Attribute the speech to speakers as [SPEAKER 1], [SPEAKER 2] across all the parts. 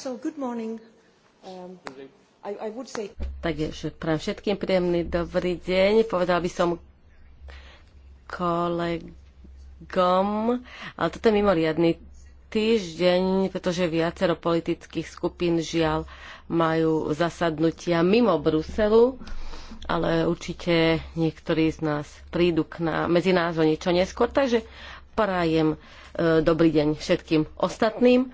[SPEAKER 1] So good morning. Um, I, I would say...
[SPEAKER 2] Takže prajem všetkým príjemný dobrý deň. Povedal by som kolegom, ale toto je mimoriadný týždeň, pretože viacero politických skupín žiaľ majú zasadnutia mimo Bruselu, ale určite niektorí z nás prídu k nám, medzi nás o niečo neskôr, takže prajem e, dobrý deň všetkým ostatným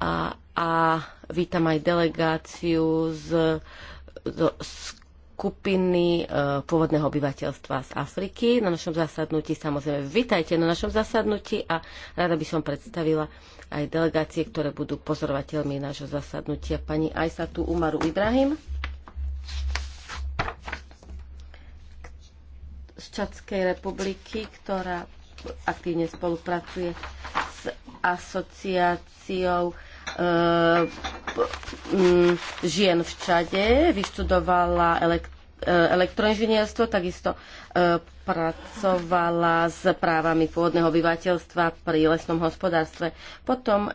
[SPEAKER 2] a a vítam aj delegáciu z, z skupiny e, pôvodného obyvateľstva z Afriky na našom zasadnutí. Samozrejme, vitajte na našom zasadnutí a rada by som predstavila aj delegácie, ktoré budú pozorovateľmi nášho zasadnutia. Pani Aysatu Umaru Ibrahim z Čadskej republiky, ktorá aktívne spolupracuje s asociáciou E, žien v Čade, vyštudovala elektroniku e, elektroinžinierstvo, takisto e, pracovala s právami pôvodného obyvateľstva pri lesnom hospodárstve. Potom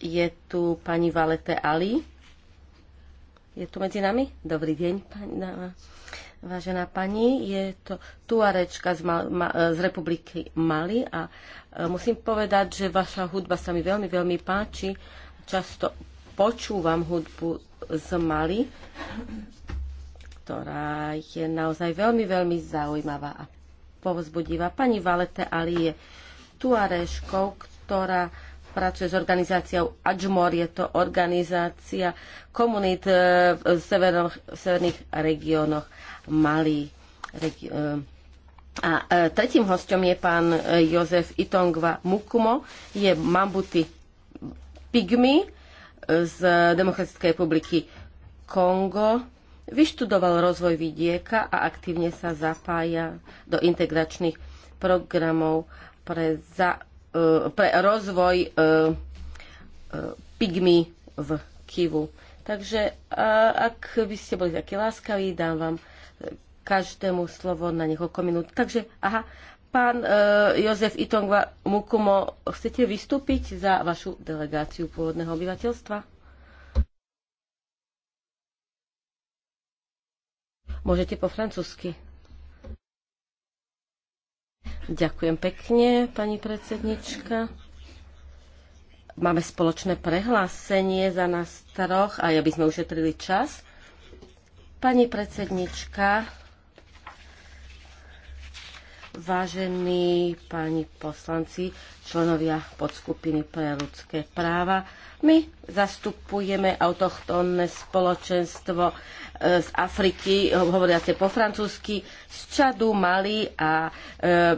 [SPEAKER 2] je tu pani Valete Ali. Je tu medzi nami? Dobrý deň, pani, vážená pani. Je to Tuarečka z, Mal, ma, z republiky Mali a musím povedať, že vaša hudba sa mi veľmi, veľmi páči často počúvam hudbu z Mali, ktorá je naozaj veľmi, veľmi zaujímavá a povzbudivá. Pani Valete Ali je tuareškou, ktorá pracuje s organizáciou Ajmor, je to organizácia komunít eh, v, severných, v severných regiónoch Mali. Regi- eh, a eh, tretím hostom je pán Jozef Itongva Mukumo, je Mambuti. Pygmy e, z Demokratickej republiky Kongo. Vyštudoval rozvoj vidieka a aktívne sa zapája do integračných programov pre, za, e, pre rozvoj e, Pygmy v Kivu. Takže ak by ste boli takí láskaví, dám vám každému slovo na niekoľko minút. Takže, aha, Pán e, Jozef Itongva Mukumo, chcete vystúpiť za vašu delegáciu pôvodného obyvateľstva? Môžete po francúzsky. Ďakujem pekne, pani predsednička. Máme spoločné prehlásenie za nás troch aj aby sme ušetrili čas. Pani predsednička, Vážení páni poslanci, členovia podskupiny pre ľudské práva. My zastupujeme autochtónne spoločenstvo e, z Afriky, e, hovoriace po francúzsky, z Čadu, Mali a e,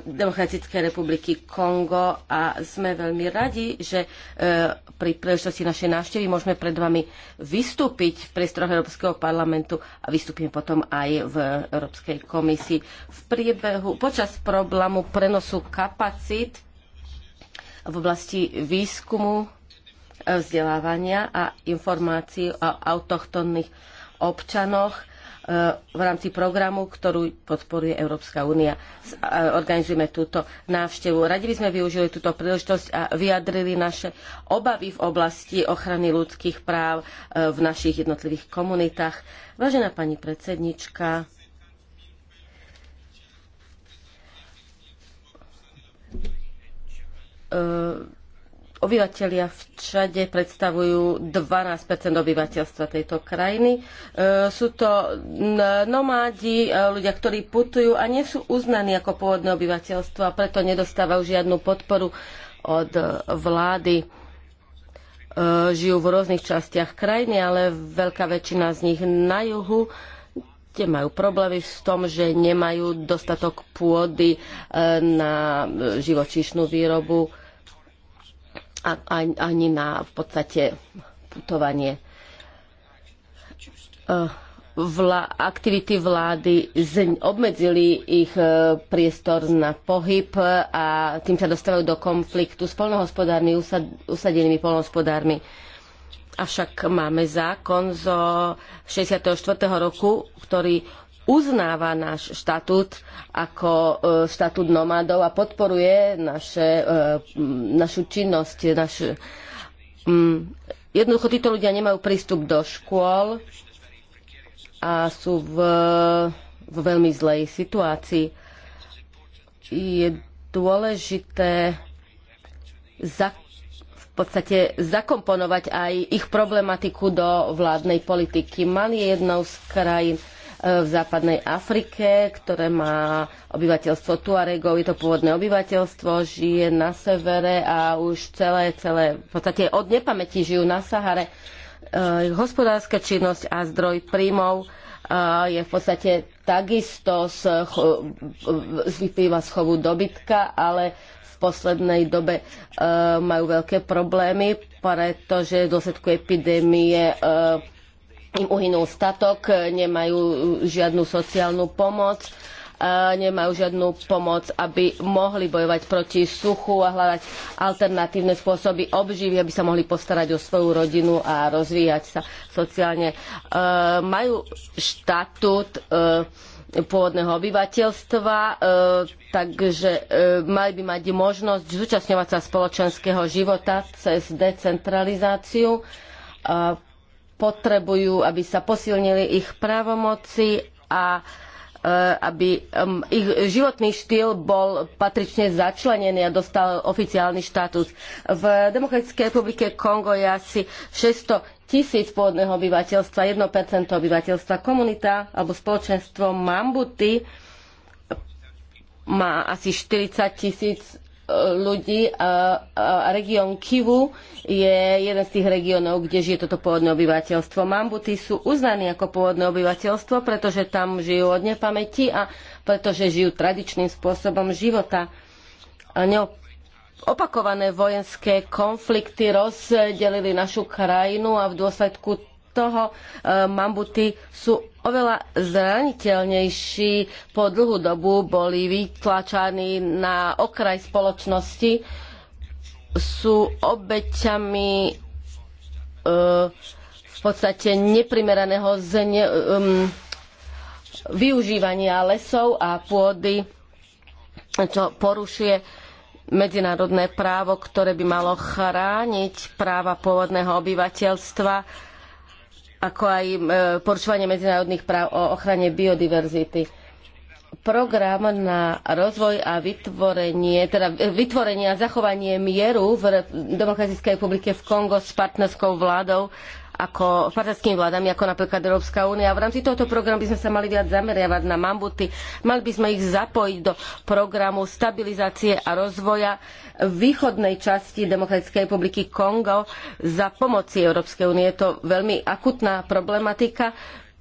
[SPEAKER 2] Demokratickej republiky Kongo a sme veľmi radi, že e, pri príležitosti našej návštevy môžeme pred vami vystúpiť v priestoroch Európskeho parlamentu a vystúpime potom aj v Európskej komisii. V priebehu, počas problému prenosu kapacít v oblasti výskumu, e, vzdelávania a informácií o autochtónnych občanoch e, v rámci programu, ktorú podporuje Európska únia. E, organizujeme túto návštevu. Radi by sme využili túto príležitosť a vyjadrili naše obavy v oblasti ochrany ľudských práv v našich jednotlivých komunitách. Vážená pani predsednička, E, obyvateľia v Čade predstavujú 12 obyvateľstva tejto krajiny. E, sú to nomádi, e, ľudia, ktorí putujú a nie sú uznaní ako pôvodné obyvateľstvo a preto nedostávajú žiadnu podporu od vlády. Žijú v rôznych častiach krajiny, ale veľká väčšina z nich na juhu tie majú problémy v tom, že nemajú dostatok pôdy e, na živočíšnu výrobu a ani na v podstate putovanie. E, vla, aktivity vlády z, obmedzili ich e, priestor na pohyb a tým sa dostávajú do konfliktu s polnohospodármi, usad, usadenými polnohospodármi. E, Avšak máme zákon zo 64. roku, ktorý uznáva náš štatút ako e, štatút nomádov a podporuje naše, e, našu činnosť. Naš, jednoducho títo ľudia nemajú prístup do škôl a sú v, v veľmi zlej situácii. Je dôležité za v podstate zakomponovať aj ich problematiku do vládnej politiky. Mali je jednou z krajín e, v západnej Afrike, ktoré má obyvateľstvo Tuaregov, je to pôvodné obyvateľstvo, žije na severe a už celé, celé, v podstate od nepamäti žijú na Sahare. E, hospodárska činnosť a zdroj príjmov e, je v podstate takisto z, vyplýva z chovu dobytka, ale poslednej dobe e, majú veľké problémy, pretože v dôsledku epidémie e, im uhynul statok, nemajú žiadnu sociálnu pomoc e, nemajú žiadnu pomoc, aby mohli bojovať proti suchu a hľadať alternatívne spôsoby obživy, aby sa mohli postarať o svoju rodinu a rozvíjať sa sociálne. E, majú štatút e, pôvodného obyvateľstva, e, takže e, mali by mať možnosť zúčastňovať sa spoločenského života cez decentralizáciu. Potrebujú, aby sa posilnili ich právomoci a e, aby ich životný štýl bol patrične začlenený a dostal oficiálny štatus. V Demokratickej republike Kongo je asi 600 tisíc pôvodného obyvateľstva, 1% obyvateľstva. Komunita alebo spoločenstvo Mambuty má asi 40 tisíc e, ľudí a, a región Kivu je jeden z tých regiónov, kde žije toto pôvodné obyvateľstvo. Mambuty sú uznaní ako pôvodné obyvateľstvo, pretože tam žijú od nepamäti a pretože žijú tradičným spôsobom života. A neop- opakované vojenské konflikty rozdelili našu krajinu a v dôsledku toho e, mambuty sú oveľa zraniteľnejší. Po dlhú dobu boli vytlačaní na okraj spoločnosti, sú obeťami e, v podstate neprimeraného zne, um, využívania lesov a pôdy, čo porušuje medzinárodné právo, ktoré by malo chrániť práva pôvodného obyvateľstva, ako aj e, porušovanie medzinárodných práv o ochrane biodiverzity. Program na rozvoj a vytvorenie, teda e, vytvorenie a zachovanie mieru v Demokratickej republike v Kongo s partnerskou vládou ako partnerskými vládami, ako napríklad Európska únia. V rámci tohto programu by sme sa mali viac zameriavať na mambuty. Mali by sme ich zapojiť do programu stabilizácie a rozvoja východnej časti Demokratickej republiky Kongo za pomoci Európskej únie. Je to veľmi akutná problematika.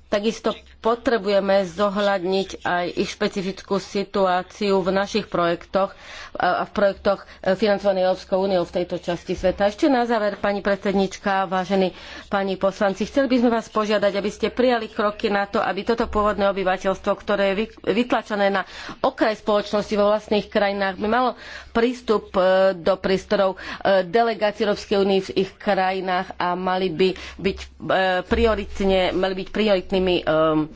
[SPEAKER 2] Takisto potrebujeme zohľadniť aj ich špecifickú situáciu v našich projektoch a v projektoch e, financovaných Európskou úniou v tejto časti sveta. Ešte na záver, pani predsednička, vážení pani poslanci, chceli by sme vás požiadať, aby ste prijali kroky na to, aby toto pôvodné obyvateľstvo, ktoré je vytlačené na okraj spoločnosti vo vlastných krajinách, by malo prístup e, do prístorov e, delegácií Európskej únie v ich krajinách a mali by byť prioritne, mali byť prioritnými um,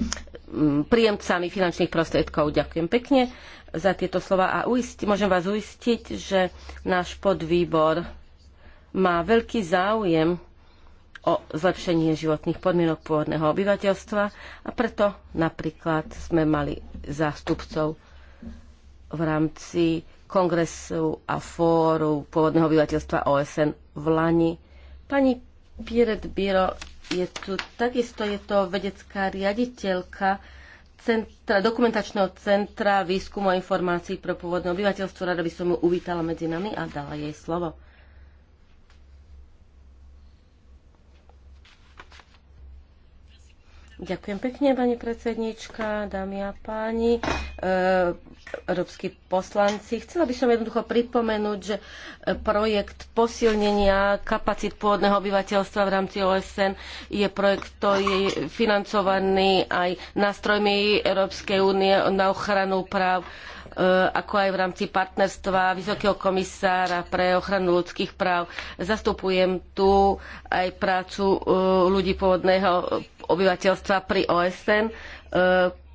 [SPEAKER 2] príjemcami finančných prostriedkov. Ďakujem pekne za tieto slova a uisti, môžem vás uistiť, že náš podvýbor má veľký záujem o zlepšenie životných podmienok pôvodného obyvateľstva a preto napríklad sme mali zástupcov v rámci kongresu a fóru pôvodného obyvateľstva OSN v Lani. Pani Piret Biro je tu, takisto je to vedecká riaditeľka centra, dokumentačného centra výskumu a informácií pre pôvodné obyvateľstvo. Rada by som ju uvítala medzi nami a dala jej slovo. Ďakujem pekne, pani predsednička, dámy a páni, e, európsky poslanci. Chcela by som jednoducho pripomenúť, že projekt posilnenia kapacít pôvodného obyvateľstva v rámci OSN je projekt, ktorý je financovaný aj nástrojmi Európskej únie na ochranu práv Eh, ako aj v rámci partnerstva Vysokého komisára pre ochranu ľudských práv. Zastupujem tu aj prácu eh, ľudí pôvodného obyvateľstva pri OSN. Eh,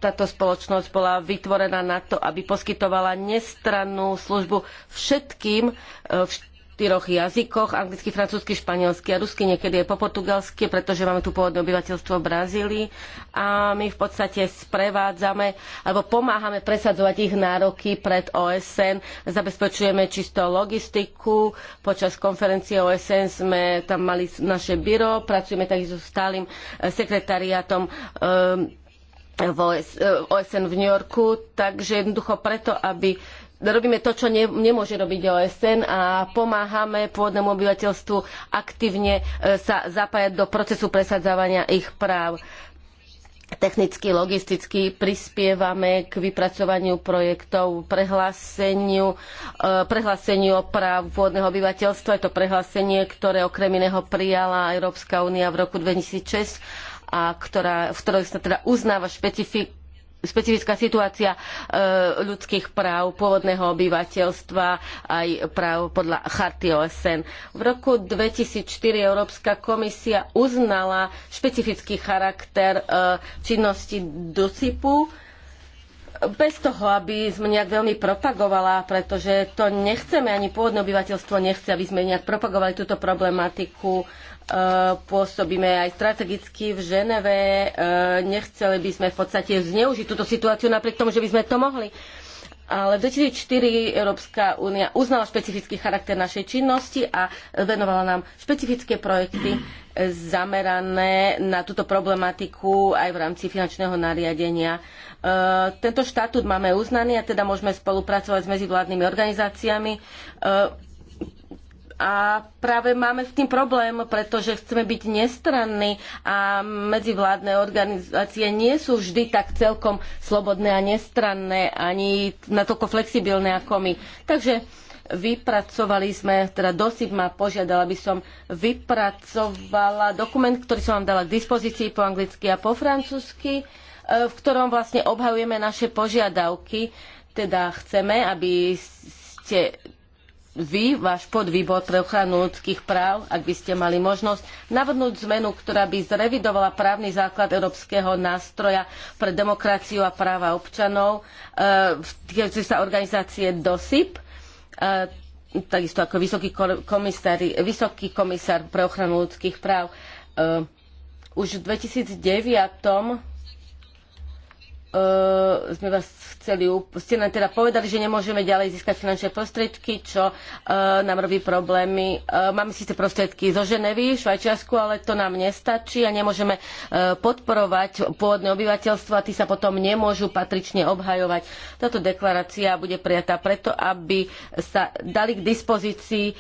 [SPEAKER 2] táto spoločnosť bola vytvorená na to, aby poskytovala nestrannú službu všetkým, všetkým štyroch jazykoch, anglicky, francúzsky, španielsky a rusky, niekedy je po portugalsky, pretože máme tu pôvodné obyvateľstvo v Brazílii a my v podstate sprevádzame alebo pomáhame presadzovať ich nároky pred OSN, zabezpečujeme čisto logistiku, počas konferencie OSN sme tam mali naše byro, pracujeme takisto so stálym eh, sekretariátom um, eh, OSN eh, v New Yorku, takže jednoducho preto, aby robíme to, čo ne, nemôže robiť OSN a pomáhame pôvodnému obyvateľstvu aktívne e, sa zapájať do procesu presadzávania ich práv. Technicky, logisticky prispievame k vypracovaniu projektov, prehláseniu, e, prehláseniu o práv pôvodného obyvateľstva. Je to prehlásenie, ktoré okrem iného prijala Európska únia v roku 2006 a ktorá, v ktorej sa teda uznáva špecifika špecifická situácia e, ľudských práv pôvodného obyvateľstva aj práv podľa charty OSN. V roku 2004 Európska komisia uznala špecifický charakter e, činnosti DUCIPu bez toho, aby sme nejak veľmi propagovala, pretože to nechceme, ani pôvodné obyvateľstvo nechce, aby sme nejak propagovali túto problematiku pôsobíme aj strategicky v Ženeve. E, nechceli by sme v podstate zneužiť túto situáciu napriek tomu, že by sme to mohli. Ale v 2004 Európska únia uznala špecifický charakter našej činnosti a venovala nám špecifické projekty zamerané na túto problematiku aj v rámci finančného nariadenia. E, tento štatút máme uznaný a teda môžeme spolupracovať s medzivládnymi organizáciami e, a práve máme s tým problém, pretože chceme byť nestranní a medzivládne organizácie nie sú vždy tak celkom slobodné a nestranné, ani natoľko flexibilné ako my. Takže vypracovali sme, teda DOSIP ma požiadala, aby som vypracovala dokument, ktorý som vám dala k dispozícii po anglicky a po francúzsky, e, v ktorom vlastne obhajujeme naše požiadavky, teda chceme, aby ste vy, váš podvýbor pre ochranu ľudských práv, ak by ste mali možnosť, navrhnúť zmenu, ktorá by zrevidovala právny základ Európskeho nástroja pre demokraciu a práva občanov, e, týkajúce sa organizácie DOSIP, e, takisto ako vysoký komisár, vysoký komisár pre ochranu ľudských práv. E, už v 2009 sme vás chceli, ste nám teda povedali, že nemôžeme ďalej získať finančné prostriedky, čo e, nám robí problémy. E, máme síce prostriedky zo Ženevy, Švajčiarsku, ale to nám nestačí a nemôžeme e, podporovať pôvodné obyvateľstvo a tí sa potom nemôžu patrične obhajovať. Táto deklarácia bude prijatá preto, aby sa dali k dispozícii e,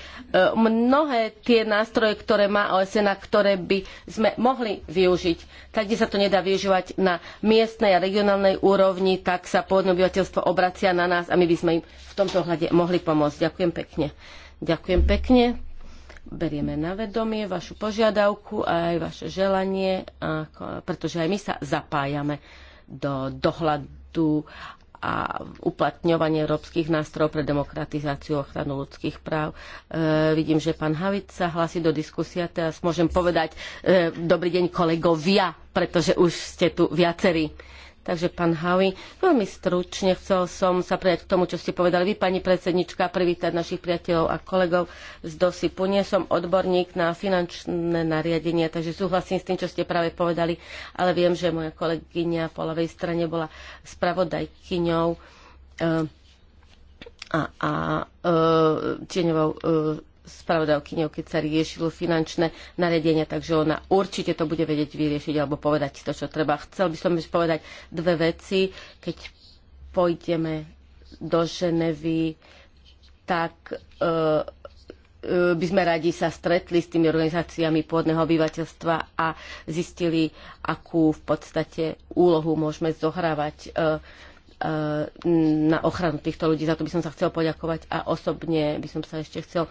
[SPEAKER 2] mnohé tie nástroje, ktoré má OSN a ktoré by sme mohli využiť. Tak, kde sa to nedá využívať na miestnej a regionálnej úrovni, tak sa pôvodné obyvateľstvo obracia na nás a my by sme im v tomto hľade mohli pomôcť. Ďakujem pekne. Ďakujem pekne. Berieme na vedomie vašu požiadavku a aj vaše želanie, pretože aj my sa zapájame do dohľadu a uplatňovanie európskych nástrojov pre demokratizáciu a ochranu ľudských práv. E, vidím, že pán Havic sa hlasí do diskusia. Teraz môžem povedať e, dobrý deň kolegovia, pretože už ste tu viacerí. E, Takže, pán Havi, veľmi stručne chcel som sa prijať k tomu, čo ste povedali vy, pani predsednička, privítať našich priateľov a kolegov z Dosypu. Nie som odborník na finančné nariadenie, takže súhlasím s tým, čo ste práve povedali, ale viem, že moja kolegyňa po ľavej strane bola spravodajkyňou eh, a, a a eh, tieňovou eh, spravodajkyňou, keď sa riešilo finančné nariadenia, takže ona určite to bude vedieť vyriešiť alebo povedať to, čo treba. Chcel by som ešte povedať dve veci. Keď pôjdeme do Ženevy, tak uh, by sme radi sa stretli s tými organizáciami pôdneho obyvateľstva a zistili, akú v podstate úlohu môžeme zohrávať e, na ochranu týchto ľudí. Za to by som sa chcel poďakovať a osobne by som sa ešte chcel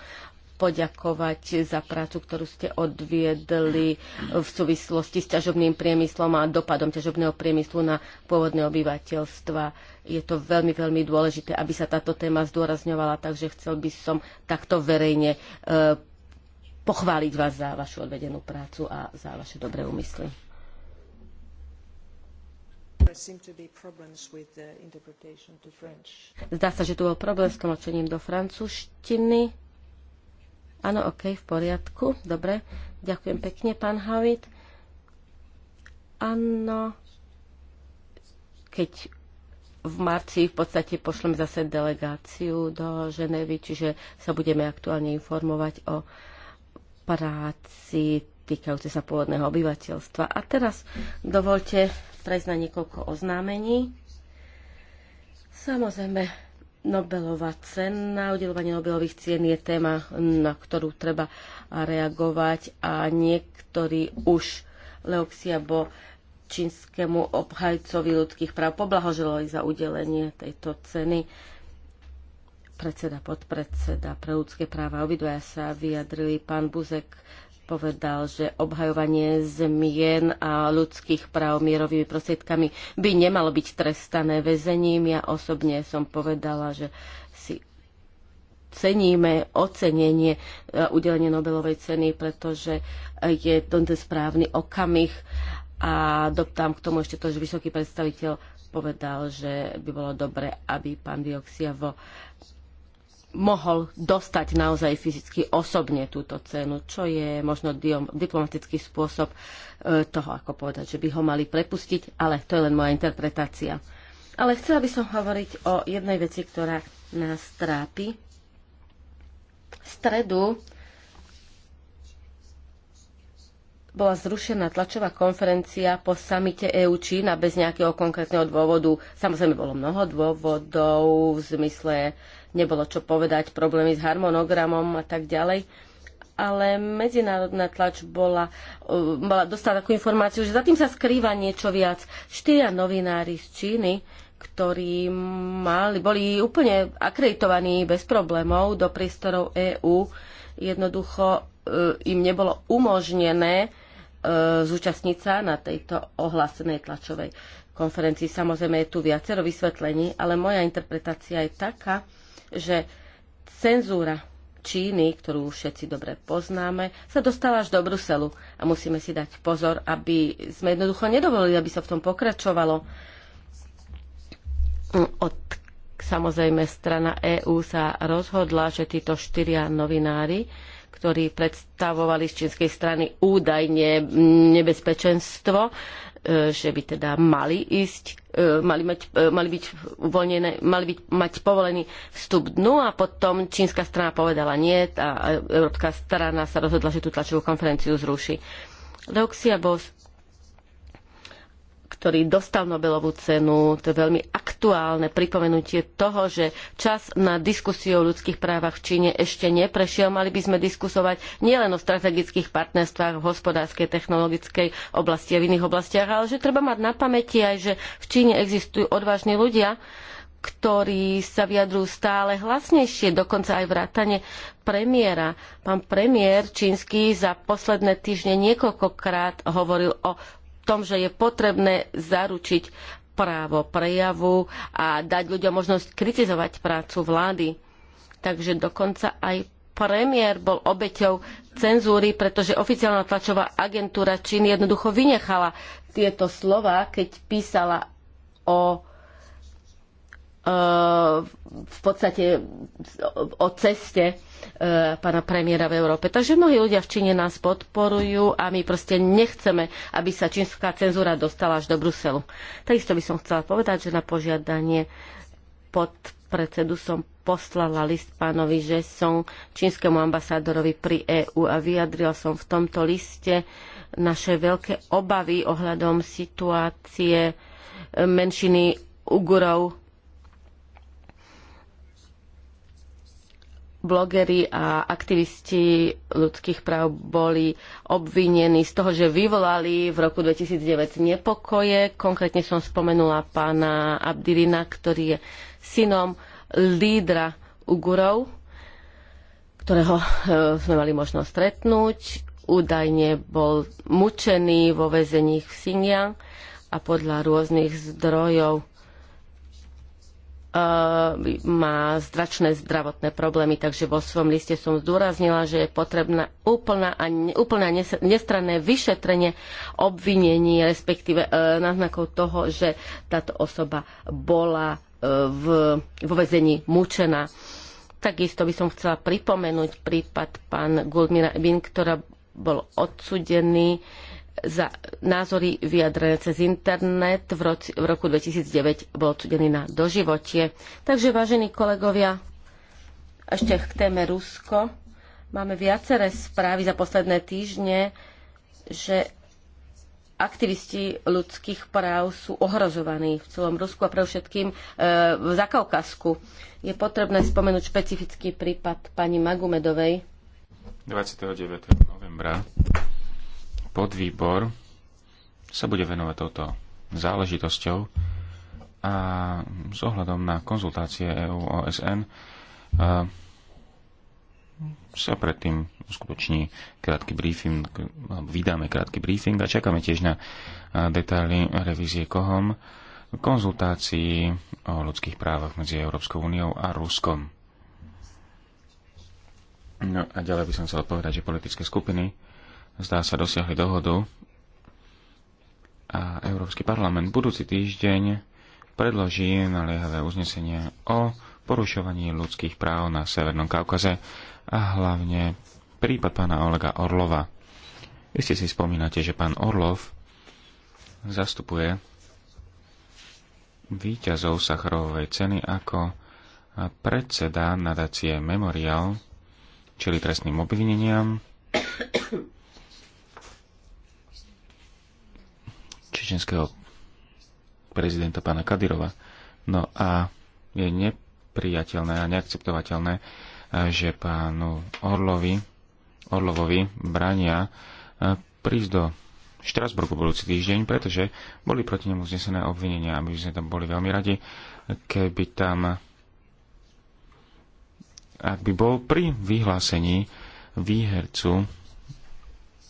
[SPEAKER 2] poďakovať za prácu, ktorú ste odviedli v súvislosti s ťažobným priemyslom a dopadom ťažobného priemyslu na pôvodné obyvateľstva. Je to veľmi, veľmi dôležité, aby sa táto téma zdôrazňovala, takže chcel by som takto verejne e, pochváliť vás za vašu odvedenú prácu a za vaše dobré úmysly. Zdá sa, že tu bol problém s tlmočením do francúzštiny. Áno, OK, v poriadku. Dobre, ďakujem pekne, pán Havit. Áno, keď v marci v podstate pošlem zase delegáciu do Ženevy, čiže sa budeme aktuálne informovať o práci týkajúce sa pôvodného obyvateľstva. A teraz dovolte prejsť na niekoľko oznámení. Samozrejme, Nobelová cena, udelovanie Nobelových cien je téma, na ktorú treba reagovať a niektorí už Leoxia bo čínskemu obhajcovi ľudských práv poblahoželali za udelenie tejto ceny. Predseda, podpredseda pre ľudské práva obidvaja sa vyjadrili. Pán Buzek povedal, že obhajovanie zmien a ľudských práv mierovými prostriedkami by nemalo byť trestané väzením. Ja osobne som povedala, že si ceníme ocenenie e, udelenie Nobelovej ceny, pretože je to ten správny okamih a doptám k tomu ešte to, že vysoký predstaviteľ povedal, že by bolo dobre, aby pán Dioxia vo mohol dostať naozaj fyzicky osobne túto cenu, čo je možno diplomatický spôsob e, toho, ako povedať, že by ho mali prepustiť, ale to je len moja interpretácia. Ale chcela by som hovoriť o jednej veci, ktorá nás trápi. V stredu bola zrušená tlačová konferencia po samite EU Čína bez nejakého konkrétneho dôvodu. Samozrejme, bolo mnoho dôvodov v zmysle nebolo čo povedať, problémy s harmonogramom a tak ďalej. Ale medzinárodná tlač bola, um, bola, dostala takú informáciu, že za tým sa skrýva niečo viac. Štyria novinári z Číny, ktorí mali, boli úplne akreditovaní bez problémov do priestorov EÚ, jednoducho uh, im nebolo umožnené uh, zúčastniť sa na tejto ohlásenej tlačovej konferencii. Samozrejme je tu viacero vysvetlení, ale moja interpretácia je taká, že cenzúra Číny, ktorú všetci dobre poznáme, sa dostala až do Bruselu a musíme si dať pozor, aby sme jednoducho nedovolili, aby sa v tom pokračovalo. Od, samozrejme, strana EÚ sa rozhodla, že títo štyria novinári, ktorí predstavovali z čínskej strany údajne nebezpečenstvo, e, že by teda mali ísť, e, mali, mať, e, mali byť uvoľnené, mali byť, mať povolený vstup dnu no a potom čínska strana povedala nie a európska strana sa rozhodla, že tú tlačovú konferenciu zruší. Leuxia Boss ktorý dostal Nobelovú cenu. To je veľmi aktuálne pripomenutie toho, že čas na diskusiu o ľudských právach v Číne ešte neprešiel. Mali by sme diskusovať nielen o strategických partnerstvách v hospodárskej, technologickej oblasti a v iných oblastiach, ale že treba mať na pamäti aj, že v Číne existujú odvážni ľudia, ktorí sa vyjadrujú stále hlasnejšie, dokonca aj vrátane premiéra. Pán premiér čínsky za posledné týždne niekoľkokrát hovoril o tom, že je potrebné zaručiť právo prejavu a dať ľuďom možnosť kritizovať prácu vlády. Takže dokonca aj premiér bol obeťou cenzúry, pretože oficiálna tlačová agentúra Čín jednoducho vynechala tieto slova, keď písala o e, v podstate o ceste E, pána premiéra v Európe. Takže mnohí ľudia v Číne nás podporujú a my proste nechceme, aby sa čínska cenzúra dostala až do Bruselu. Takisto by som chcela povedať, že na požiadanie predsedu som poslala list pánovi že som čínskemu ambasádorovi pri EÚ a vyjadril som v tomto liste naše veľké obavy ohľadom situácie menšiny Ugurov blogery a aktivisti ľudských práv boli obvinení z toho, že vyvolali v roku 2009 nepokoje. Konkrétne som spomenula pána Abdirina, ktorý je synom lídra Ugurov, ktorého eh, sme mali možnosť stretnúť. Údajne bol mučený vo väzení v Xinjiang a podľa rôznych zdrojov Uh, má zdračné zdravotné problémy, takže vo svojom liste som zdôraznila, že je potrebné úplná a ne, úplné nestranné vyšetrenie obvinení, respektíve e, náznakov toho, že táto osoba bola e, v, vo vezení mučená. Takisto by som chcela pripomenúť prípad pán Gulmira Ebin, ktorá bol odsudený e, za názory vyjadrené cez internet. V, v roku 2009 bol odsudený na doživotie. Takže, vážení kolegovia, ešte k téme Rusko. Máme viaceré správy za posledné týždne, že aktivisti ľudských práv sú ohrozovaní v celom Rusku a pre všetkým e, v Zakaukasku. Je potrebné spomenúť špecifický prípad pani Magumedovej.
[SPEAKER 3] 29. novembra podvýbor sa bude venovať touto záležitosťou a s ohľadom na konzultácie EU-OSN sa predtým skutoční krátky briefing, vydáme krátky briefing a čakáme tiež na detaily revízie KOHOM, konzultácií o ľudských právach medzi Európskou úniou a Ruskom. No a ďalej by som chcel povedať, že politické skupiny zdá sa, dosiahli dohodu a Európsky parlament budúci týždeň predloží naliehavé uznesenie o porušovaní ľudských práv na Severnom Kaukaze a hlavne prípad pána Olega Orlova. Iste si spomínate, že pán Orlov zastupuje výťazov Sacharovej ceny ako predseda nadácie Memorial, čili trestným obvineniam čečenského prezidenta pána Kadirova. No a je nepriateľné a neakceptovateľné, eh, že pánu Orlovi, Orlovovi brania eh, prísť do Štrasburgu budúci týždeň, pretože boli proti nemu znesené obvinenia a my sme tam boli veľmi radi, keby tam ak by bol pri vyhlásení výhercu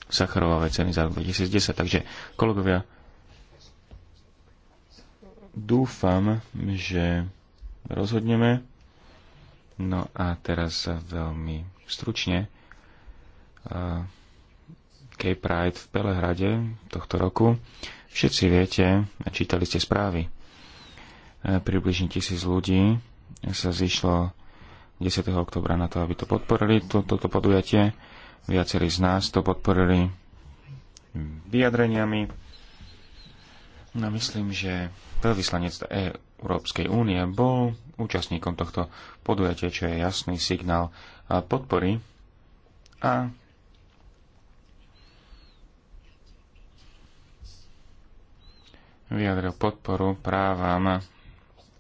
[SPEAKER 3] Sacharovovej ceny za rok 2010. Takže kolegovia, dúfam, že rozhodneme. No a teraz veľmi stručne. Cape pride v Pelehrade tohto roku. Všetci viete, čítali ste správy. E, približne tisíc ľudí sa zišlo 10. oktobra na to, aby to podporili, to, toto podujatie. Viacerí z nás to podporili vyjadreniami. No myslím, že Veľvyslanec Európskej únie bol účastníkom tohto podujatia, čo je jasný signál podpory a vyjadril podporu právam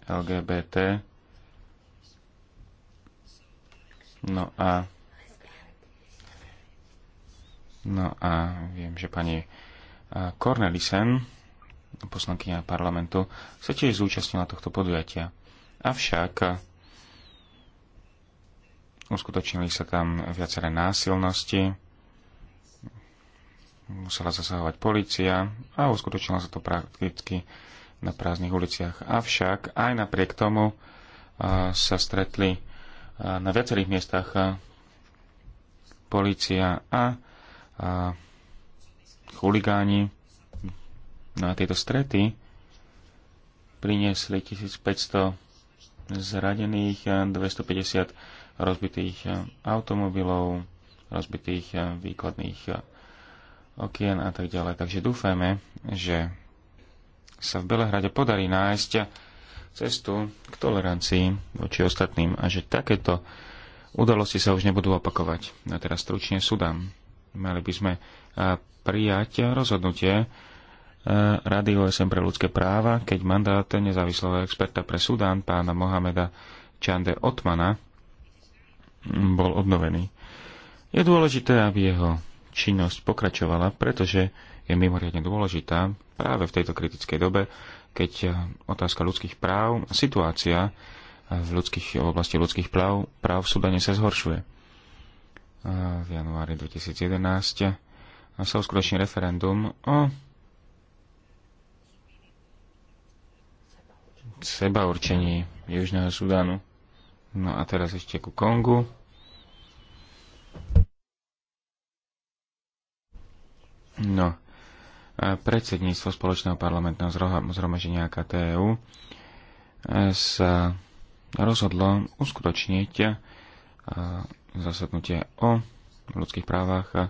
[SPEAKER 3] LGBT. No a No a viem, že pani Cornelisen poslankyňa parlamentu, sa tiež zúčastnila tohto podujatia. Avšak uskutočnili sa tam viaceré násilnosti, musela zasahovať policia a uskutočnila sa to prakticky na prázdnych uliciach. Avšak aj napriek tomu sa stretli na viacerých miestach policia a chuligáni No a tieto strety priniesli 1500 zradených, 250 rozbitých automobilov, rozbitých výkladných okien a tak ďalej. Takže dúfajme, že sa v Belehrade podarí nájsť cestu k tolerancii voči ostatným a že takéto udalosti sa už nebudú opakovať. A teraz stručne Sudan. Mali by sme prijať rozhodnutie, Eh, Rady OSN pre ľudské práva, keď mandát nezávislého experta pre Sudán pána Mohameda Čande Otmana bol obnovený. Je dôležité, aby jeho činnosť pokračovala, pretože je mimoriadne dôležitá práve v tejto kritickej dobe, keď eh, otázka ľudských práv a situácia eh, v, ľudských, v oblasti ľudských práv, práv v Sudane sa zhoršuje. V januári 2011 sa uskutoční referendum o seba určení Južného Sudánu. No a teraz ešte ku Kongu. No, predsedníctvo spoločného parlamentného zhromaženia KTU e e, sa rozhodlo uskutočniť e, zasadnutie o ľudských právach a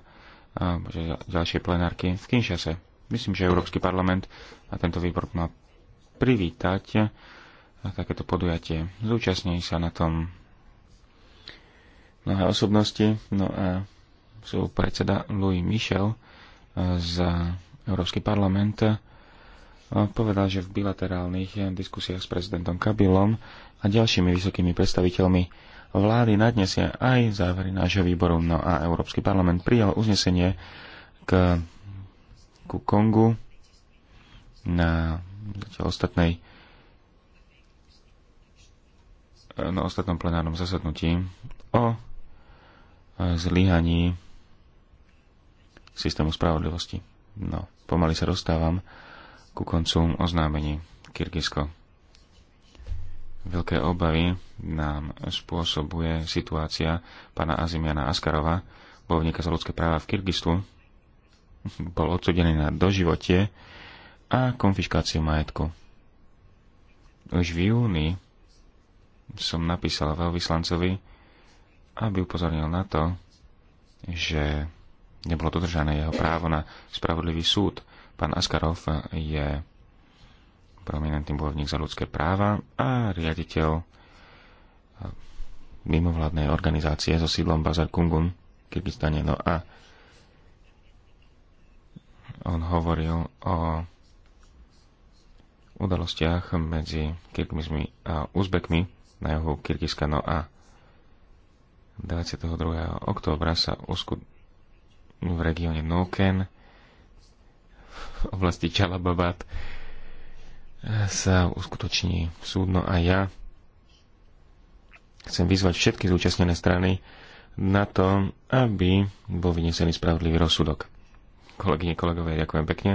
[SPEAKER 3] ďalšie plenárky v Kinshase. Myslím, že Európsky parlament a tento výbor má privítať takéto podujatie. Zúčastnili sa na tom mnohé osobnosti, no a sú predseda Louis Michel z Európsky parlament povedal, že v bilaterálnych diskusiách s prezidentom Kabilom a ďalšími vysokými predstaviteľmi vlády nadnesia aj závery nášho výboru. No a Európsky parlament prijal uznesenie k, ku Kongu na ostatnej eh, na ostatnom plenárnom zasadnutí o eh, zlyhaní systému spravodlivosti. No, pomaly sa dostávam ku koncu oznámení Kyrgyzko. Veľké obavy nám spôsobuje situácia pána Azimiana Askarova, bojovníka za ľudské práva v Kyrgyzstvu. Bol odsudený na doživotie a konfiškáciu majetku. Už v júni som napísal veľvyslancovi, aby upozornil na to, že nebolo dodržané jeho právo na spravodlivý súd. Pán Askarov je prominentný bojovník za ľudské práva a riaditeľ mimovládnej organizácie so sídlom Bazar Kungun v stane. No a on hovoril o udalostiach medzi Kyrgyzmi a Uzbekmi na juhu No a 22. októbra sa uskut... v regióne Noken v oblasti Čalababat sa uskutoční súdno a ja chcem vyzvať všetky zúčastnené strany na to, aby bol vynesený spravodlivý rozsudok. Kolegyne, kolegovia, ďakujem pekne.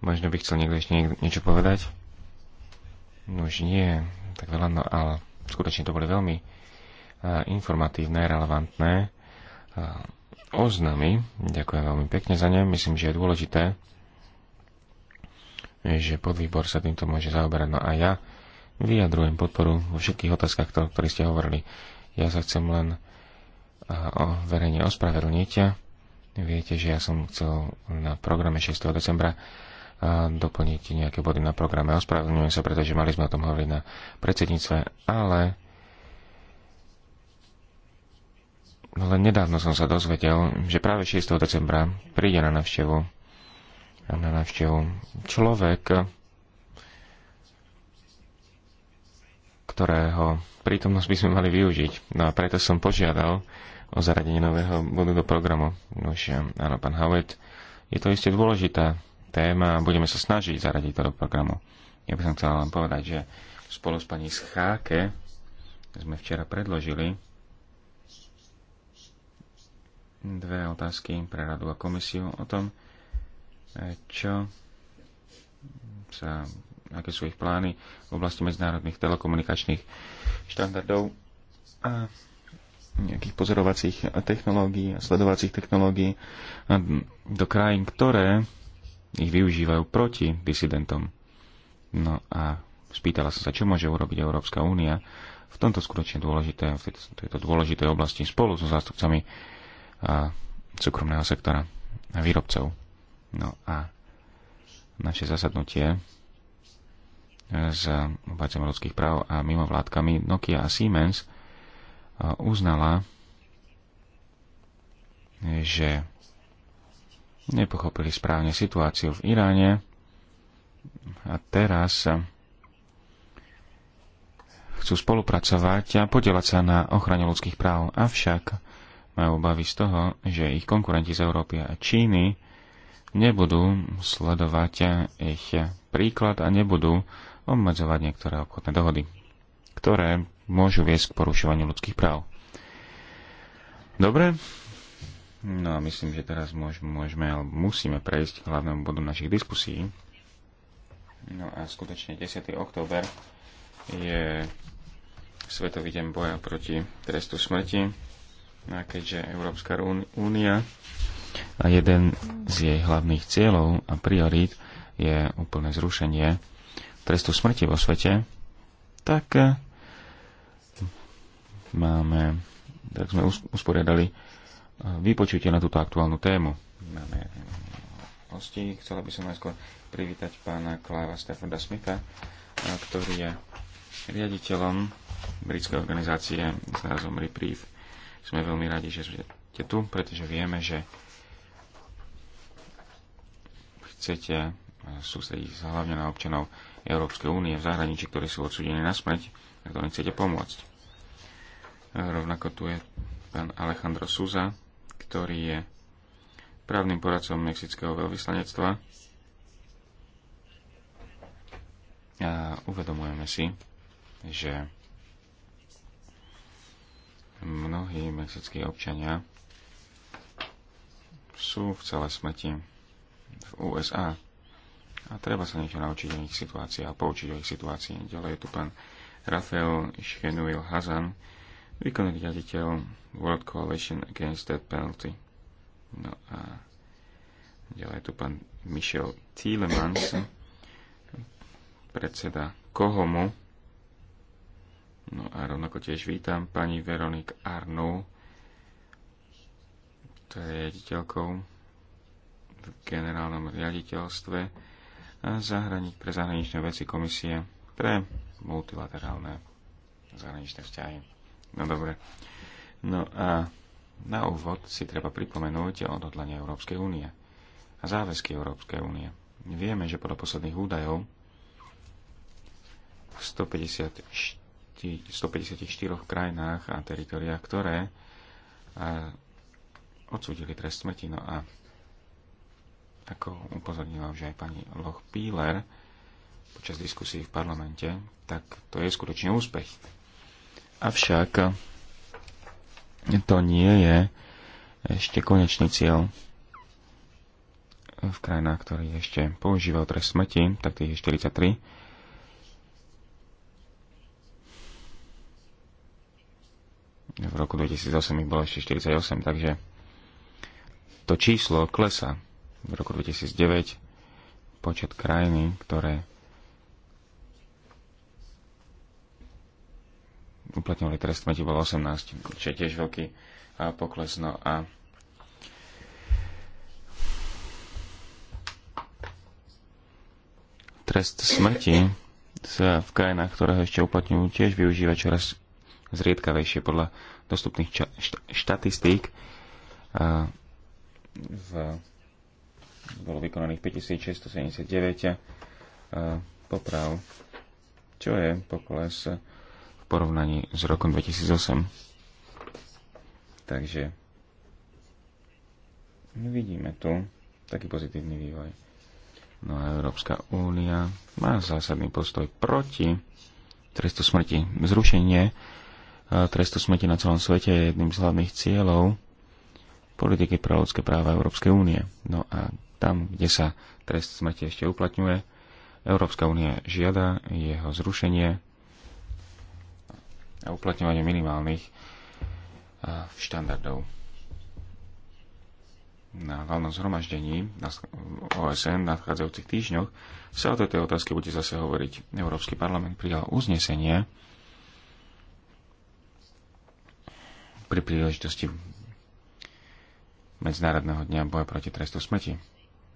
[SPEAKER 3] Možno by chcel niekto ešte niečo povedať? No už nie, tak veľa, no ale skutočne to boli veľmi uh, informatívne, relevantné uh, oznamy. Ďakujem veľmi pekne za ne. Myslím, že je dôležité, že podvýbor sa týmto môže zaoberať. No a ja vyjadrujem podporu vo všetkých otázkach, o ktorých ste hovorili. Ja sa chcem len uh, o verejne ospravedlniť. Viete, že ja som chcel na programe 6. decembra a doplniť nejaké body na programe. Ospravedlňujem sa, pretože mali sme o tom hovoriť na predsedníctve, ale len nedávno som sa dozvedel, že práve 6. decembra príde na navštevu na navštevu človek, ktorého prítomnosť by sme mali využiť. No a preto som požiadal o zaradenie nového bodu do programu. Nož, áno, pán Howard, je to isté dôležité téma a budeme sa snažiť zaradiť to do programu. Ja by som chcel len povedať, že spolu s pani Scháke sme včera predložili dve otázky pre radu a komisiu o tom, čo sa, aké sú ich plány v oblasti medzinárodných telekomunikačných štandardov a nejakých pozorovacích technológií a sledovacích technológií do krajín, ktoré ich využívajú proti disidentom. No a spýtala som sa, čo môže urobiť Európska únia v tomto skutočne dôležité, v tejto, dôležitej oblasti spolu so zástupcami a, súkromného sektora a výrobcov. No a naše zasadnutie e, s obhajcom ľudských práv a mimovládkami Nokia a Siemens e, uznala, že nepochopili správne situáciu v Iráne a teraz chcú spolupracovať a podielať sa na ochrane ľudských práv, avšak majú obavy z toho, že ich konkurenti z Európy a Číny nebudú sledovať ich príklad a nebudú obmedzovať niektoré obchodné dohody, ktoré môžu viesť k porušovaniu ľudských práv. Dobre, No a myslím, že teraz môžeme, alebo musíme prejsť k hlavnému bodu našich diskusí. No a skutočne 10. október je Svetový deň boja proti trestu smrti. No a keďže Európska únia a jeden z jej hlavných cieľov a priorít je úplné zrušenie trestu smrti vo svete, tak eh, máme, tak sme usporiadali Vypočujte na túto aktuálnu tému. Máme hosti. Chcela by som najskôr privítať pána Kláva Stafforda Smitha, ktorý je riaditeľom britskej organizácie s názvom Reprieve. Sme veľmi radi, že ste tu, pretože vieme, že chcete sústrediť sa hlavne na občanov Európskej únie v zahraničí, ktorí sú odsudení na smrť a ktorým chcete pomôcť. Rovnako tu je pán Alejandro Suza, ktorý je právnym poradcom mexického veľvyslanectva. A uvedomujeme si, že mnohí mexickí občania sú v celé smeti v USA a treba sa niečo naučiť o ich situácii a poučiť o ich situácii. Ďalej je tu pán Rafael Šchenuil Hazan, výkonný riaditeľ World Coalition Against Death Penalty. No a ďalej tu pán Michel Tielemans, predseda Kohomu. No a rovnako tiež vítam pani Veronik Arnu, ktorá je riaditeľkou v generálnom riaditeľstve zahrani- pre zahraničné veci komisie pre multilaterálne zahraničné vzťahy. No dobre. No a na úvod si treba pripomenúť odhodlanie Európskej únie a záväzky Európskej únie. Vieme, že podľa posledných údajov v 154, 154 krajinách a teritoriách, ktoré odsúdili trest smrti. No a ako upozornila už aj pani Loch Píler počas diskusí v parlamente, tak to je skutočne úspech. Avšak to nie je ešte konečný cieľ. V krajinách, ktorý ešte používal trest smrti, tak tých je 43. V roku 2008 ich bolo ešte 48, takže to číslo klesa. V roku 2009 počet krajiny, ktoré uplatňovali trest smrti bolo 18, čo je tiež veľký pokles. No a trest smrti sa v krajinách, ktoré ho ešte uplatňujú, tiež využíva čoraz zriedkavejšie podľa dostupných ča- štatistík. A v, bolo vykonaných 5679 poprav, čo je pokles porovnaní s rokom 2008. Takže vidíme tu taký pozitívny vývoj. No a Európska únia má zásadný postoj proti trestu smrti. Zrušenie eh, trestu smrti na celom svete je jedným z hlavných cieľov politiky pre ľudské práva Európskej únie. No a tam, kde sa trest smrti ešte uplatňuje, Európska únia žiada jeho zrušenie a uplatňovanie minimálnych štandardov. Na hlavnom zhromaždení na OSN v nadchádzajúcich týždňoch sa o tejto otázke bude zase hovoriť. Európsky parlament prijal uznesenie pri príležitosti Medzinárodného dňa boja proti trestu smrti.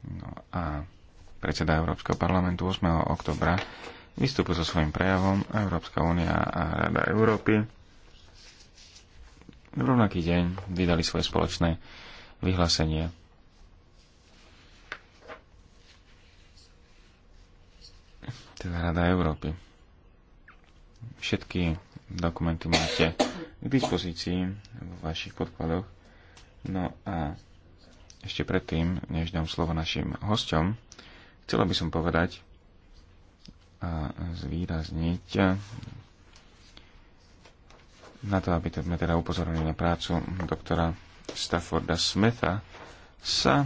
[SPEAKER 3] No a predseda Európskeho parlamentu 8. oktobra vystúpil so svojím prejavom Európska únia a Rada Európy. V rovnaký deň vydali svoje spoločné vyhlásenie. Teda Rada Európy. Všetky dokumenty máte k dispozícii vo vašich podkladoch. No a ešte predtým, než dám slovo našim hosťom, chcela by som povedať, a zvýrazniť na to, aby sme teda upozornili na prácu doktora Stafforda Smitha, sa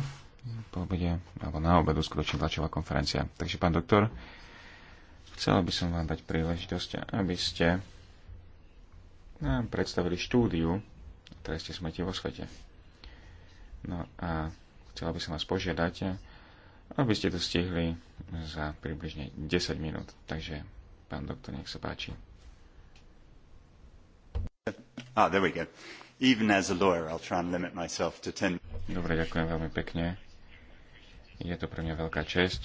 [SPEAKER 3] po obede, alebo na obedu skutočne tlačová konferencia. Takže, pán doktor, chcela by som vám dať príležitosť, aby ste nám predstavili štúdiu treste smrti vo svete. No a chcela by som vás požiadať, aby ste to stihli za približne 10 minút. Takže, pán doktor, nech sa páči. Ah, there we go. Even as a lawyer, I'll try and limit myself to 10 Dobre, ďakujem veľmi pekne. Je to pre mňa veľká čest,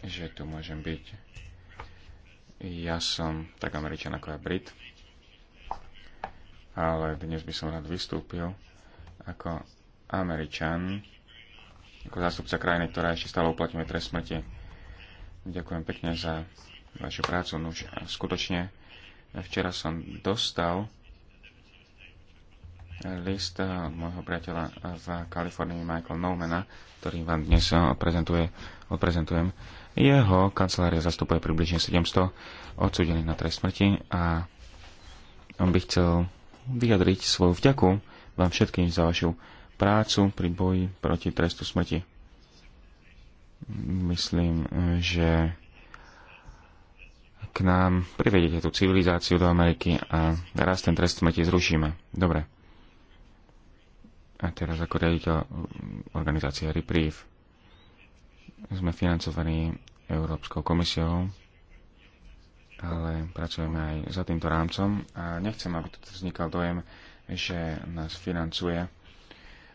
[SPEAKER 3] že tu môžem byť. Ja som tak Američan ako ja Brit, ale dnes by som rád vystúpil ako Američan, ako zástupca krajiny, ktorá ešte stále uplatňuje trest smrti. Ďakujem pekne za vašu prácu. Nuž, no skutočne včera som dostal list môjho priateľa v Kalifornii Michael Nomena, ktorý vám dnes prezentuje, odprezentujem. Jeho kancelária zastupuje približne 700 odsudených na trest smrti a on by chcel vyjadriť svoju vďaku vám všetkým za vašu prácu pri boji proti trestu smrti. Myslím, že k nám privedete tú civilizáciu do Ameriky a raz ten trest smrti zrušíme. Dobre. A teraz ako riaditeľ organizácie Reprieve sme financovaní Európskou komisiou, ale pracujeme aj za týmto rámcom a nechcem, aby tu vznikal dojem, že nás financuje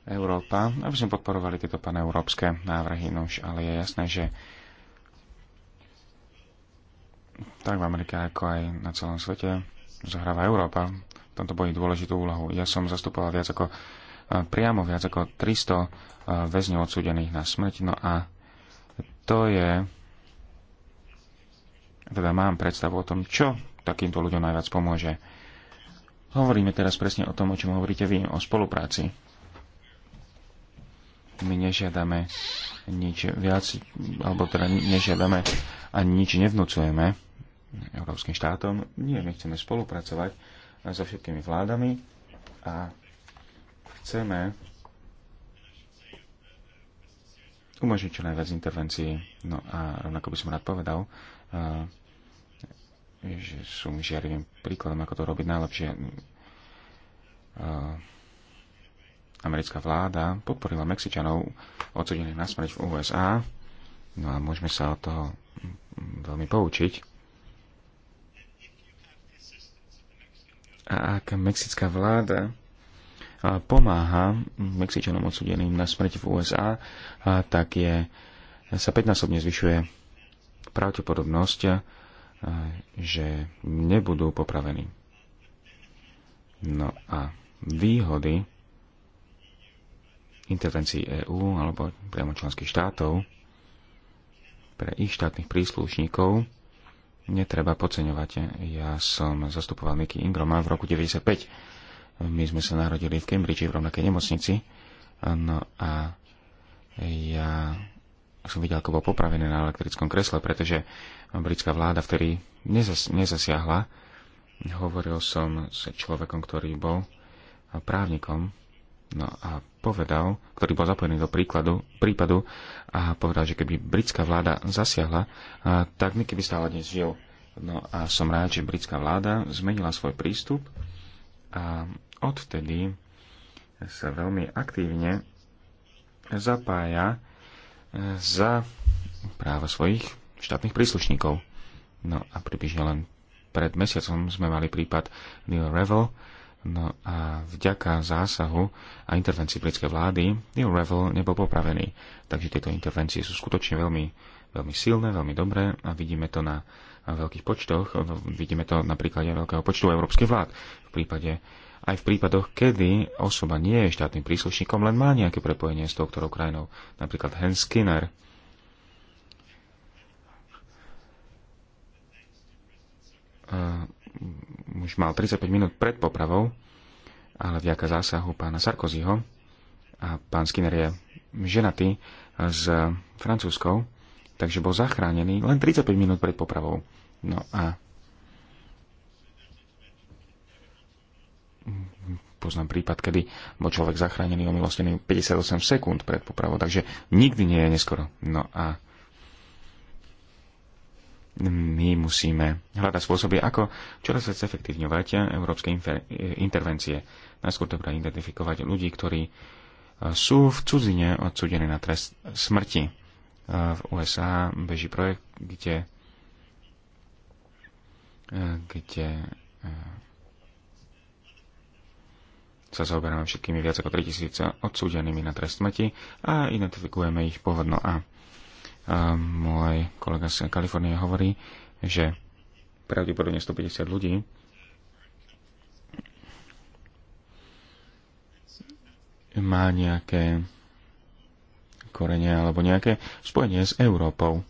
[SPEAKER 3] Európa, aby sme podporovali tieto paneurópske návrhy. Nož, ale je jasné, že tak v Amerike, ako aj na celom svete, zahráva Európa v tomto boji dôležitú úlohu. Ja som zastupoval viac ako e, priamo viac ako 300 e, väzňov odsúdených na smrť. No a to je teda mám predstavu o tom, čo takýmto ľuďom najviac pomôže. Hovoríme teraz presne o tom, o čom hovoríte vy, o spolupráci my nežiadame nič viac, alebo teda nežiadame ani nič nevnúcujeme európskym štátom. Nie, my chceme spolupracovať so všetkými vládami a chceme umožniť čo najviac intervencií. No a rovnako by som rád povedal, eh, že sú žiarivým príkladom, ako to robiť najlepšie eh, americká vláda podporila Mexičanov odsudených na smrť v USA. No a môžeme sa od toho veľmi poučiť. A ak mexická vláda pomáha Mexičanom odsudeným na smrť v USA, tak je, sa 5-násobne zvyšuje pravdepodobnosť, že nebudú popravení. No a výhody intervencií EÚ alebo priamo členských štátov pre ich štátnych príslušníkov netreba podceňovať. Ja som zastupoval Mickey Ingroma v roku 95. My sme sa narodili v Cambridge v rovnakej nemocnici. No a ja som videl, ako bol popravený na elektrickom kresle, pretože britská vláda vtedy nezas- nezasiahla. Hovoril som s človekom, ktorý bol právnikom, no a povedal, ktorý bol zapojený do príkladu, prípadu a povedal, že keby britská vláda zasiahla, tak Niky by stále dnes žil. No a som rád, že britská vláda zmenila svoj prístup a odtedy sa veľmi aktívne zapája e, za práva svojich štátnych príslušníkov. No a približne len pred mesiacom sme mali prípad Neil Revel, No a vďaka zásahu a intervencii britskej vlády New Revel nebol popravený. Takže tieto intervencie sú skutočne veľmi, veľmi silné, veľmi dobré a vidíme to na veľkých počtoch. Vidíme to napríklad aj veľkého počtu európskych vlád. V prípade, aj v prípadoch, kedy osoba nie je štátnym príslušníkom, len má nejaké prepojenie s tou ktorou krajinou. Napríklad Hans Skinner, už mal 35 minút pred popravou, ale vďaka zásahu pána Sarkozyho a pán Skinner je ženatý s francúzskou, takže bol zachránený len 35 minút pred popravou. No a poznám prípad, kedy bol človek zachránený, omilostený 58 sekúnd pred popravou, takže nikdy nie je neskoro. No a my musíme hľadať spôsoby, ako čoraz viac efektívňovať európske intervencie. Najskôr treba identifikovať ľudí, ktorí e, sú v cudzine odsudení na trest smrti. E, v USA beží projekt, kde, e, kde sa zaoberáme všetkými viac ako 3000 odsúdenými na trest smrti a identifikujeme ich pohodno a a môj kolega z Kalifornie hovorí, že pravdepodobne 150 ľudí má nejaké korene alebo nejaké spojenie s Európou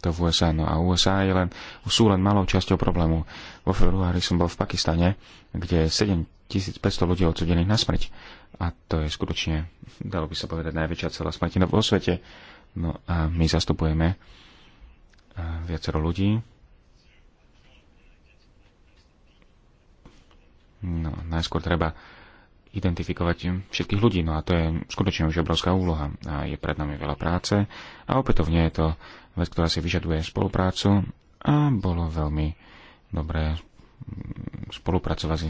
[SPEAKER 3] to v USA. No a USA je len, sú len malou časťou problému. Vo februári som bol v Pakistane, kde 7500 ľudí odsudených na smrť. A to je skutočne, dalo by sa povedať, najväčšia celá smrtina vo svete. No a my zastupujeme eh, viacero ľudí. No, najskôr treba identifikovať všetkých ľudí. No a to je skutočne už obrovská úloha. A je pred nami veľa práce a opätovne je to vec, ktorá si vyžaduje spoluprácu a bolo veľmi dobré mm, spolupracovať s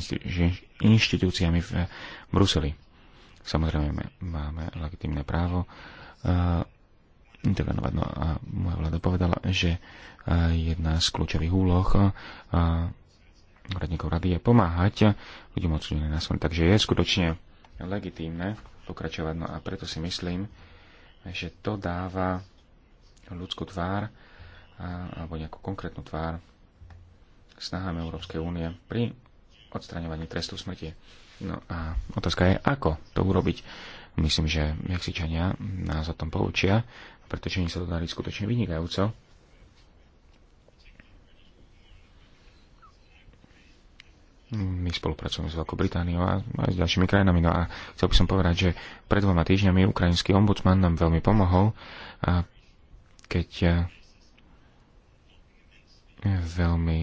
[SPEAKER 3] inštitúciami v Bruseli. Samozrejme, máme legitimné právo e, intervenovať. No a moja vláda povedala, že e, jedna z kľúčových úloh e, radníkov rady je pomáhať ľuďom odsudené na svoj. Takže je skutočne legitímne pokračovať. No a preto si myslím, že to dáva ľudskú tvár alebo nejakú konkrétnu tvár snahám Európskej únie pri odstraňovaní trestu smrti. No a otázka je, ako to urobiť. Myslím, že Mexičania nás o tom poučia, pretože im sa to darí skutočne vynikajúco. My spolupracujeme s Veľkou Britániou a aj s ďalšími krajinami. No a chcel by som povedať, že pred dvoma týždňami ukrajinský ombudsman nám veľmi pomohol a keď eh, veľmi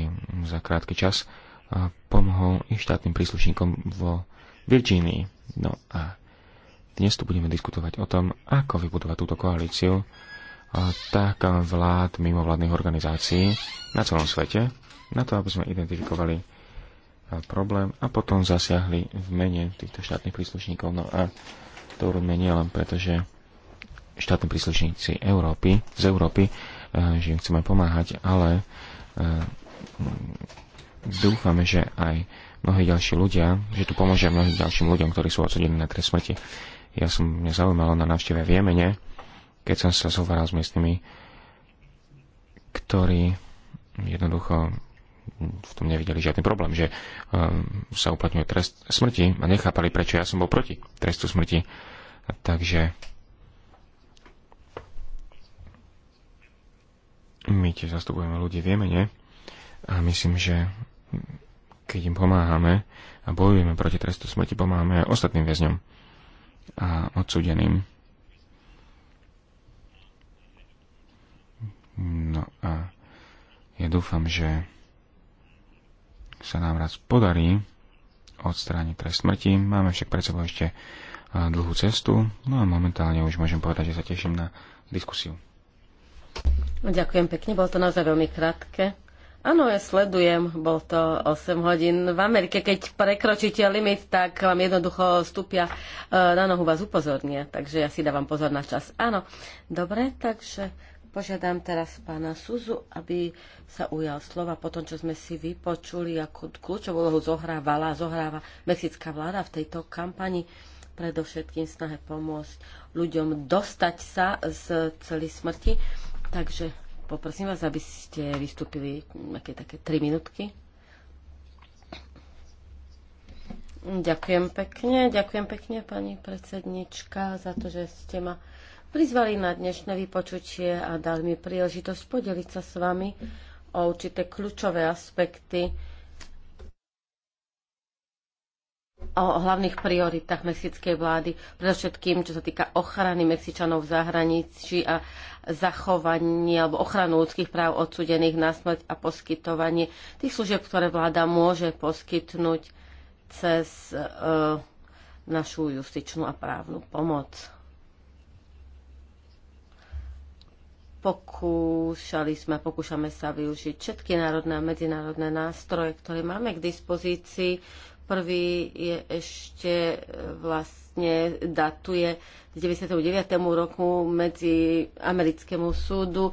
[SPEAKER 3] za krátky čas eh, pomohol i štátnym príslušníkom vo Virginii. No a dnes tu budeme diskutovať o tom, ako vybudovať túto koalíciu eh, tak vlád mimovládnych organizácií na celom svete, na to, aby sme identifikovali problém a potom zasiahli v mene týchto štátnych príslušníkov. No a to urobíme nielen preto, že štátni príslušníci Európy, z Európy, e, že im chceme pomáhať, ale e, dúfame, že aj mnohí ďalší ľudia, že tu pomôže mnohým ďalším ľuďom, ktorí sú odsudení na trest smrti. Ja som mňa zaujímalo na návšteve v Jemene, keď som sa zhovoril s miestnymi, ktorí jednoducho v tom nevideli žiadny problém, že um, sa uplatňuje trest smrti a nechápali, prečo ja som bol proti trestu smrti. Takže My tiež zastupujeme ľudí v Jemene a myslím, že keď im pomáhame a bojujeme proti trestu smrti, pomáhame aj ostatným väzňom a odsudeným. No a ja dúfam, že sa nám raz podarí odstrániť trest smrti. Máme však pred sebou ešte dlhú cestu. No a momentálne už môžem povedať, že sa teším na diskusiu.
[SPEAKER 2] No, ďakujem pekne, bolo to naozaj veľmi krátke. Áno, ja sledujem, bol to 8 hodín. V Amerike, keď prekročíte limit, tak vám jednoducho stúpia e, na nohu, vás upozornia. Takže ja si dávam pozor na čas. Áno, dobre, takže požiadam teraz pána Suzu, aby sa ujal slova po tom, čo sme si vypočuli, ako kľúčovú úlohu zohrávala zohráva mexická vláda v tejto kampani predovšetkým snahe pomôcť ľuďom dostať sa z celý smrti Takže poprosím vás, aby ste vystúpili nejaké také tri minútky. Ďakujem pekne, ďakujem pekne pani predsednička za to, že ste ma prizvali na dnešné vypočutie a dali mi príležitosť podeliť sa s vami o určité kľúčové aspekty o hlavných prioritách mexickej vlády, predovšetkým čo sa týka ochrany Mexičanov v zahraničí a zachovanie alebo ochranu ľudských práv odsudených na smrť a poskytovanie tých služieb, ktoré vláda môže poskytnúť cez e, našu justičnú a právnu pomoc. Pokúšali sme, pokúšame sa využiť všetky národné a medzinárodné nástroje, ktoré máme k dispozícii Prvý je ešte e, vlastne datuje z 99. roku medzi americkému súdu.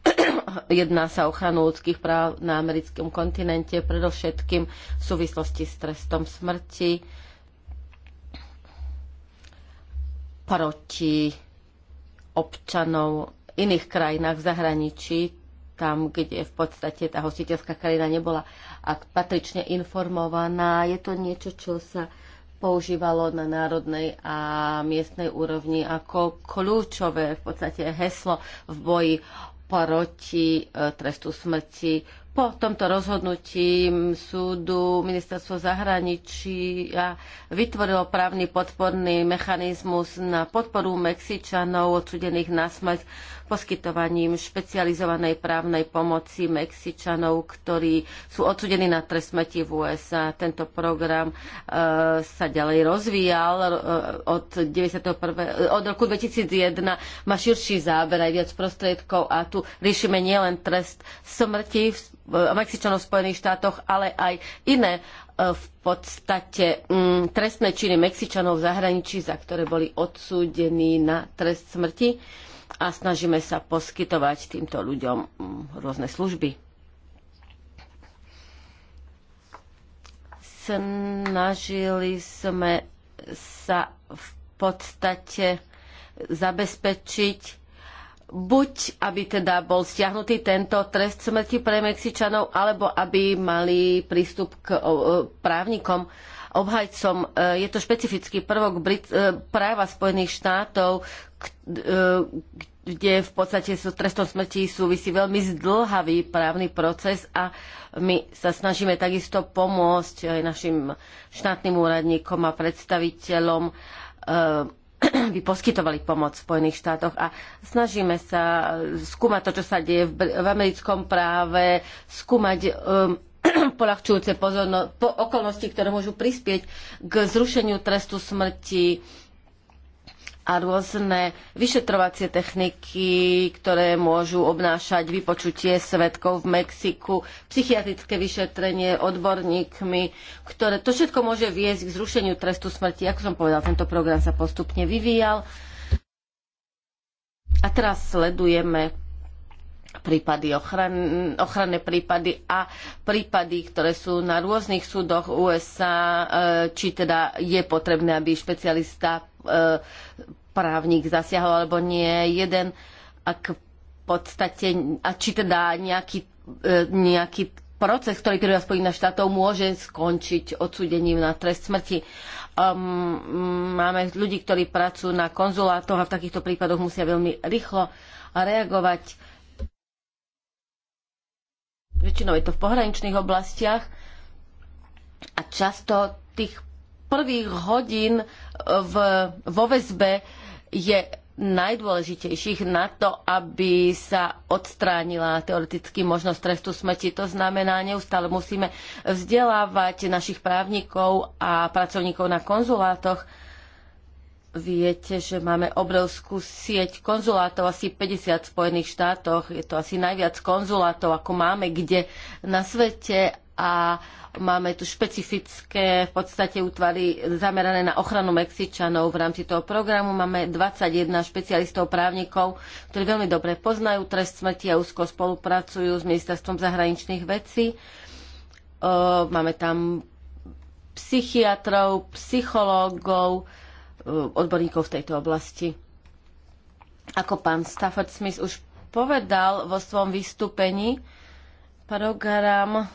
[SPEAKER 2] Jedná sa o ochranu ľudských práv na americkom kontinente, predovšetkým v súvislosti s trestom smrti proti občanov iných krajinách v zahraničí, tam, kde v podstate tá hostiteľská krajina nebola a patrične informovaná. Je to niečo, čo sa používalo na národnej a miestnej úrovni ako kľúčové v podstate heslo v boji proti e, trestu smrti. Po tomto rozhodnutí súdu ministerstvo zahraničí vytvorilo právny podporný mechanizmus na podporu Mexičanov odsudených na smrť poskytovaním špecializovanej právnej pomoci Mexičanov, ktorí sú odsudení na trest smrti v USA. Tento program e, sa ďalej rozvíjal e, od, 91, od roku 2001. Má širší záber aj viac prostriedkov a tu riešime nielen trest smrti v e, Mexičanov v Spojených štátoch, ale aj iné e, v podstate mm, trestné činy Mexičanov v zahraničí, za ktoré boli odsúdení na trest smrti a snažíme sa poskytovať týmto ľuďom mm, rôzne služby. Snažili sme sa v podstate zabezpečiť buď aby teda bol stiahnutý tento trest smrti pre Mexičanov, alebo aby mali prístup k právnikom obhajcom. Eh, je to špecifický prvok eh, práva Spojených štátov, eh, kde v podstate so trestom smrti súvisí veľmi zdlhavý právny proces a my sa snažíme takisto pomôcť aj našim štátnym úradníkom a predstaviteľom by poskytovali pomoc v Spojených štátoch a snažíme sa skúmať to, čo sa deje v, americkom práve, skúmať um, polahčujúce pozornosť po okolnosti, ktoré môžu prispieť k zrušeniu trestu smrti a rôzne vyšetrovacie techniky, ktoré môžu obnášať vypočutie svetkov v Mexiku, psychiatrické vyšetrenie odborníkmi, ktoré to všetko môže viesť k zrušeniu trestu smrti. Ako som povedal, tento program sa postupne vyvíjal. A teraz sledujeme prípady ochran, ochranné prípady a prípady, ktoré sú na rôznych súdoch USA, e, či teda je potrebné, aby špecialista e, právnik zasiahol alebo nie. Jeden, ak v podstate, a či teda nejaký, e, nejaký proces, ktorý trvá Spojených štátov, môže skončiť odsúdením na trest smrti. Um, máme ľudí, ktorí pracujú na konzulátoch a v takýchto prípadoch musia veľmi rýchlo reagovať väčšinou je to v pohraničných oblastiach a často tých prvých hodín e, v, vo väzbe je najdôležitejších na to, aby sa odstránila teoreticky možnosť trestu smrti. To znamená, neustále musíme vzdelávať našich právnikov a pracovníkov na konzulátoch, Viete, že máme obrovskú sieť konzulátov, asi 50 v Spojených štátoch. Je to asi najviac konzulátov, ako máme kde na svete a máme tu špecifické v podstate útvary zamerané na ochranu Mexičanov. V rámci toho programu máme 21 špecialistov právnikov, ktorí veľmi dobre poznajú trest smrti a úzko spolupracujú s Ministerstvom zahraničných vecí. E, máme tam psychiatrov, psychológov, Eh, odborníkov v tejto oblasti. Ako pán Stafford Smith už povedal vo svojom vystúpení, program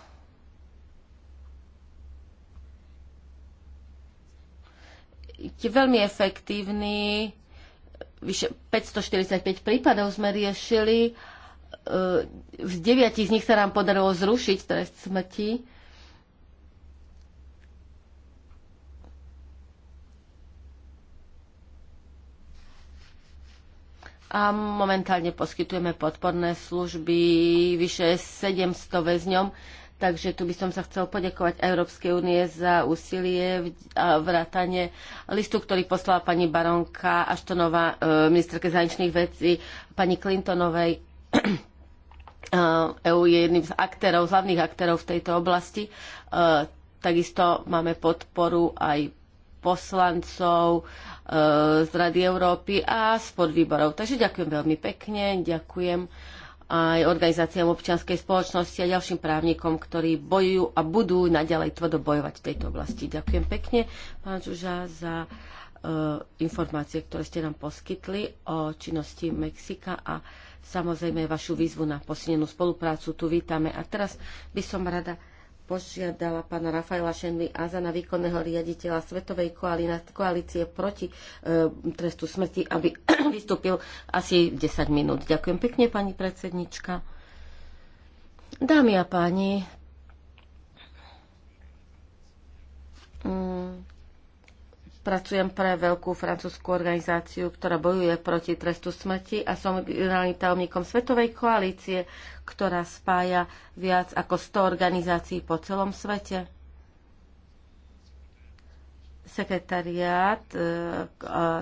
[SPEAKER 2] je veľmi efektívny. Vyše 545 prípadov sme riešili. Eh, z deviatich z nich sa nám podarilo zrušiť trest smrti a momentálne poskytujeme podporné služby vyše 700 väzňom, takže tu by som sa chcel poďakovať Európskej únie za úsilie a vrátanie listu, ktorý poslala pani baronka Aštonová, e, ministerke zahraničných vecí, pani Clintonovej. EU e je jedným z aktérov, z hlavných aktérov v tejto oblasti. E, Takisto máme podporu aj poslancov e, z Rady Európy a z podvýborov. Takže ďakujem veľmi pekne, ďakujem aj organizáciám občianskej spoločnosti a ďalším právnikom, ktorí bojujú a budú naďalej tvrdo bojovať v tejto oblasti. Ďakujem pekne, pán Žuža, za e, informácie, ktoré ste nám poskytli o činnosti Mexika a samozrejme vašu výzvu na posilnenú spoluprácu tu vítame. A teraz by som rada požiadala pána Rafaela Šenvy Azana, výkonného riaditeľa Svetovej koalície proti e, trestu smrti, aby vystúpil asi 10 minút. Ďakujem pekne, pani predsednička. Dámy a páni, mm, Pracujem pre veľkú francúzskú organizáciu, ktorá bojuje proti trestu smrti a som generálnym tajomníkom Svetovej koalície, ktorá spája viac ako 100 organizácií po celom svete. Sekretariát, e,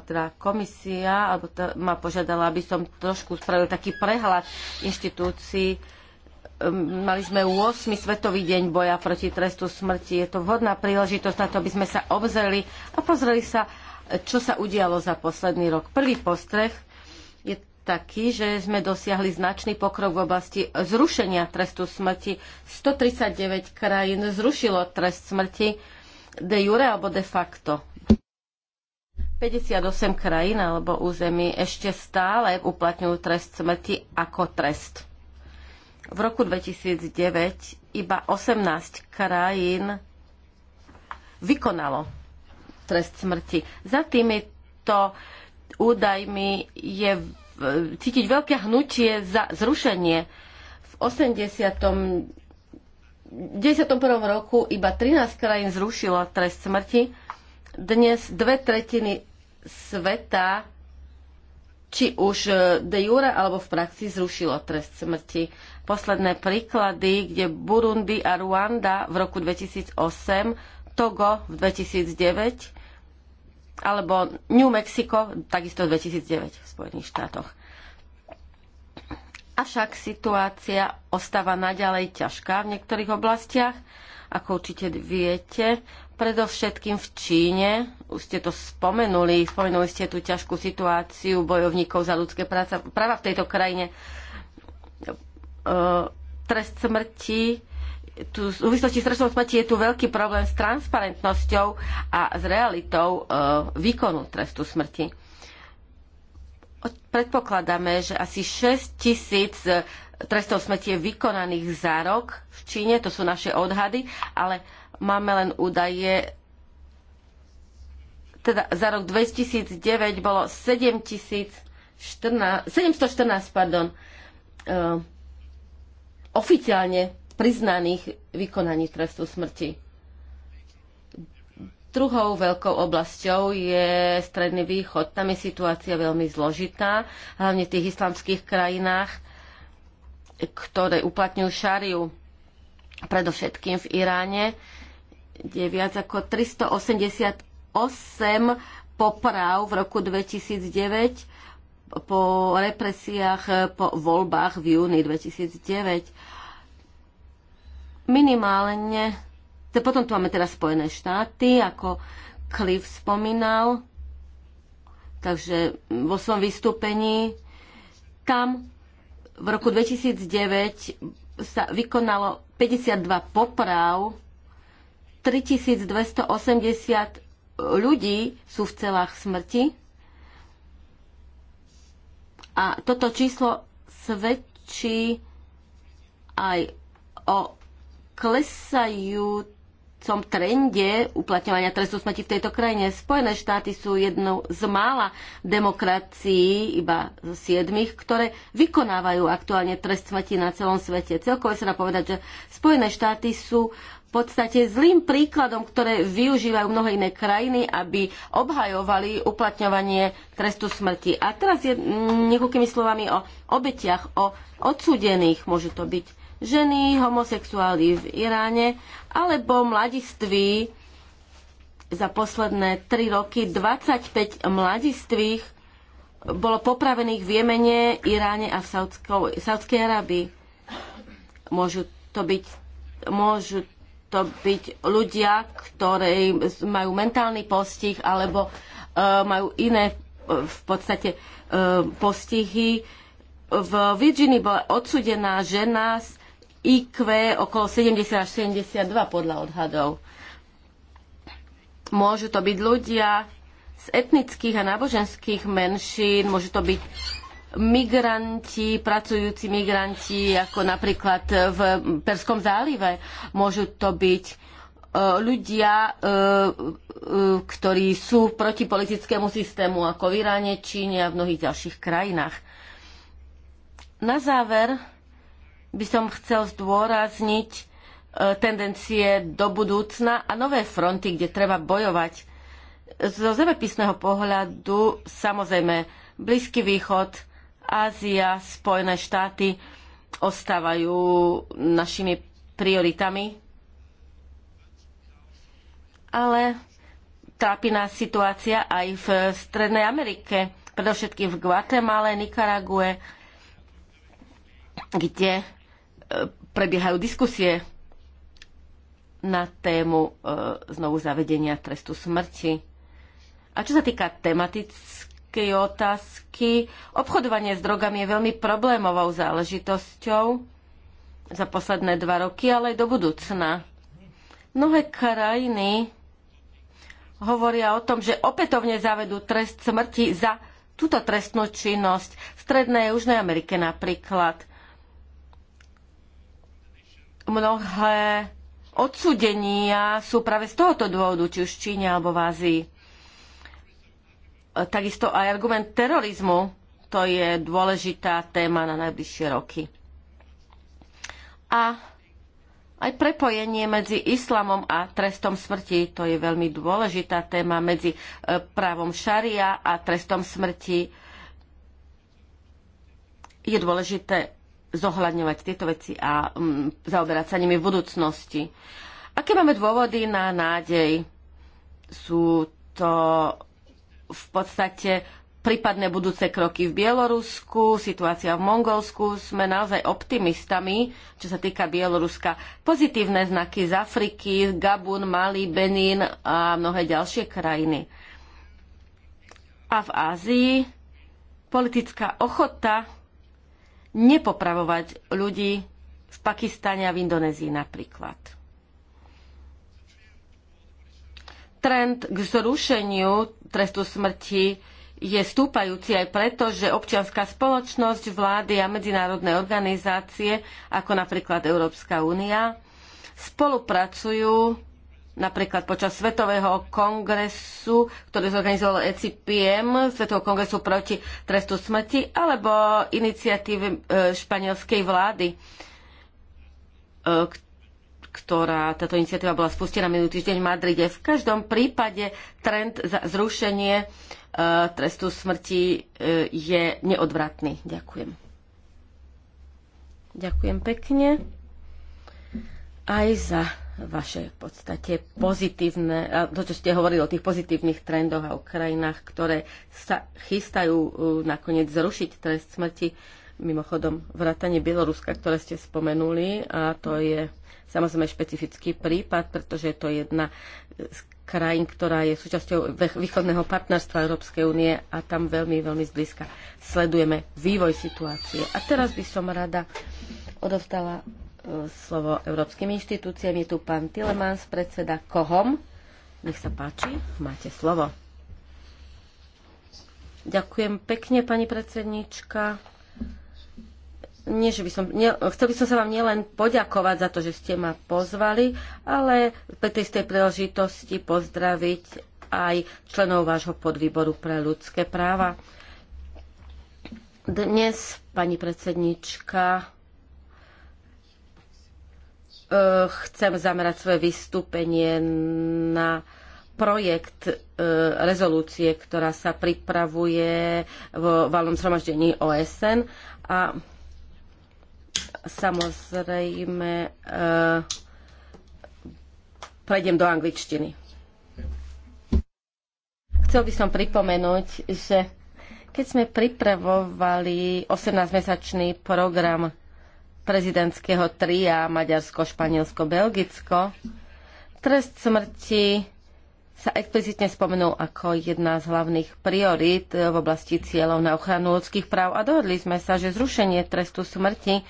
[SPEAKER 2] teda komisia, alebo to ma požiadala, aby som trošku spravil taký prehľad inštitúcií, Ehm, mali sme 8. svetový deň boja proti trestu smrti. Je to vhodná príležitosť na to, aby sme sa obzreli a pozreli sa, čo sa udialo za posledný rok. Prvý postreh je taký, že sme dosiahli značný pokrok v oblasti zrušenia trestu smrti. 139 krajín zrušilo trest smrti de jure alebo de facto. 58 krajín alebo území ešte stále uplatňujú trest smrti ako trest v roku 2009 iba 18 krajín vykonalo trest smrti. Za týmito údajmi je cítiť veľké hnutie za zrušenie. V 80. 91. roku iba 13 krajín zrušilo trest smrti. Dnes dve tretiny sveta či už de jure alebo v praxi zrušilo trest smrti posledné príklady, kde Burundi a Ruanda v roku 2008, Togo v 2009 alebo New Mexico takisto v 2009 v Spojených štátoch. Avšak situácia ostáva naďalej ťažká v niektorých oblastiach, ako určite viete, predovšetkým v Číne. Už ste to spomenuli, spomenuli ste tú ťažkú situáciu bojovníkov za ľudské práva v tejto krajine E, trest smrti, tu, v súvislosti s trestom smrti je tu veľký problém s transparentnosťou a s realitou e, výkonu trestu smrti. Predpokladáme, že asi 6 tisíc e, trestov smrti je vykonaných za rok v Číne, to sú naše odhady, ale máme len údaje teda za rok 2009 bolo 7014, 714 pardon, oficiálne priznaných vykonaní trestu smrti. Druhou veľkou oblasťou je Stredný východ. Tam je situácia veľmi zložitá, hlavne v tých islamských krajinách, ktoré uplatňujú šariu, predovšetkým v Iráne, kde viac ako 388 poprav v roku 2009 po represiách po voľbách v júni 2009. Minimálne, to potom tu máme teraz Spojené štáty, ako Cliff spomínal, takže vo svojom vystúpení tam v roku 2009 sa vykonalo 52 poprav, 3280 ľudí sú v celách smrti, a toto číslo svedčí aj o klesajúcom trende uplatňovania trestu smrti v tejto krajine. Spojené štáty sú jednou z mála demokracií, iba z siedmých, ktoré vykonávajú aktuálne trest smrti na celom svete. Celkovo sa dá povedať, že Spojené štáty sú podstate zlým príkladom, ktoré využívajú mnohé iné krajiny, aby obhajovali uplatňovanie trestu smrti. A teraz je mm, niekoľkými slovami o obetiach, o odsúdených. Môžu to byť ženy, homosexuáli v Iráne, alebo mladiství. Za posledné tri roky 25 mladistvých bolo popravených v Jemene, Iráne a v Saudskej Arabii. Môžu to byť môžu to byť ľudia, ktorí majú mentálny postih alebo e, majú iné e, v podstate e, postihy. V Virginii bola odsudená žena z IQ okolo 70 až 72 podľa odhadov. Môžu to byť ľudia z etnických a náboženských menšín, môžu to byť migranti, pracujúci migranti, ako napríklad v Perskom zálive. Môžu to byť e, ľudia, e, e, ktorí sú proti politickému systému, ako v Iráne, Číne a v mnohých ďalších krajinách. Na záver by som chcel zdôrazniť tendencie do budúcna a nové fronty, kde treba bojovať. Zo zemepisného pohľadu samozrejme Blízky východ, Ázia, Spojené štáty ostávajú našimi prioritami, ale trápi nás situácia aj v Strednej Amerike, predovšetkým v Guatemale, Nikarague, kde e, prebiehajú diskusie na tému e, znovu zavedenia trestu smrti. A čo sa týka tematických otázky, otázky. Obchodovanie s drogami je veľmi problémovou záležitosťou za posledné dva roky, ale aj do budúcna. Mnohé krajiny hovoria o tom, že opätovne zavedú trest smrti za túto trestnú činnosť v Strednej a Južnej Amerike napríklad. Mnohé odsudenia sú práve z tohoto dôvodu, či už v Číne alebo v Ázii. Takisto aj argument terorizmu, to je dôležitá téma na najbližšie roky. A aj prepojenie medzi islamom a trestom smrti, to je veľmi dôležitá téma medzi e, právom šaria a trestom smrti. Je dôležité zohľadňovať tieto veci a mm, zaoberať sa nimi v budúcnosti. Aké máme dôvody na nádej? Sú to v podstate prípadné budúce kroky v Bielorusku, situácia v Mongolsku. Sme naozaj optimistami, čo sa týka Bieloruska. Pozitívne znaky z Afriky, Gabun, Mali, Benín a mnohé ďalšie krajiny. A v Ázii politická ochota nepopravovať ľudí v Pakistane a v Indonézii napríklad. Trend k zrušeniu trestu smrti je stúpajúci aj preto, že občianská spoločnosť, vlády a medzinárodné organizácie, ako napríklad Európska únia, spolupracujú napríklad počas Svetového kongresu, ktorý zorganizovalo ECPM, Svetového kongresu proti trestu smrti, alebo iniciatívy e, španielskej vlády, e, ktorá táto iniciatíva bola spustená minulý týždeň v Madride. V každom prípade trend za zrušenie e, trestu smrti e, je neodvratný. Ďakujem. Ďakujem pekne aj za vaše v podstate pozitívne, a to, čo ste hovorili o tých pozitívnych trendoch a o krajinách, ktoré sa chystajú e, nakoniec zrušiť trest smrti, mimochodom vrátanie Bieloruska, ktoré ste spomenuli, a to je samozrejme špecifický prípad, pretože je to jedna z krajín, ktorá je súčasťou východného partnerstva Európskej únie a tam veľmi, veľmi zblízka sledujeme vývoj situácie. A teraz by som rada odovstala e, slovo Európskym inštitúciám. Je tu pán Tilemans, predseda KOHOM. Nech sa páči, máte slovo. Ďakujem pekne, pani predsednička nie, že by som, nie, chcel by som sa vám nielen poďakovať za to, že ste ma pozvali, ale pri tej stej príležitosti pozdraviť aj členov vášho podvýboru pre ľudské práva. Dnes, pani predsednička, e, chcem zamerať svoje vystúpenie na projekt e, rezolúcie, ktorá sa pripravuje vo valnom zhromaždení OSN a Samozrejme, eh, prejdem do angličtiny. Chcel by som pripomenúť, že keď sme pripravovali 18-mesačný program prezidentského tria Maďarsko, Španielsko, Belgicko, trest smrti sa explicitne spomenul ako jedna z hlavných priorít v oblasti cieľov na ochranu ľudských práv a dohodli sme sa, že zrušenie trestu smrti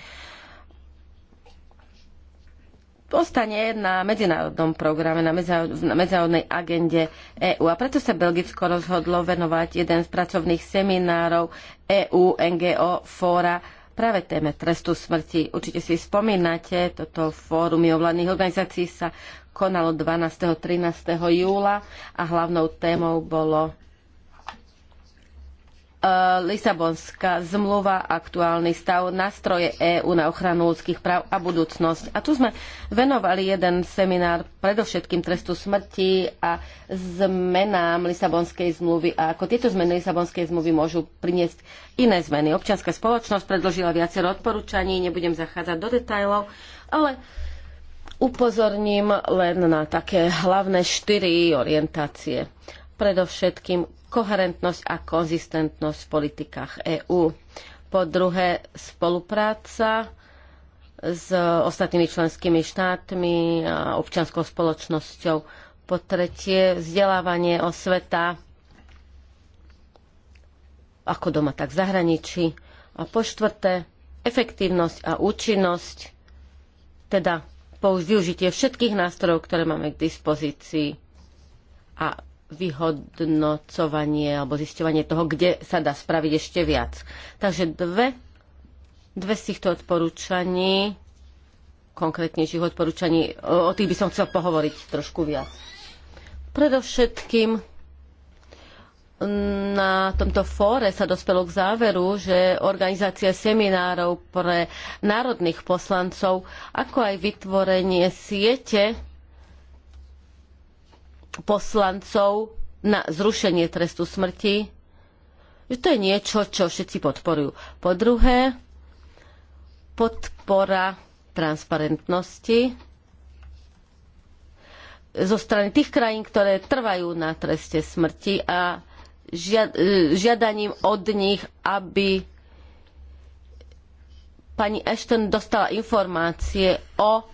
[SPEAKER 2] ostane na medzinárodnom programe, na medzinárodnej agende EÚ. A preto sa Belgicko rozhodlo venovať jeden z pracovných seminárov EÚ, NGO, fóra práve téme trestu smrti. Určite si spomínate, toto fórum mimovládnych organizácií sa konalo 12. 13. júla a hlavnou témou bolo E, Lisabonská zmluva, aktuálny stav, nástroje EÚ na ochranu ľudských práv a budúcnosť. A tu sme venovali jeden seminár predovšetkým trestu smrti a zmenám Lisabonskej zmluvy a ako tieto zmeny Lisabonskej zmluvy môžu priniesť iné zmeny. Občianská spoločnosť predložila viacero odporúčaní, nebudem zachádzať do detajlov, ale upozorním len na také hlavné štyri orientácie. Predovšetkým koherentnosť a konzistentnosť v politikách EÚ. Po druhé, spolupráca s ostatnými členskými štátmi a občianskou spoločnosťou. Po tretie, vzdelávanie osveta ako doma, tak v zahraničí. A po štvrté, efektívnosť a účinnosť, teda použ- využitie všetkých nástrojov, ktoré máme k dispozícii a vyhodnocovanie alebo zisťovanie toho, kde sa dá spraviť ešte viac. Takže dve, dve z týchto odporúčaní, konkrétnejších odporúčaní, o, o tých by som chcel pohovoriť trošku viac. Predovšetkým mm, na tomto fóre sa dospelo k záveru, že organizácia seminárov pre národných poslancov, ako aj vytvorenie siete poslancov na zrušenie trestu smrti, že to je niečo, čo všetci podporujú. Po druhé, podpora transparentnosti zo strany tých krajín, ktoré trvajú na treste smrti a žiadaním od nich, aby pani Ashton dostala informácie o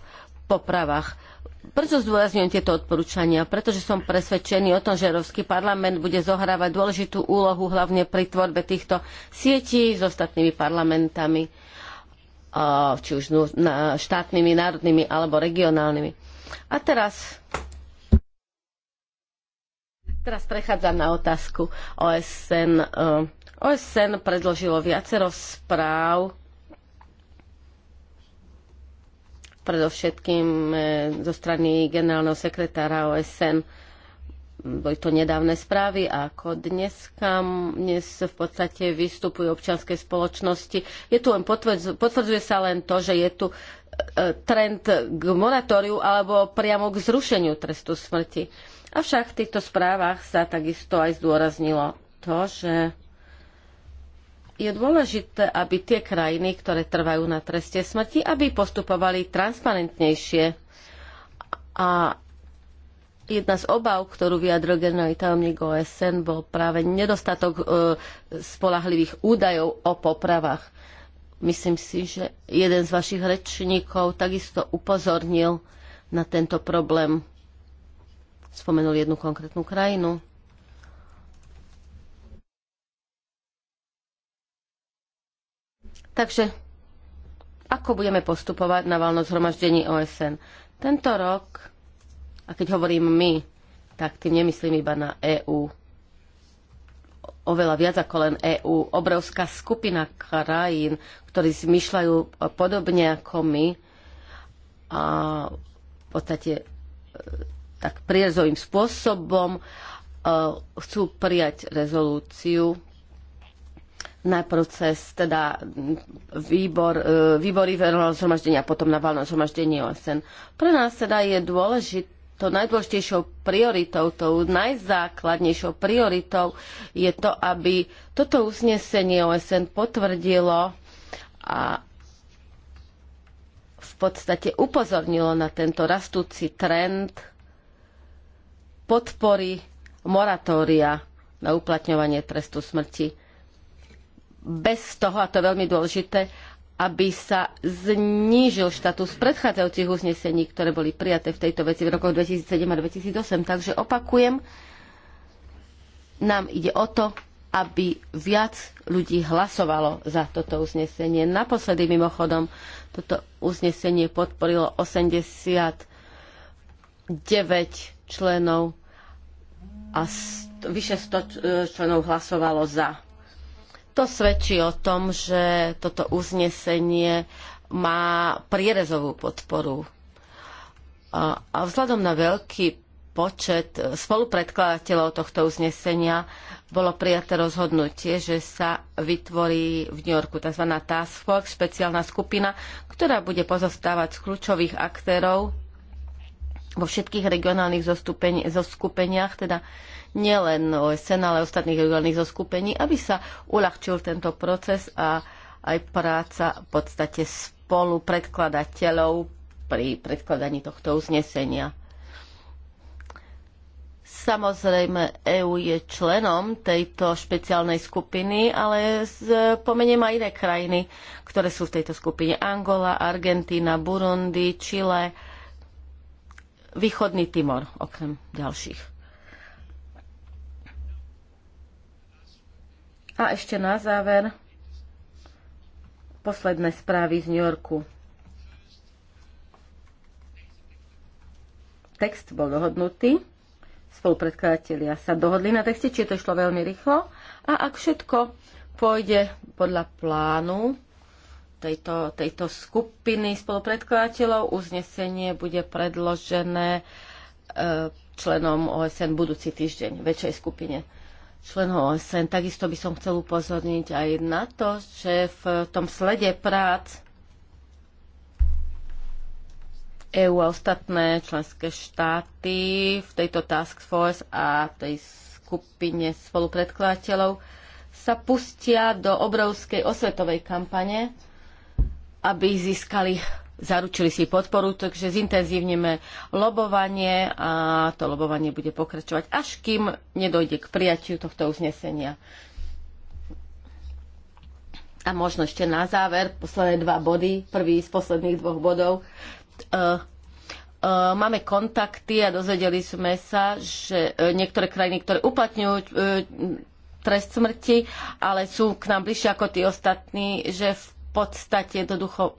[SPEAKER 2] popravách Prečo zdôrazňujem tieto odporúčania? Pretože som presvedčený o tom, že Európsky parlament bude zohrávať dôležitú úlohu hlavne pri tvorbe týchto sietí s ostatnými parlamentami, či už štátnymi, národnými alebo regionálnymi. A teraz Teraz prechádzam na otázku OSN. E, OSN predložilo viacero správ predovšetkým e, zo strany generálneho sekretára OSN. Boli to nedávne správy a ako dnes, kam dnes v podstate vystupujú občianske spoločnosti. Je tu len potvrdzuje, potvrdzuje sa len to, že je tu e, trend k moratóriu alebo priamo k zrušeniu trestu smrti. Avšak v týchto správach sa takisto aj zdôraznilo to, že je dôležité, aby tie krajiny, ktoré trvajú na treste smrti, aby postupovali transparentnejšie. A jedna z obav, ktorú vyjadril generálny tajomník OSN, bol práve nedostatok e, spolahlivých údajov o popravách. Myslím si, že jeden z vašich rečníkov takisto upozornil na tento problém. Spomenul jednu konkrétnu krajinu. Takže ako budeme postupovať na valnom zhromaždení OSN? Tento rok, a keď hovorím my, tak tým nemyslím iba na EÚ, oveľa viac ako len EÚ, obrovská skupina krajín, ktorí zmyšľajú podobne ako my a v podstate e, tak prierezovým spôsobom e, chcú prijať rezolúciu na proces, teda výbor, e, výbory verovného zhromaždenia, potom na valnom zhromaždení OSN. Pre nás teda je dôležité to najdôležitejšou prioritou, tou najzákladnejšou prioritou je to, aby toto uznesenie OSN potvrdilo a v podstate upozornilo na tento rastúci trend podpory moratória na uplatňovanie trestu smrti bez toho, a to je veľmi dôležité, aby sa znížil štatus predchádzajúcich uznesení, ktoré boli prijaté v tejto veci v rokoch 2007 a 2008. Takže opakujem, nám ide o to, aby viac ľudí hlasovalo za toto uznesenie. Naposledy mimochodom toto uznesenie podporilo 89 členov a vyše 100 e, členov hlasovalo za. To svedčí o tom, že toto uznesenie má prierezovú podporu. A, vzhľadom na veľký počet spolupredkladateľov tohto uznesenia bolo prijaté rozhodnutie, že sa vytvorí v New Yorku tzv. Task Force, špeciálna skupina, ktorá bude pozostávať z kľúčových aktérov vo všetkých regionálnych zoskupeniach, teda nielen OSN, ale ostatných regionálnych zoskupení, aby sa uľahčil tento proces a aj práca v podstate spolu predkladateľov pri predkladaní tohto uznesenia. Samozrejme, EÚ je členom tejto špeciálnej skupiny, ale pomeniem aj iné krajiny, ktoré sú v tejto skupine. Angola, Argentína, Burundi, Chile, Východný Timor, okrem ďalších. A ešte na záver posledné správy z New Yorku. Text bol dohodnutý, spolupredkladatelia sa dohodli na texte, či to išlo veľmi rýchlo a ak všetko pôjde podľa plánu tejto, tejto skupiny spolupredkladateľov, uznesenie bude predložené e, členom OSN budúci týždeň, väčšej skupine členov OSN. Takisto by som chcel upozorniť aj na to, že v tom slede prác EU a ostatné členské štáty v tejto task force a tej skupine spolupredkladateľov sa pustia do obrovskej osvetovej kampane, aby získali zaručili si podporu, takže zintenzívneme lobovanie a to lobovanie bude pokračovať, až kým nedojde k prijatiu tohto uznesenia. A možno ešte na záver, posledné dva body, prvý z posledných dvoch bodov. E, e, máme kontakty a dozvedeli sme sa, že e, niektoré krajiny, ktoré uplatňujú trest smrti, ale sú k nám bližšie ako tí ostatní, že v podstate jednoducho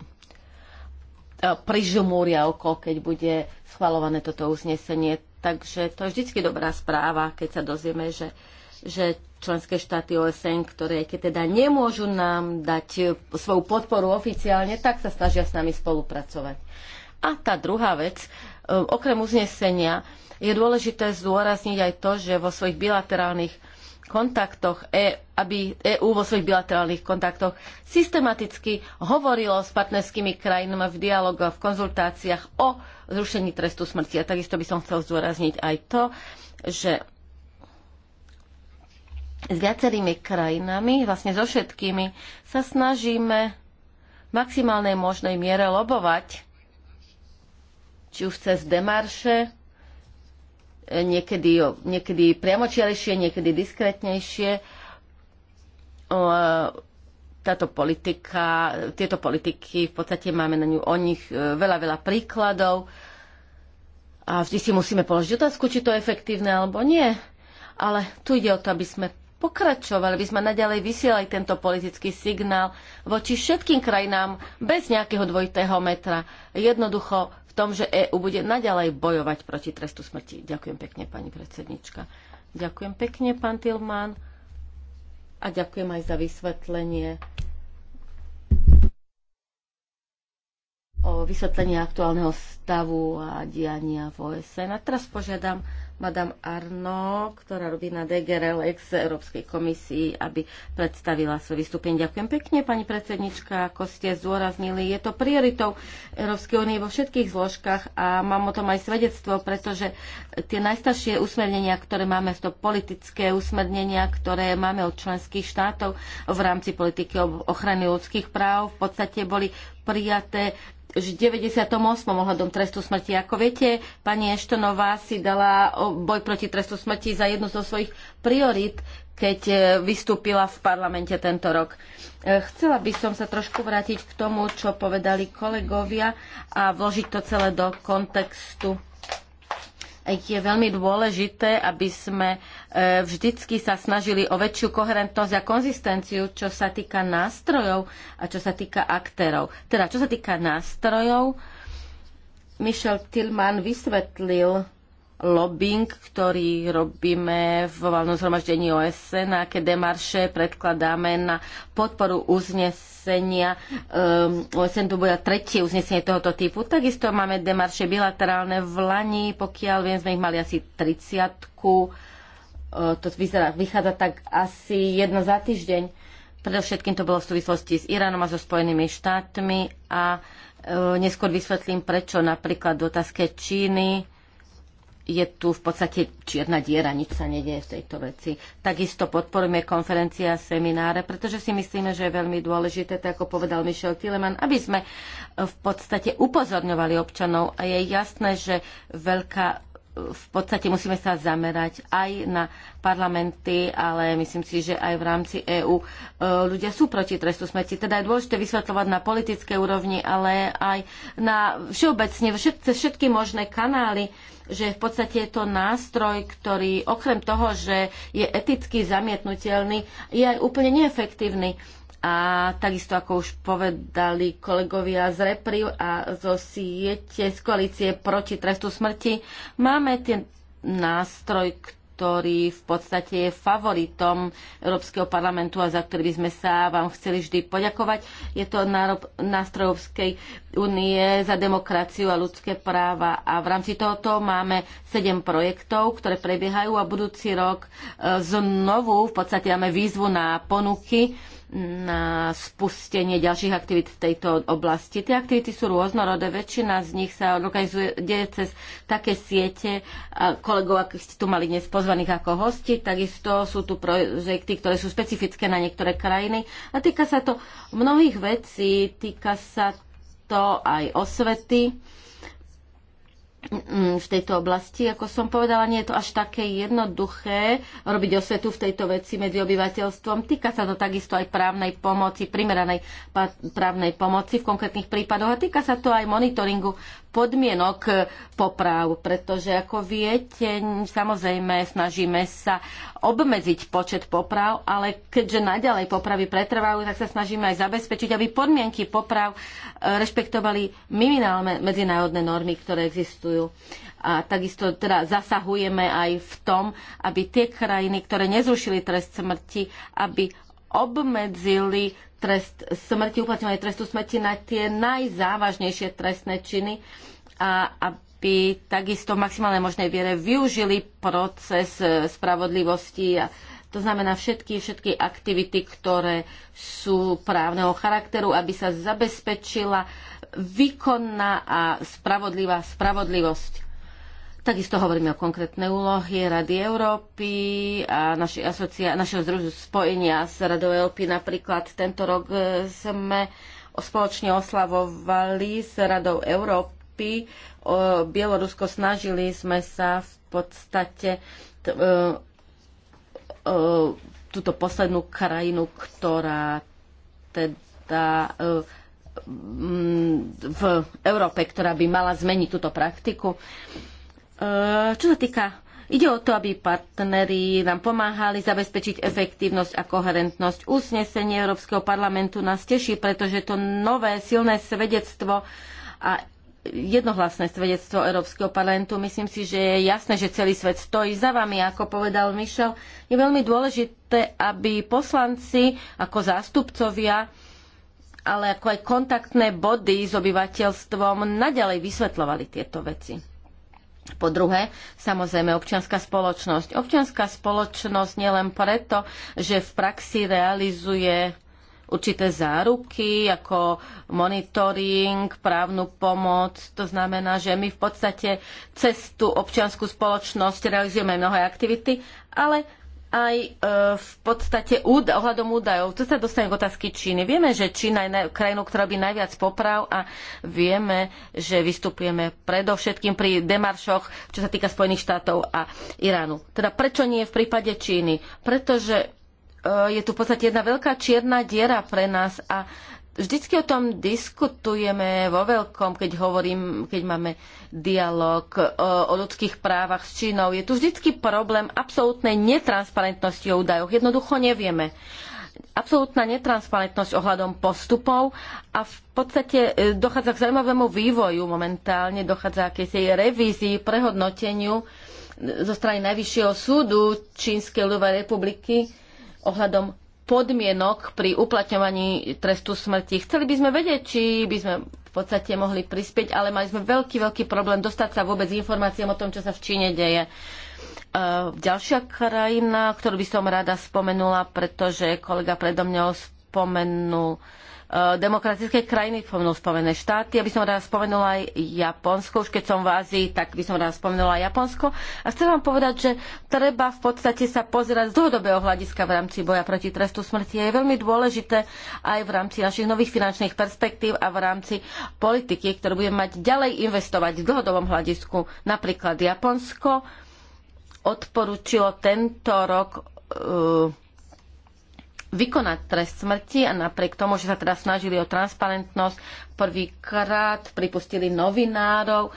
[SPEAKER 2] E, prižumúria oko, keď bude schvalované toto uznesenie. Takže to je vždy dobrá správa, keď sa dozvieme, že, že členské štáty OSN, ktoré keď teda nemôžu nám dať e, svoju podporu oficiálne, tak sa snažia s nami spolupracovať. A tá druhá vec, e, okrem uznesenia, je dôležité zdôrazniť aj to, že vo svojich bilaterálnych kontaktoch, e, aby EÚ vo svojich bilaterálnych kontaktoch systematicky hovorilo s partnerskými krajinami v dialogu a v konzultáciách o zrušení trestu smrti. A takisto by som chcel zdôrazniť aj to, že s viacerými krajinami, vlastne so všetkými, sa snažíme v maximálnej možnej miere lobovať, či už cez demarše, niekedy, niekedy priamočiarejšie, niekedy diskrétnejšie. Táto politika, tieto politiky, v podstate máme na ňu o nich e, veľa, veľa príkladov a vždy si musíme položiť otázku, či to je efektívne alebo nie. Ale tu ide o to, aby sme pokračovali, aby sme naďalej vysielali tento politický signál voči všetkým krajinám bez nejakého dvojitého metra. Jednoducho v tom, že EÚ bude naďalej bojovať proti trestu smrti. Ďakujem pekne, pani predsednička. Ďakujem pekne, pán Tilman. A ďakujem aj za vysvetlenie o vysvetlení aktuálneho stavu a diania v OSN. A teraz požiadam Madame Arno, ktorá robí na DGRL ex Európskej komisii, aby predstavila svoj vystúpenie. Ďakujem pekne, pani predsednička, ako ste zdôraznili. Je to prioritou Európskej únie vo všetkých zložkách a mám o tom aj svedectvo, pretože tie najstaršie usmernenia, ktoré máme, to politické usmernenia, ktoré máme od členských štátov v rámci politiky ochrany ľudských práv, v podstate boli prijaté 98. ohľadom trestu smrti. Ako viete, pani Eštonová si dala boj proti trestu smrti za jednu zo svojich priorít, keď e, vystúpila v parlamente tento rok. E, chcela by som sa trošku vrátiť k tomu, čo povedali kolegovia a vložiť to celé do kontextu je veľmi dôležité, aby sme e, vždycky sa snažili o väčšiu koherentnosť a konzistenciu, čo sa týka nástrojov a čo sa týka aktérov. Teda, čo sa týka nástrojov, Michel Tillman vysvetlil lobbying, ktorý robíme v valnom zhromaždení OSN, aké demarše predkladáme na podporu uznes uznesenia, um, ehm, sem tu bude tretie uznesenie tohoto typu. Takisto máme demarše bilaterálne v Lani, pokiaľ viem, sme ich mali asi 30 uh, ehm, to vyzerá, vychádza tak asi jedno za týždeň. Predovšetkým to bolo v súvislosti s Iránom a so Spojenými štátmi a uh, neskôr vysvetlím, prečo napríklad v otázke Číny je tu v podstate čierna diera, nič sa nedieje v tejto veci. Takisto podporujeme konferencie a semináre, pretože si myslíme, že je veľmi dôležité, tak ako povedal Michel Tileman, aby sme eh, v podstate upozorňovali občanov a je jasné, že veľká v podstate musíme sa zamerať aj na parlamenty, ale myslím si, že aj v rámci EÚ e, ľudia sú proti trestu smrti. Teda je dôležité vysvetľovať na politickej úrovni, ale aj na všeobecne všetky, všetky možné kanály, že v podstate je to nástroj, ktorý okrem toho, že je eticky zamietnuteľný, je aj úplne neefektívny a takisto ako už povedali kolegovia z Repriv a zo siete z koalície proti trestu smrti, máme ten nástroj, ktorý v podstate je favoritom Európskeho parlamentu a za ktorý by sme sa vám chceli vždy poďakovať. Je to nástroj Európskej únie za demokraciu a ľudské práva a v rámci tohoto máme sedem projektov, ktoré prebiehajú a budúci rok e, znovu v podstate máme výzvu na ponuky na spustenie ďalších aktivít v tejto oblasti. Tie aktivity sú rôznorodé, väčšina z nich sa organizuje deje cez také siete kolegov, ak ste tu mali dnes pozvaných ako hosti, takisto sú tu projekty, ktoré sú špecifické na niektoré krajiny a týka sa to mnohých vecí, týka sa to aj osvety, Mm, v tejto oblasti. Ako som povedala, nie je to až také jednoduché robiť osvetu v tejto veci medzi obyvateľstvom. Týka sa to takisto aj právnej pomoci, primeranej právnej pomoci v konkrétnych prípadoch a týka sa to aj monitoringu podmienok poprav, pretože ako viete, samozrejme snažíme sa obmedziť počet poprav, ale keďže naďalej popravy pretrvajú, tak sa snažíme aj zabezpečiť, aby podmienky poprav eh, rešpektovali minimálne medzinárodné normy, ktoré existujú rozhodujú. A takisto teda zasahujeme aj v tom, aby tie krajiny, ktoré nezrušili trest smrti, aby obmedzili trest smrti, uplatňovanie trestu smrti na tie najzávažnejšie trestné činy a aby takisto v maximálnej možnej viere využili proces e, spravodlivosti a to znamená všetky, všetky aktivity, ktoré sú právneho charakteru, aby sa zabezpečila výkonná a spravodlivá spravodlivosť. Takisto hovoríme o konkrétnej úlohy Rady Európy a asocia- našeho združu spojenia s Radou Európy. Napríklad tento rok e, sme spoločne oslavovali s Radou Európy. O Bielorusko snažili sme sa v podstate t- e, e, túto poslednú krajinu, ktorá teda Mm, v Európe, ktorá by mala zmeniť túto praktiku. E, čo sa týka Ide o to, aby partneri nám pomáhali zabezpečiť efektívnosť a koherentnosť. Usnesenie Európskeho parlamentu nás teší, pretože to nové silné svedectvo a jednohlasné svedectvo Európskeho parlamentu, myslím si, že je jasné, že celý svet stojí za vami, ako povedal Michel. Je veľmi dôležité, aby poslanci ako zástupcovia ale ako aj kontaktné body s obyvateľstvom naďalej vysvetľovali tieto veci. Po druhé, samozrejme občianská spoločnosť. Občianská spoločnosť nielen preto, že v praxi realizuje určité záruky, ako monitoring, právnu pomoc. To znamená, že my v podstate cez tú občianskú spoločnosť realizujeme mnohé aktivity, ale aj e, v podstate úd- ohľadom údajov. Tu sa dostane k otázky Číny. Vieme, že Čína je krajinou, ktorá by najviac poprav a vieme, že vystupujeme predovšetkým pri demaršoch, čo sa týka Spojených štátov a Iránu. Teda prečo nie v prípade Číny? Pretože e, je tu v podstate jedna veľká čierna diera pre nás a vždycky o tom diskutujeme vo veľkom, keď hovorím, keď máme dialog o, e, o ľudských právach s Čínou. Je tu vždycky problém absolútnej netransparentnosti o údajoch. Jednoducho nevieme. Absolútna netransparentnosť ohľadom postupov a v podstate e, dochádza k zaujímavému vývoju momentálne, dochádza k tej revízii, prehodnoteniu e, zo strany Najvyššieho súdu Čínskej ľudovej republiky ohľadom podmienok pri uplatňovaní trestu smrti. Chceli by sme vedieť, či by sme v podstate mohli prispieť, ale mali sme veľký, veľký problém dostať sa vôbec informáciám o tom, čo sa v Číne deje. E, ďalšia krajina, ktorú by som rada spomenula, pretože kolega predo mňa spomenul Eh, demokratické krajiny, spomenul Spojené štáty, aby som rada spomenula aj Japonsko, už keď som v Ázii, tak by som rada spomenula aj Japonsko. A chcem vám povedať, že treba v podstate sa pozerať z dlhodobého hľadiska v rámci boja proti trestu smrti. Je veľmi dôležité aj v rámci našich nových finančných perspektív a v rámci politiky, ktorú budeme mať ďalej investovať v dlhodobom hľadisku. Napríklad Japonsko odporúčilo tento rok uh, vykonať trest smrti a napriek tomu, že sa teda snažili o transparentnosť, prvýkrát pripustili novinárov e,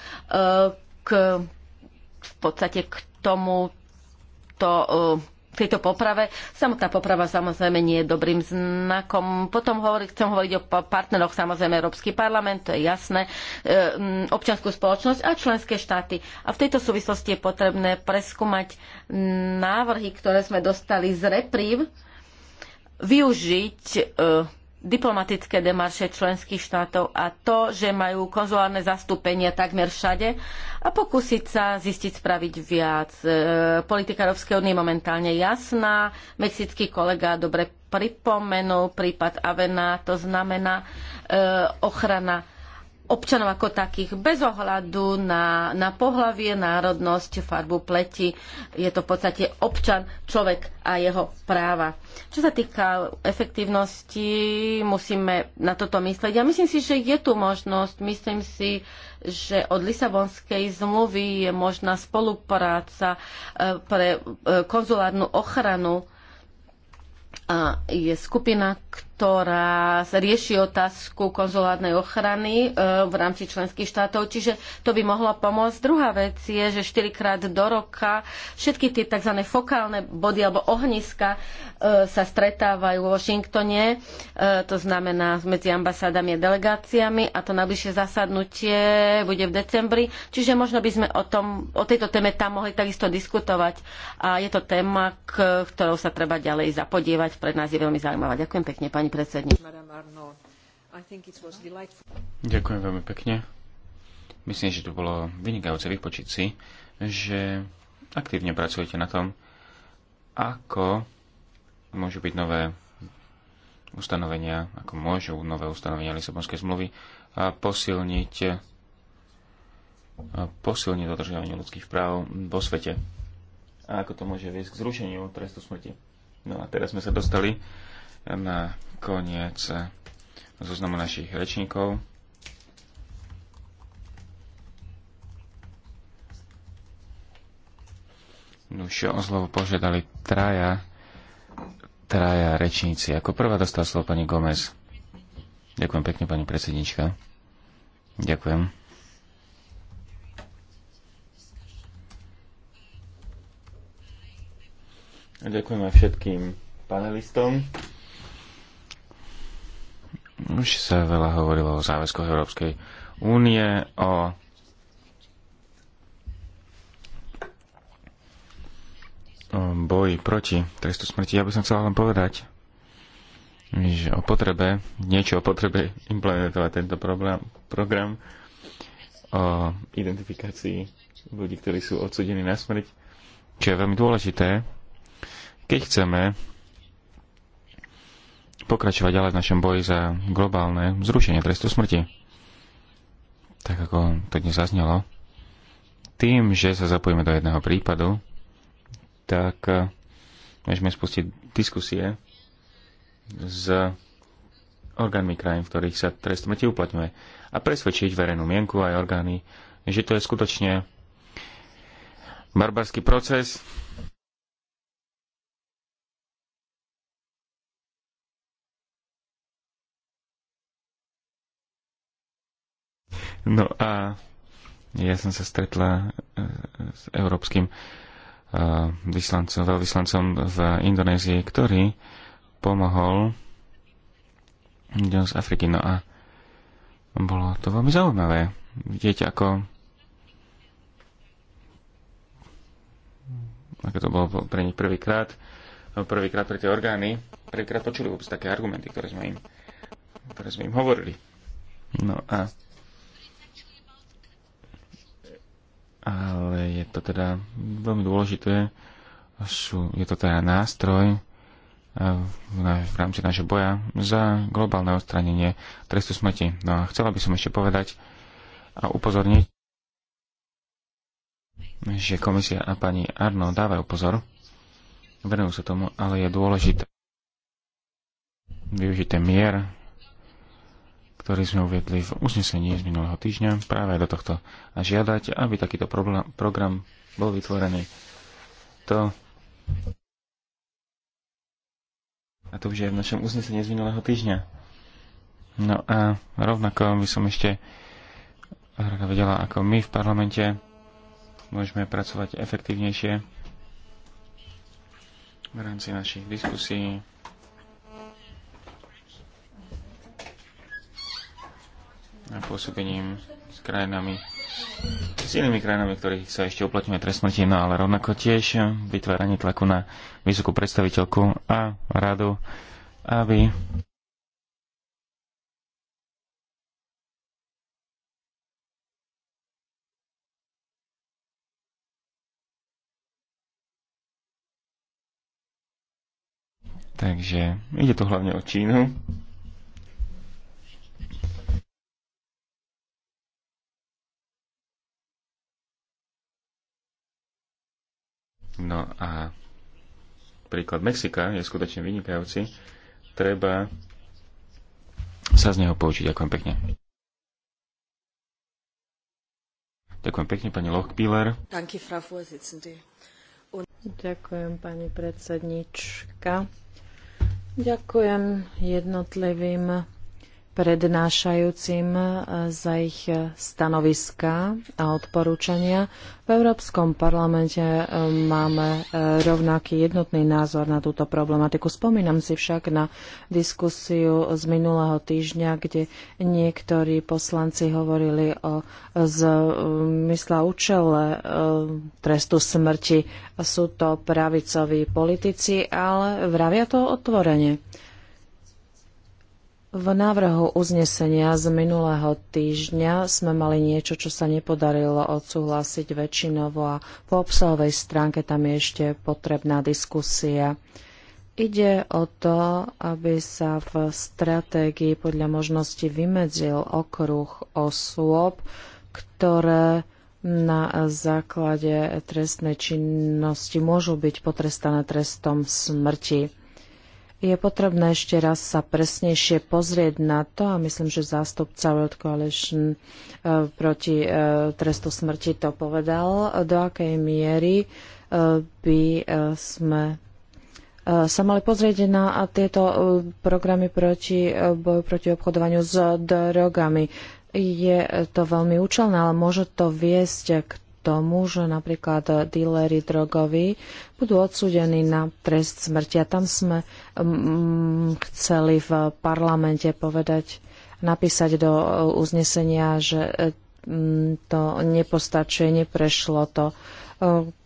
[SPEAKER 2] k, v podstate k tomu e, tejto poprave. Samotná poprava samozrejme nie je dobrým znakom. Potom hovorí, chcem hovoriť o partneroch, samozrejme Európsky parlament, to je jasné, e, občianskú spoločnosť a členské štáty. A v tejto súvislosti je potrebné preskúmať návrhy, ktoré sme dostali z reprív, využiť e, diplomatické demarše členských štátov a to, že majú konzulárne zastúpenia takmer všade a pokúsiť sa zistiť spraviť viac. E, politika Európskej únie je momentálne jasná. Mexický kolega dobre pripomenul prípad Avena, to znamená e, ochrana občanov ako takých, bez ohľadu na, na pohlavie, národnosť, farbu pleti. Je to v podstate občan, človek a jeho práva. Čo sa týka efektívnosti, musíme na toto myslieť. Ja myslím si, že je tu možnosť. Myslím si, že od Lisabonskej zmluvy je možná spolupráca e, pre e, konzulárnu ochranu. A je skupina, ktorá ktorá rieši otázku konzulárnej ochrany e, v rámci členských štátov, čiže to by mohlo pomôcť. Druhá vec je, že štyrikrát do roka všetky tie tzv. fokálne body alebo ohniska e, sa stretávajú v Washingtone, e, to znamená medzi ambasádami a delegáciami a to najbližšie zasadnutie bude v decembri, čiže možno by sme o, tom, o tejto téme tam mohli takisto diskutovať a je to téma, ktorou sa treba ďalej zapodievať, pre nás je veľmi zaujímavá. Ďakujem pekne, pani pani predsednička.
[SPEAKER 3] Ďakujem veľmi pekne. Myslím, že to bolo vynikajúce vypočiť si, že aktívne pracujete na tom, ako môžu byť nové ustanovenia, ako môžu nové ustanovenia Lisabonskej zmluvy a posilniť, posilniť dodržiavanie ľudských práv vo svete. A ako to môže viesť k zrušeniu trestu smrti. No a teraz sme sa dostali na koniec zoznamu našich rečníkov. Už o slovo požiadali traja, traja rečníci. Ako prvá dostala slovo pani Gomez. Ďakujem pekne, pani predsednička. Ďakujem. Ďakujem aj všetkým panelistom. Už sa veľa hovorilo o záväzkoch Európskej únie, o boji proti trestu smrti. Ja by som chcel len povedať, že o potrebe, niečo o potrebe implementovať tento problém, program o identifikácii ľudí, ktorí sú odsudení na smrť, čo je veľmi dôležité, keď chceme pokračovať ďalej v našom boji za globálne zrušenie trestu smrti. Tak ako to dnes zaznelo, tým, že sa zapojíme do jedného prípadu, tak môžeme eh, spustiť diskusie s orgánmi krajín, v ktorých sa trest smrti uplatňuje a presvedčiť verejnú mienku aj orgány, že to je skutočne barbarský proces, No a ja som sa stretla e, s európskym e, vyslancom, veľvyslancom v Indonézii, ktorý pomohol ľuďom z Afriky. No a bolo to veľmi zaujímavé. Vidieť, ako ako to bolo pre nich prvýkrát, prvýkrát pre tie orgány, prvýkrát počuli vôbec také argumenty, ktoré sme im, ktoré sme im hovorili. No a ale je to teda veľmi dôležité. Sú, je to teda nástroj eh, v, na, v rámci našeho boja za globálne odstranenie trestu smrti. No a chcela by som ešte povedať a upozorniť, že komisia a pani Arno dávajú pozor, venujú sa tomu, ale je dôležité využiť ten mier ktorý sme uviedli v uznesení z minulého týždňa práve do tohto a žiadať, aby takýto program bol vytvorený. To a to už je v našom uznesení z minulého týždňa. No a rovnako by som ešte rada vedela, ako my v parlamente môžeme pracovať efektívnejšie v rámci našich diskusí a pôsobením s krajinami, s inými krajinami, ktorých sa ešte uplatňuje trest smrti, no ale rovnako tiež vytváranie tlaku na vysokú predstaviteľku a radu, aby Takže ide tu hlavne o Čínu. No a príklad Mexika je skutočne vynikajúci. Treba sa z neho poučiť. Ďakujem pekne. Ďakujem pekne, pani Lochpiller.
[SPEAKER 4] Ďakujem, pani predsednička. Ďakujem jednotlivým prednášajúcim eh, za ich stanoviská a odporúčania. V Európskom parlamente eh, máme eh, rovnaký jednotný názor na túto problematiku. Spomínam si však na diskusiu z minulého týždňa, kde niektorí poslanci hovorili o zmysle účele trestu smrti. Sú to pravicoví politici, ale vravia to otvorene. V návrhu uznesenia z minulého týždňa sme mali niečo, čo sa nepodarilo odsúhlasiť väčšinovo a po obsahovej stránke tam je ešte potrebná diskusia. Ide o to, aby sa v stratégii podľa možnosti vymedzil okruh osôb, ktoré na základe trestnej činnosti môžu byť potrestané trestom smrti je potrebné ešte raz sa presnejšie pozrieť na to a myslím, že zástupca World Coalition e, proti e, trestu smrti to povedal, do akej miery e, by sme sa mali pozrieť na tieto programy proti boju proti obchodovaniu s drogami. Je to veľmi účelné, ale môže to viesť k tomu, že napríklad dílery drogoví budú odsúdení na trest smrti. A tam sme mm, chceli v parlamente povedať, napísať do e, uznesenia, že e, mm, to nepostačuje, neprešlo to. E,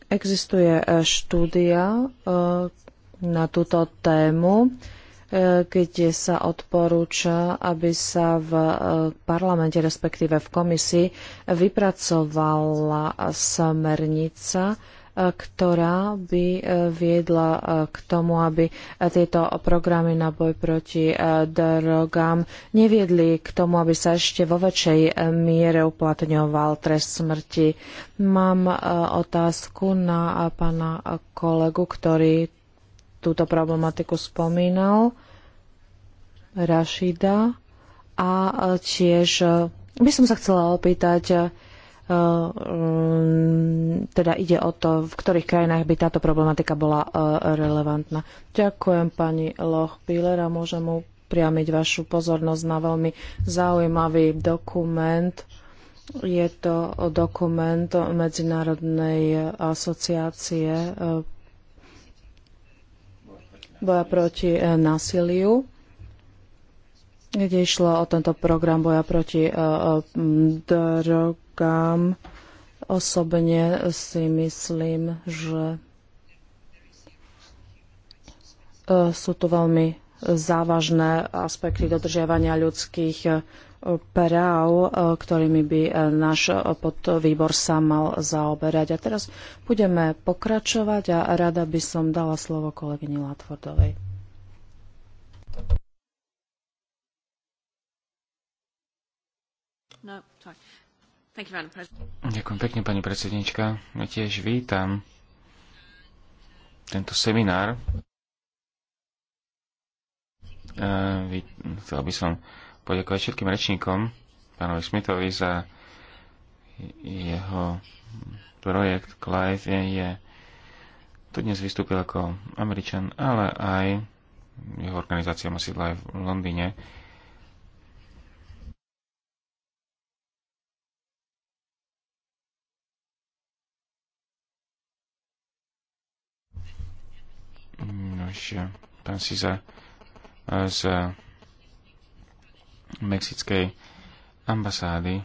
[SPEAKER 4] existuje štúdia na túto tému E, keď sa odporúča, aby sa v e, parlamente, respektíve v komisii, vypracovala smernica, e, ktorá by viedla k tomu, aby tieto programy na boj proti drogám neviedli k tomu, aby sa ešte vo väčšej miere uplatňoval trest smrti. Mám otázku na pána kolegu, ktorý túto problematiku spomínal, Rašida. A e, tiež e, by som sa chcela opýtať, e, mm, teda ide o to, v ktorých krajinách by táto problematika bola relevantná. Ďakujem pani Loch a môžem upriamiť vašu pozornosť na veľmi zaujímavý dokument. Je to dokument Medzinárodnej asociácie boja proti e, násiliu kde išlo o tento program boja proti e, e, drogám. Osobne si myslím, že sú tu veľmi závažné aspekty dodržiavania ľudských práv, e, ktorými by e, náš e, podvýbor sa mal zaoberať. A teraz budeme pokračovať a rada by som dala slovo kolegyni Latvordovej.
[SPEAKER 5] No,
[SPEAKER 3] Ďakujem pekne, pani predsednička. Ja tiež vítam tento seminár. Chcel by som poďakovať všetkým rečníkom, pánovi Smithovi za jeho projekt Clive je, je tu dnes vystúpil ako Američan, ale aj jeho organizácia má sídla aj v Londýne. Nož, pán Siza z mexickej ambasády.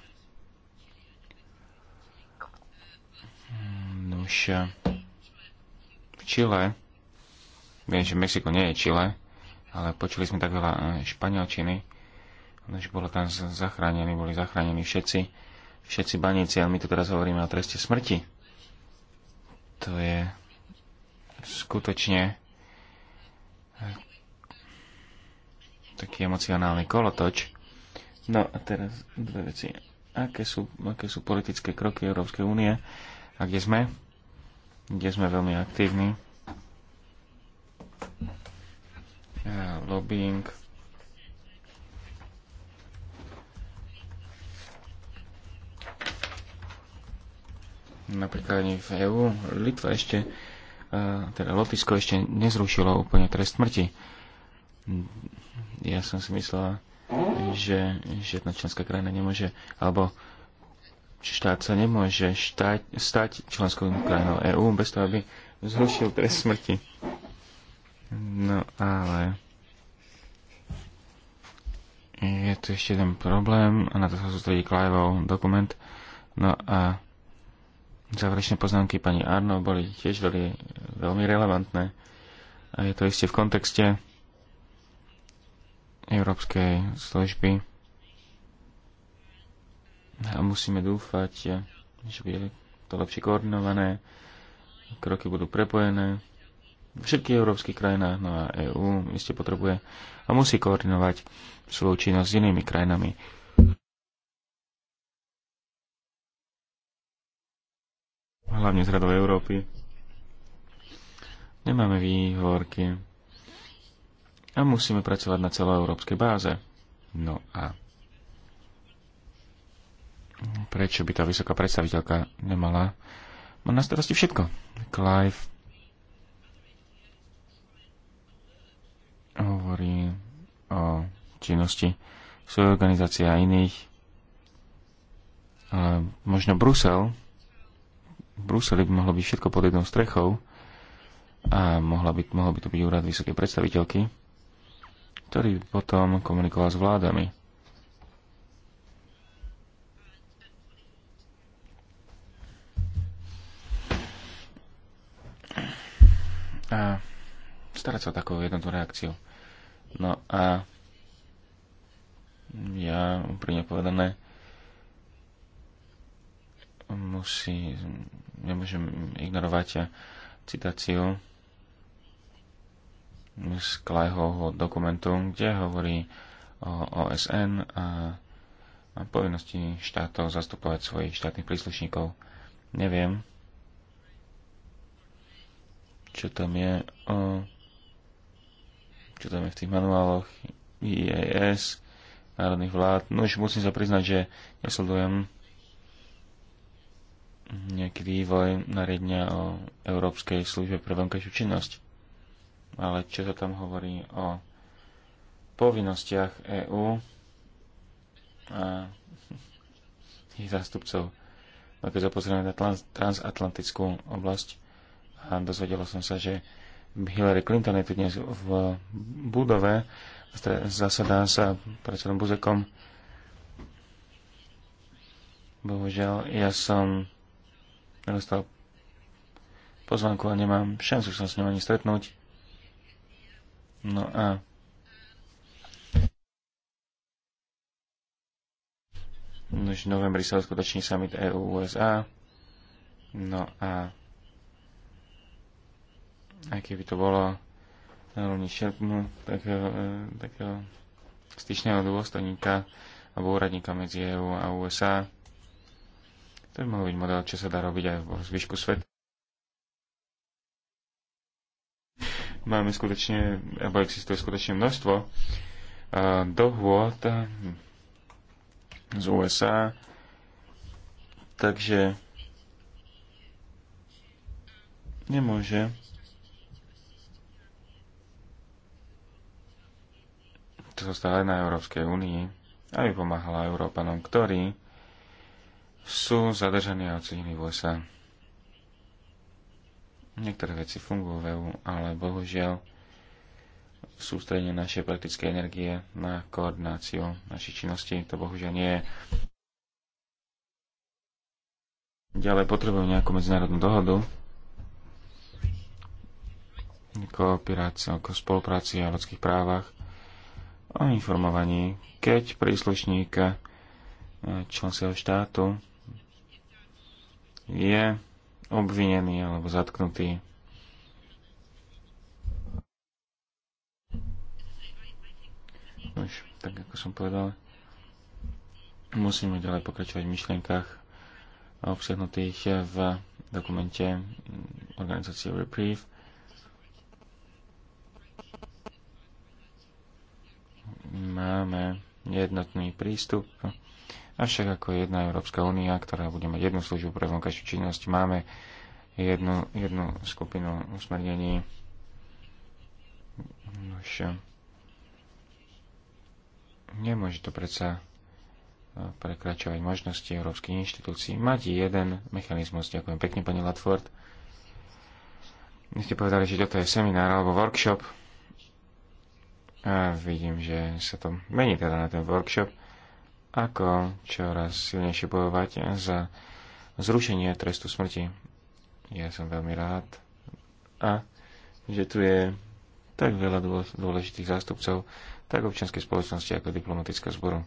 [SPEAKER 3] Nuž, v Čile, viem, že Mexiko nie je Čile, ale počuli sme tak veľa e, španielčiny, že bolo tam zachránení, boli zachránení všetci, všetci baníci, ale my tu teraz hovoríme o treste smrti. To je skutočne e, taký emocionálny kolotoč No a teraz dve veci. Aké sú, aké sú politické kroky Európskej únie a kde sme? Kde sme veľmi aktívni? Lobbying. Napríklad v EÚ Litva ešte, teda Lotisko ešte nezrušilo úplne trest smrti. Ja som si myslela, že žiadna členská krajina nemôže, alebo štát sa nemôže štať, stať členskou krajinou EÚ bez toho, aby zrušil trest smrti. No ale je tu ešte jeden problém a na to sa sústredí Cliveov dokument. No a záverečné poznámky pani Arno boli tiež veľmi, veľmi relevantné a je to ešte v kontexte európskej služby. A musíme dúfať, že bude to lepšie koordinované, kroky budú prepojené Všetky európsky krajina no a EÚ iste potrebuje a musí koordinovať svoju činnosť s inými krajinami. Hlavne z radov Európy. Nemáme výhovorky a musíme pracovať na celoeurópskej báze. No a prečo by tá vysoká predstaviteľka nemala má na starosti všetko. Clive hovorí o činnosti svojej organizácie a iných. Ale možno Brusel, v Bruseli by mohlo byť všetko pod jednou strechou a mohla by, mohol by to byť úrad vysokej predstaviteľky ktorý potom komunikoval s vládami. A starať sa o takú jednotnú reakciu. No a ja úprimne povedané musí, nemôžem ignorovať citáciu z Klajhovho dokumentu, kde hovorí o OSN a, a povinnosti štátov zastupovať svojich štátnych príslušníkov. Neviem, čo tam je o, čo tam je v tých manuáloch IAS e národných vlád. No už musím sa priznať, že ja sledujem nejaký vývoj nariadenia o Európskej službe pre vonkajšiu činnosť ale čo sa tam hovorí o povinnostiach EÚ a ich zástupcov. No keď sa pozrieme na transatlantickú oblasť, a dozvedelo som sa, že Hillary Clinton je tu dnes v budove, zasadá sa predsedom Buzekom. Bohužiaľ, ja som nedostal pozvanku a nemám šancu sa s ňou ani stretnúť. No a Už v novembri sa uskutoční summit EU-USA. No a aj keby to bolo na rovni šerpnu takého, e, takého styčného dôstojníka alebo úradníka medzi EU a USA, to by mohol byť model, čo sa dá robiť aj vo zvyšku sveta. máme skutočne, alebo existuje skutočne množstvo dohôd z USA, takže nemôže to zostáva na Európskej únii, aby pomáhala Európanom, ktorí sú zadržaní a odsúdení v USA. Niektoré veci fungujú v EU, ale bohužiaľ sústredenie našej praktickej energie na koordináciu našich činností to bohužiaľ nie je. Ďalej potrebujú nejakú medzinárodnú dohodu, kooperácia, o spolupráci a ľudských právach, o informovaní, keď príslušník členského štátu je obvinený alebo zatknutý. No už, tak ako som povedal, musíme ďalej pokračovať v myšlienkach obsiahnutých v dokumente organizácie Reprieve. Máme jednotný prístup Avšak ako jedna Európska únia, ktorá bude mať jednu službu pre vonkajšiu činnosť, máme jednu, jednu skupinu usmernení. Už eh, nemôže to predsa eh, prekračovať možnosti európskych inštitúcií. Mať jeden mechanizmus. Ďakujem pekne, pani Latford. My ste povedali, že toto je seminár alebo workshop. A vidím, že sa to mení teda na ten workshop ako čoraz silnejšie bojovať za zrušenie trestu smrti. Ja som veľmi rád a že tu je tak veľa dôležitých zástupcov, tak občianskej spoločnosti ako diplomatického zboru.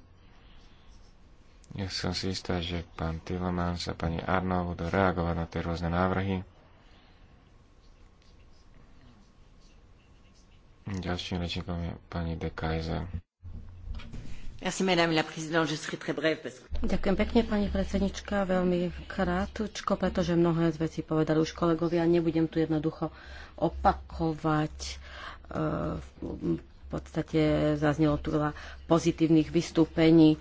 [SPEAKER 3] Ja som si istá, že pán Tillemans a pani Arno budú reagovať na tie rôzne návrhy. Ďalším rečníkom je pani de Kaiser.
[SPEAKER 5] Ďakujem
[SPEAKER 2] pekne, pani predsednička, veľmi krátko, pretože mnohé z vecí povedali už kolegovia. Nebudem tu jednoducho opakovať. E, v podstate zaznelo tu veľa pozitívnych vystúpení. E,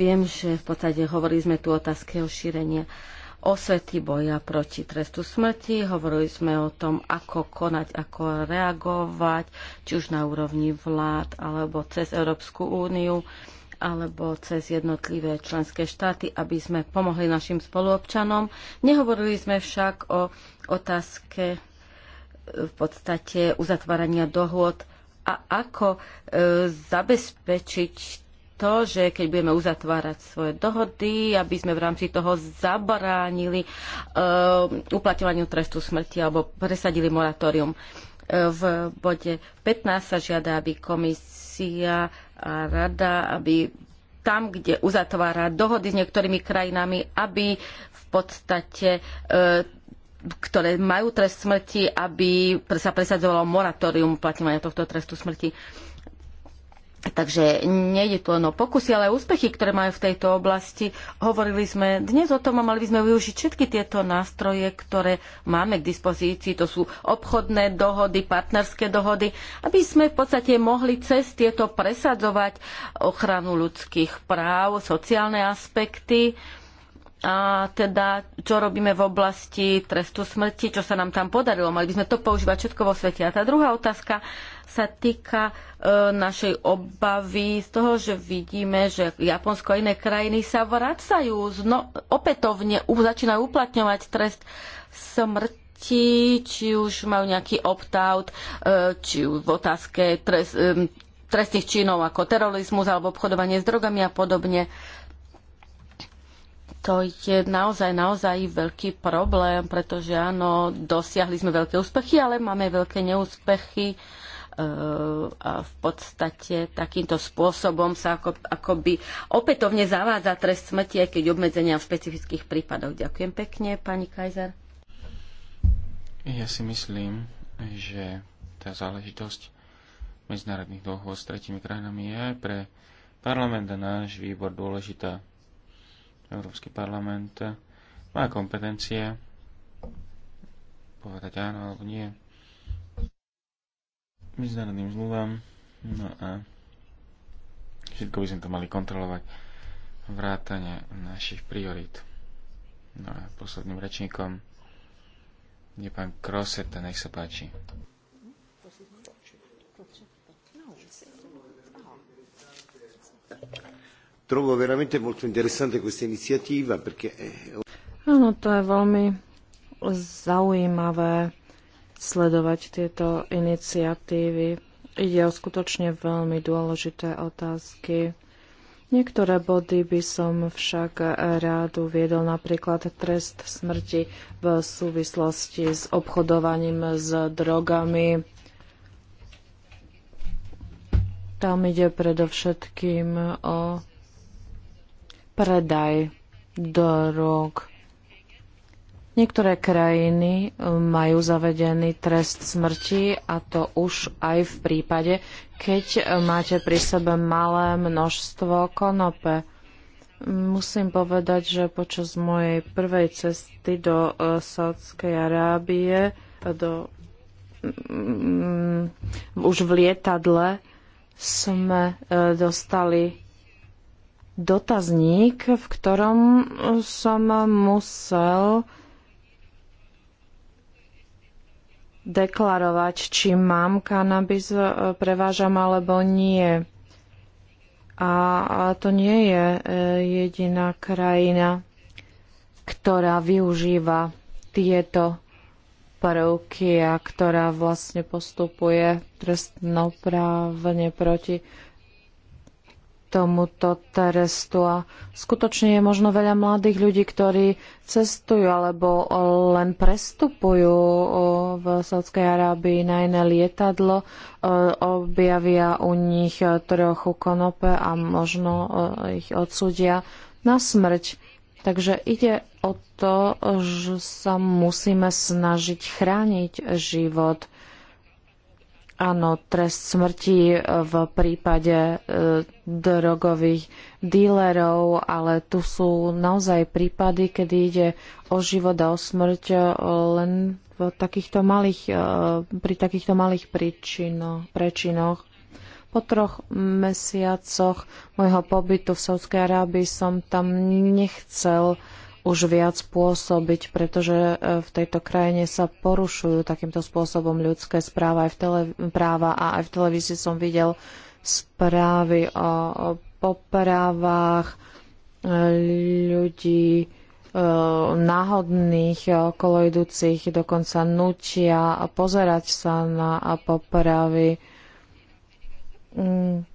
[SPEAKER 2] viem, že v podstate hovorili sme tu o otázke o šírenia osvety boja proti trestu smrti. Hovorili sme o tom, ako konať, ako reagovať, či už na úrovni vlád, alebo cez Európsku úniu, alebo cez jednotlivé členské štáty, aby sme pomohli našim spoluobčanom. Nehovorili sme však o otázke e, v podstate uzatvárania dohôd a ako e, zabezpečiť to, že keď budeme uzatvárať svoje dohody, aby sme v rámci toho zabránili uh, uplatňovaniu trestu smrti alebo presadili moratórium. Uh, v bode 15 sa žiada, aby komisia a rada, aby tam, kde uzatvára dohody s niektorými krajinami, aby v podstate uh, ktoré majú trest smrti, aby sa presadzovalo moratórium uplatňovania tohto trestu smrti. Uh, Takže nejde tu len o pokusy, ale aj úspechy, ktoré majú v tejto oblasti. Hovorili sme dnes o tom a mali by sme využiť všetky tieto nástroje, ktoré máme k dispozícii. To sú obchodné dohody, partnerské dohody, aby sme v podstate mohli cez tieto presadzovať ochranu ľudských práv, sociálne aspekty, a teda čo robíme v oblasti trestu smrti, čo sa nám tam podarilo. Mali by sme to používať všetko vo svete. A tá druhá otázka sa týka e, našej obavy z toho, že vidíme, že Japonsko a iné krajiny sa vracajú, zno, opätovne začínajú uplatňovať trest smrti či už majú nejaký opt-out, e, či v otázke trest, e, trestných činov ako terorizmus alebo obchodovanie s drogami a podobne to je naozaj, naozaj veľký problém, pretože áno, dosiahli sme veľké úspechy, ale máme veľké neúspechy e, a v podstate takýmto spôsobom sa ako, akoby opätovne zavádza trest smrti, aj keď obmedzenia v špecifických prípadoch. Ďakujem pekne, pani Kajzer.
[SPEAKER 3] Ja si myslím, že tá záležitosť medzinárodných dohôd s tretimi krajinami je pre parlament a náš výbor dôležitá. Európsky parlament má kompetencie povedať áno alebo nie medzinárodným zmluvám. No a všetko by sme to mali kontrolovať vrátane našich priorít. No a posledným rečníkom je pán Krosetta, nech sa páči.
[SPEAKER 2] Trovo veramente molto interessante questa iniziativa perché...
[SPEAKER 4] Áno, to je veľmi zaujímavé sledovať tieto iniciatívy. Ide o skutočne veľmi dôležité otázky. Niektoré body by som však rád uviedol, napríklad trest smrti v súvislosti s obchodovaním s drogami. Tam ide predovšetkým o predaj drog. Niektoré krajiny um, majú zavedený trest smrti a to už aj v prípade, keď um, máte pri sebe malé množstvo konope. Musím povedať, že počas mojej prvej cesty do uh, Sádskej Arábie, do, um, už v lietadle, sme uh, dostali dotazník, v ktorom som musel deklarovať, či mám kanabis, e, prevážam alebo nie. A to nie je e, jediná krajina, ktorá využíva tieto prvky a ktorá vlastne postupuje trestnoprávne proti tomuto terestu A skutočne je možno veľa mladých ľudí, ktorí cestujú alebo len prestupujú v Sádskej Arábii na iné lietadlo, objavia u nich trochu konope a možno ich odsudia na smrť. Takže ide o to, že sa musíme snažiť chrániť život Áno, trest smrti e, v prípade e, drogových dílerov, ale tu sú naozaj prípady, kedy ide o život a o smrť e, len v takýchto malých, pri takýchto malých príčino, prečinoch. Po troch mesiacoch môjho pobytu v Saudskej Arábii som tam nechcel uh, už viac pôsobiť, pretože e, v tejto krajine sa porušujú takýmto spôsobom ľudské správa, aj v tele, práva a aj v televízii som videl správy o popravách e, ľudí e, náhodných okolo idúcich, dokonca nutia pozerať sa na popravy mm.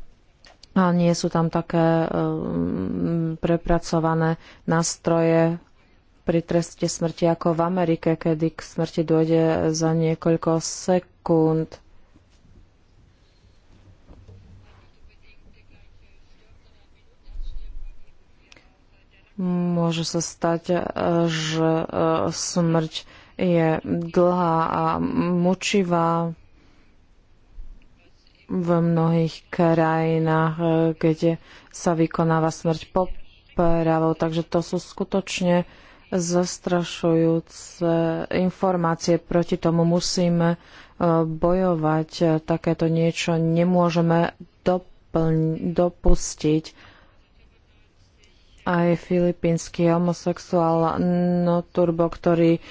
[SPEAKER 4] A nie sú tam také ehm, prepracované nástroje pri treste smrti ako v Amerike, kedy k smrti dôjde za niekoľko sekúnd. Môže sa stať, e, že e, smrť je dlhá a mučivá v mnohých krajinách, kde sa vykonáva smrť popravou. Takže to sú skutočne zastrašujúce informácie. Proti tomu musíme e, bojovať. E, takéto niečo nemôžeme doplň, dopustiť aj filipínsky homosexuál Noturbo, ktorý e,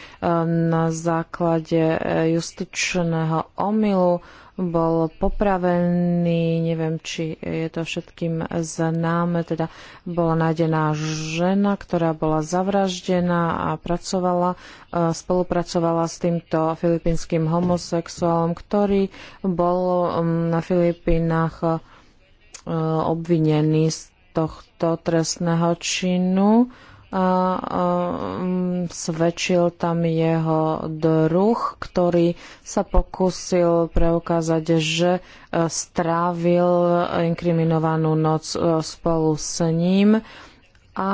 [SPEAKER 4] na základe justičného omylu bol popravený, neviem, či je to všetkým známe, teda bola nájdená žena, ktorá bola zavraždená a pracovala, e, spolupracovala s týmto filipínskym homosexuálom, ktorý bol mm, na Filipínach e, obvinený z tohto trestného činu. Mm, svedčil tam jeho druh, ktorý sa pokusil preukázať, že e, strávil inkriminovanú noc e, spolu s ním a,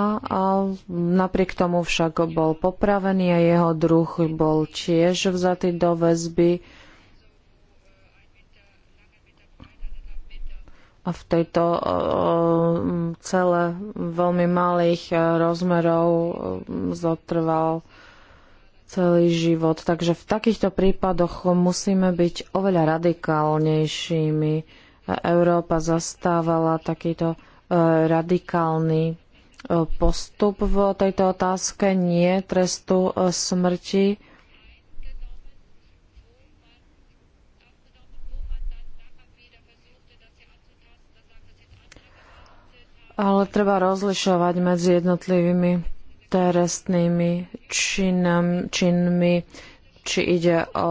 [SPEAKER 4] napriek tomu však bol popravený a jeho druh bol tiež vzatý do väzby v tejto cele veľmi malých e, rozmerov e, zotrval celý život. Takže v takýchto prípadoch musíme byť oveľa radikálnejšími. Európa zastávala takýto e, radikálny postup v tejto otázke, nie trestu smrti Ale treba rozlišovať medzi jednotlivými trestnými činmi, či ide o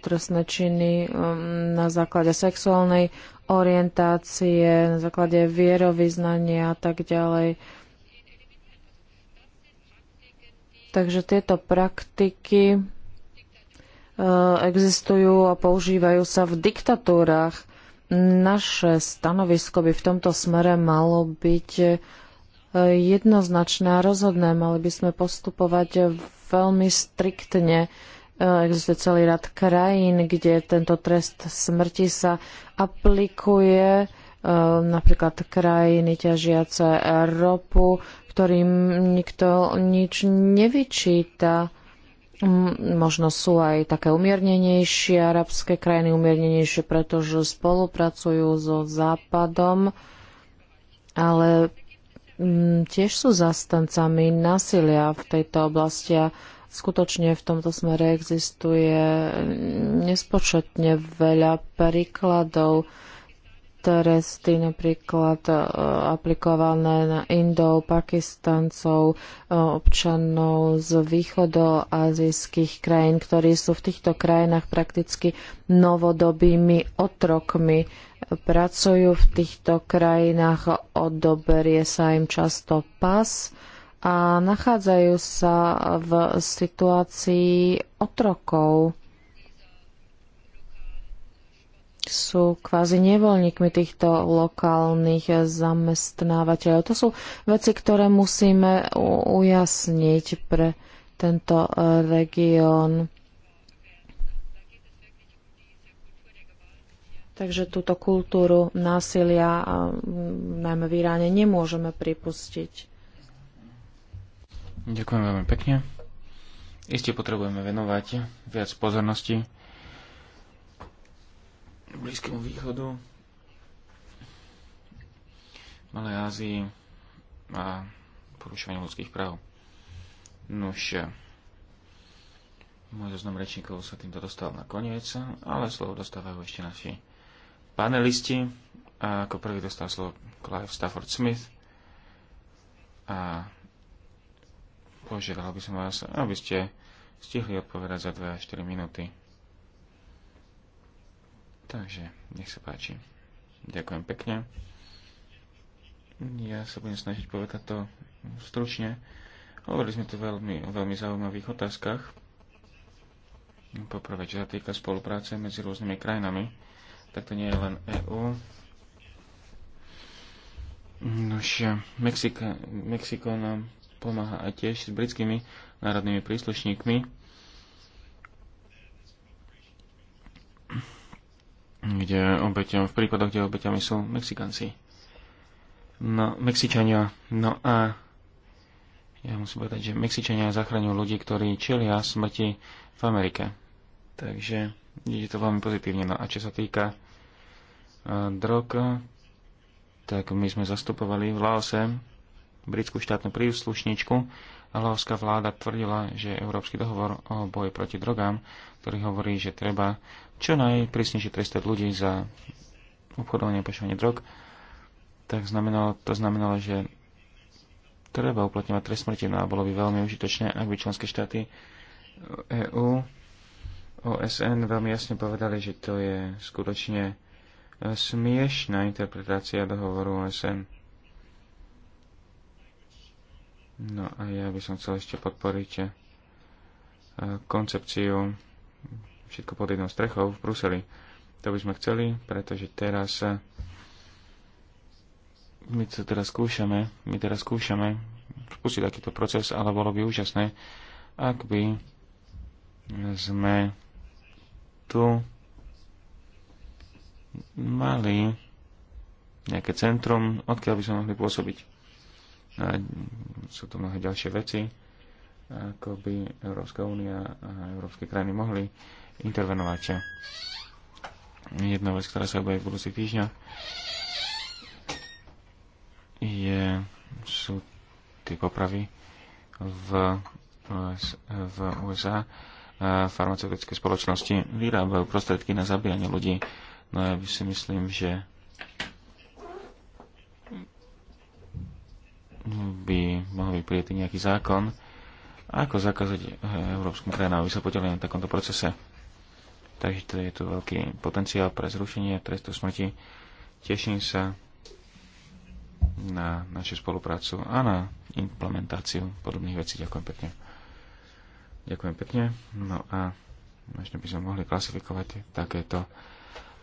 [SPEAKER 4] trestné činy um, na základe sexuálnej orientácie, na základe vierovýznania a tak ďalej. Takže tieto praktiky uh, existujú a používajú sa v diktatúrach naše stanovisko by v tomto smere malo byť e, jednoznačné a rozhodné. Mali by sme postupovať veľmi striktne. E, existuje celý rad krajín, kde tento trest smrti sa aplikuje, e, napríklad krajiny ťažiace ropu, ktorým nikto nič nevyčíta. Mm, možno sú aj také umiernenejšie arabské krajiny, umiernenejšie, pretože spolupracujú so Západom, ale mm, tiež sú zastancami násilia v tejto oblasti a skutočne v tomto smere existuje nespočetne veľa príkladov tresty napríklad e, aplikované na Indov, Pakistancov, e, občanov z východoazijských krajín, ktorí sú v týchto krajinách prakticky novodobými otrokmi. Pracujú v týchto krajinách, odoberie sa im často pas a nachádzajú sa v situácii otrokov sú kvázi nevoľníkmi týchto lokálnych zamestnávateľov. To sú veci, ktoré musíme ujasniť pre tento región. Takže túto kultúru násilia, najmä v Iráne, nemôžeme pripustiť.
[SPEAKER 3] Ďakujem veľmi pekne. Isté potrebujeme venovať viac pozornosti Blízkému východu, Malej Ázii a porušovaniu ľudských práv. Nuž, môj zoznam rečníkov sa týmto dostal na koniec, ale slovo dostávajú ešte naši panelisti. A ako prvý dostal slovo Clive Stafford Smith a požiadal by som vás, aby ste stihli odpovedať za 2 až 4 minúty. Takže, nech sa páči. Ďakujem pekne. Ja sa budem snažiť povedať to stručne. Hovorili sme tu veľmi, o veľmi zaujímavých otázkach. Poprvé, čo sa týka spolupráce medzi rôznymi krajinami, tak to nie je len EÚ. Nož, Mexika, Mexiko nám pomáha aj tiež s britskými národnými príslušníkmi kde obeťom, v prípadoch, kde obeťami sú Mexikanci. No, Mexičania. No a ja musím povedať, že Mexičania zachraňujú ľudí, ktorí čelia smrti v Amerike. Takže je to veľmi pozitívne. No a čo sa týka uh, drog, tak my sme zastupovali v Laose britskú štátnu príslušničku a laoská vláda tvrdila, že Európsky dohovor o boji proti drogám, ktorý hovorí, že treba čo najprísnejšie trestať ľudí za obchodovanie a pašovanie drog, tak znamenalo, to znamenalo, že treba uplatňovať trest smrti. No a bolo by veľmi užitočné, ak by členské štáty EÚ, OSN veľmi jasne povedali, že to je skutočne smiešná interpretácia dohovoru OSN. No a ja by som chcel ešte podporiť eh, koncepciu všetko pod jednou strechou v Bruseli. To by sme chceli, pretože teraz eh, my to teraz skúšame, my teraz skúšame spustiť takýto proces, ale bolo by úžasné, ak by sme tu mali nejaké centrum, odkiaľ by sme mohli pôsobiť. A sú tu mnohé ďalšie veci, ako by Európska únia a európske krajiny mohli intervenovať. Jedna vec, ktorá sa objaví v budúci týždňa, je, sú tie popravy v, v USA. Farmaceutické spoločnosti vyrábajú prostriedky na zabíjanie ľudí. No ja si myslím, že by mohol byť prijatý nejaký zákon, ako zakázať e, európskym krajinám, aby sa podelili na takomto procese. Takže teda je tu veľký potenciál pre zrušenie trestu smrti. Teším sa na našu spoluprácu a na implementáciu podobných vecí. Ďakujem pekne. Ďakujem pekne. No a možno by sme mohli klasifikovať takéto,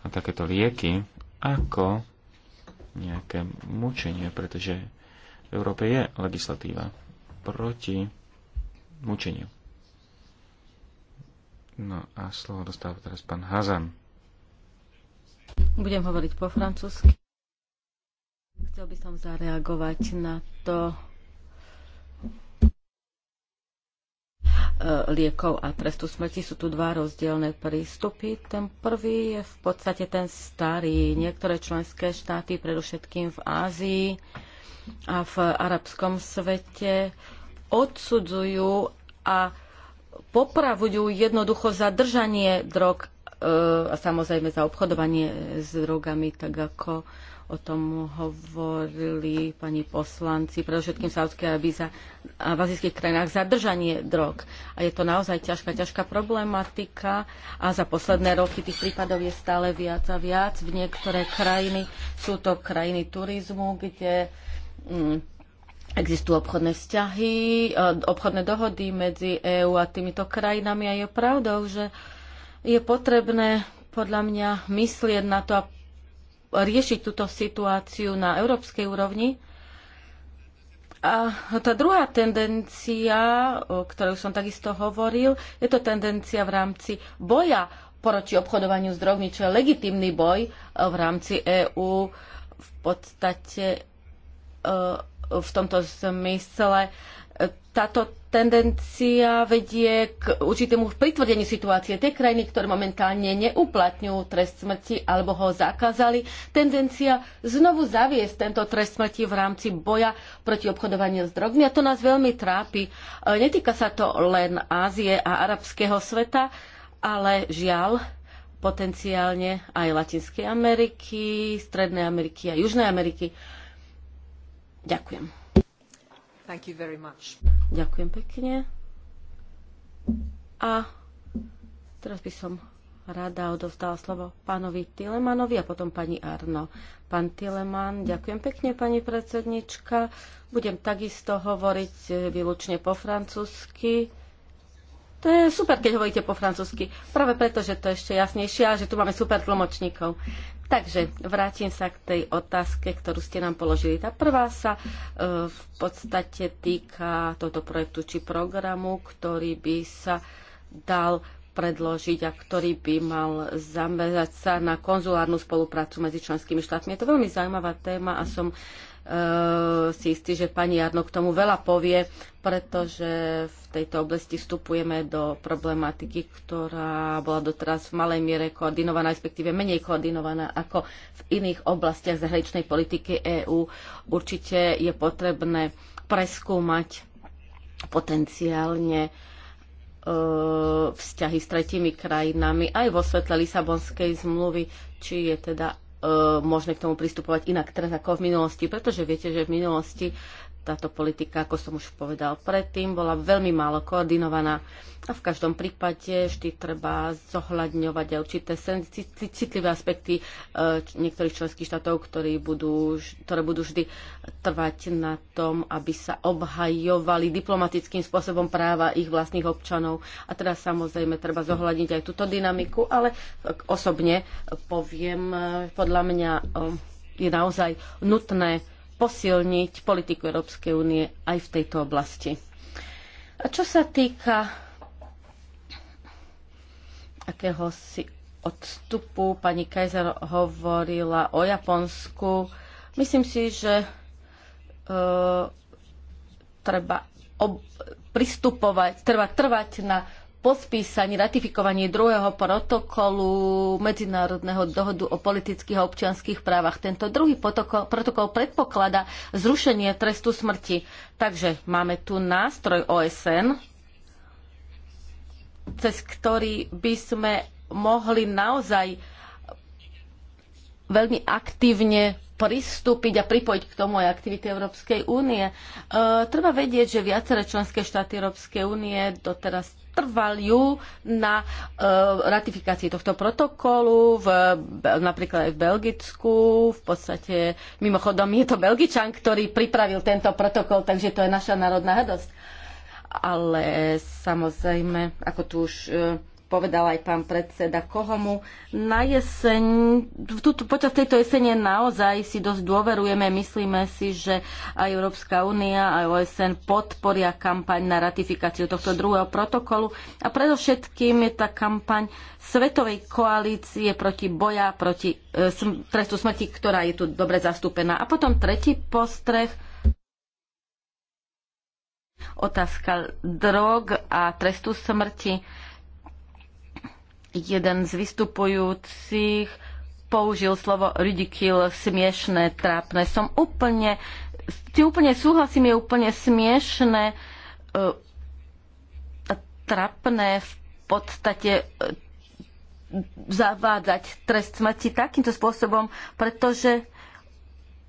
[SPEAKER 3] takéto lieky ako nejaké mučenie, pretože v Európe je legislatíva proti mučeniu. No a slovo dostáva teraz pán Hazan.
[SPEAKER 2] Budem hovoriť po francúzsky. Chcel by som zareagovať na to e, liekov a trestu smrti. Sú tu dva rozdielne prístupy. Ten prvý je v podstate ten starý. Niektoré členské štáty, predovšetkým v Ázii a v arabskom svete, odsudzujú a popravujú jednoducho za držanie drog e, a samozrejme za obchodovanie s drogami, tak ako o tom hovorili pani poslanci, predovšetkým v Sávskej Abíza a v azijských krajinách, zadržanie drog. A je to naozaj ťažká, ťažká problematika a za posledné roky tých prípadov je stále viac a viac. V niektoré krajiny sú to krajiny turizmu, kde mm, Existujú obchodné vzťahy, e, obchodné dohody medzi EÚ a týmito krajinami a je pravdou, že je potrebné podľa mňa myslieť na to a riešiť túto situáciu na európskej úrovni. A tá druhá tendencia, o ktorej som takisto hovoril, je to tendencia v rámci boja proti obchodovaniu s drogmi, čo je legitímny boj e, v rámci EÚ. V podstate e, v tomto zmysle táto tendencia vedie k určitému pritvrdeniu situácie. Tie krajiny, ktoré momentálne neuplatňujú trest smrti alebo ho zakázali, tendencia znovu zaviesť tento trest smrti v rámci boja proti obchodovaniu s drogmi. A to nás veľmi trápi. Netýka sa to len Ázie a arabského sveta, ale žiaľ potenciálne aj Latinskej Ameriky, Strednej Ameriky a Južnej Ameriky Ďakujem. Thank you very much. Ďakujem pekne. A teraz by som rada odovzdala slovo pánovi Tilemanovi a potom pani Arno. Pán Tileman, ďakujem pekne, pani predsednička. Budem takisto hovoriť eh, výlučne po francúzsky. To je super, keď hovoríte po francúzsky. Práve preto, že to je ešte jasnejšie a že tu máme super tlmočníkov. Takže vrátim sa k tej otázke, ktorú ste nám položili. Tá prvá sa e, v podstate týka tohto projektu či programu, ktorý by sa dal predložiť a ktorý by mal zamerať sa na konzulárnu spoluprácu medzi členskými štátmi. Je to veľmi zaujímavá téma a som Eh, si istý, že pani Jarno k tomu veľa povie, pretože v tejto oblasti vstupujeme do problematiky, ktorá bola doteraz v malej miere koordinovaná, respektíve menej koordinovaná ako v iných oblastiach zahraničnej politiky EÚ. Určite je potrebné preskúmať potenciálne eh, vzťahy s tretími krajinami aj vo svetle Lisabonskej zmluvy, či je teda E, možné k tomu pristupovať inak teraz ako v minulosti, pretože viete, že v minulosti táto politika, ako som už povedal predtým, bola veľmi málo koordinovaná a v každom prípade vždy treba zohľadňovať aj určité citlivé aspekty e, niektorých členských štátov, ktorí budú, ktoré budú vždy trvať na tom, aby sa obhajovali diplomatickým spôsobom práva ich vlastných občanov. A teda samozrejme treba zohľadniť aj túto dynamiku, ale osobne poviem, e, podľa mňa e, je naozaj nutné posilniť politiku Európskej únie aj v tejto oblasti. A čo sa týka si odstupu, pani Kaiser hovorila o Japonsku. Myslím si, že e, treba ob, pristupovať, treba trvať na podpísaní, ratifikovanie druhého protokolu Medzinárodného dohodu o politických a občianských právach. Tento druhý protokol, protokol predpokladá zrušenie trestu smrti. Takže máme tu nástroj OSN, cez ktorý by sme mohli naozaj veľmi aktívne pristúpiť a pripojiť k tomu aj aktivity Európskej únie. E, treba vedieť, že viaceré členské štáty Európskej únie doteraz trvajú na e, ratifikácii tohto protokolu, v, napríklad aj v Belgicku. V podstate, mimochodom, je to Belgičan, ktorý pripravil tento protokol, takže to je naša národná hrdosť. Ale samozrejme, ako tu už e, povedal aj pán predseda Kohomu. Na jeseň, tuto, počas tejto jesene naozaj si dosť dôverujeme, myslíme si, že aj Európska únia, a OSN podporia kampaň na ratifikáciu tohto druhého protokolu a predovšetkým je tá kampaň Svetovej koalície proti boja, proti e, trestu smrti, ktorá je tu dobre zastúpená. A potom tretí postreh, otázka drog a trestu smrti jeden z vystupujúcich použil slovo ridicule, smiešné, trápne. Som úplne, si úplne súhlasím, je úplne smiešné e, trápne v podstate e, zavádzať trest smrti takýmto spôsobom, pretože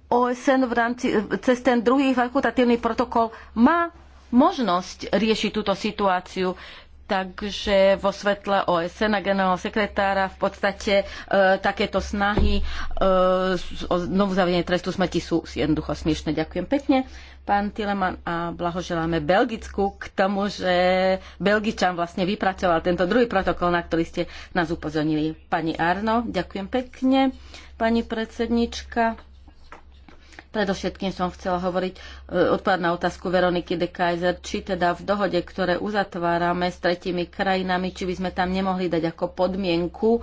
[SPEAKER 2] OSN v rámci, cez ten druhý fakultatívny protokol má možnosť riešiť túto situáciu. Takže vo svetle OSN a generálneho sekretára v podstate e, takéto snahy e, o znovu zavedenie trestu smrti sú jednoducho smiešne. Ďakujem pekne, pán Tileman, a blahoželáme Belgicku k tomu, že Belgičan vlastne vypracoval tento druhý protokol, na ktorý ste nás upozornili. Pani Arno, ďakujem pekne, pani predsednička. Predovšetkým som chcela hovoriť, e, odpovedať na otázku Veroniky de Kaiser, či teda v dohode, ktoré uzatvárame s tretími krajinami, či by sme tam nemohli dať ako podmienku e,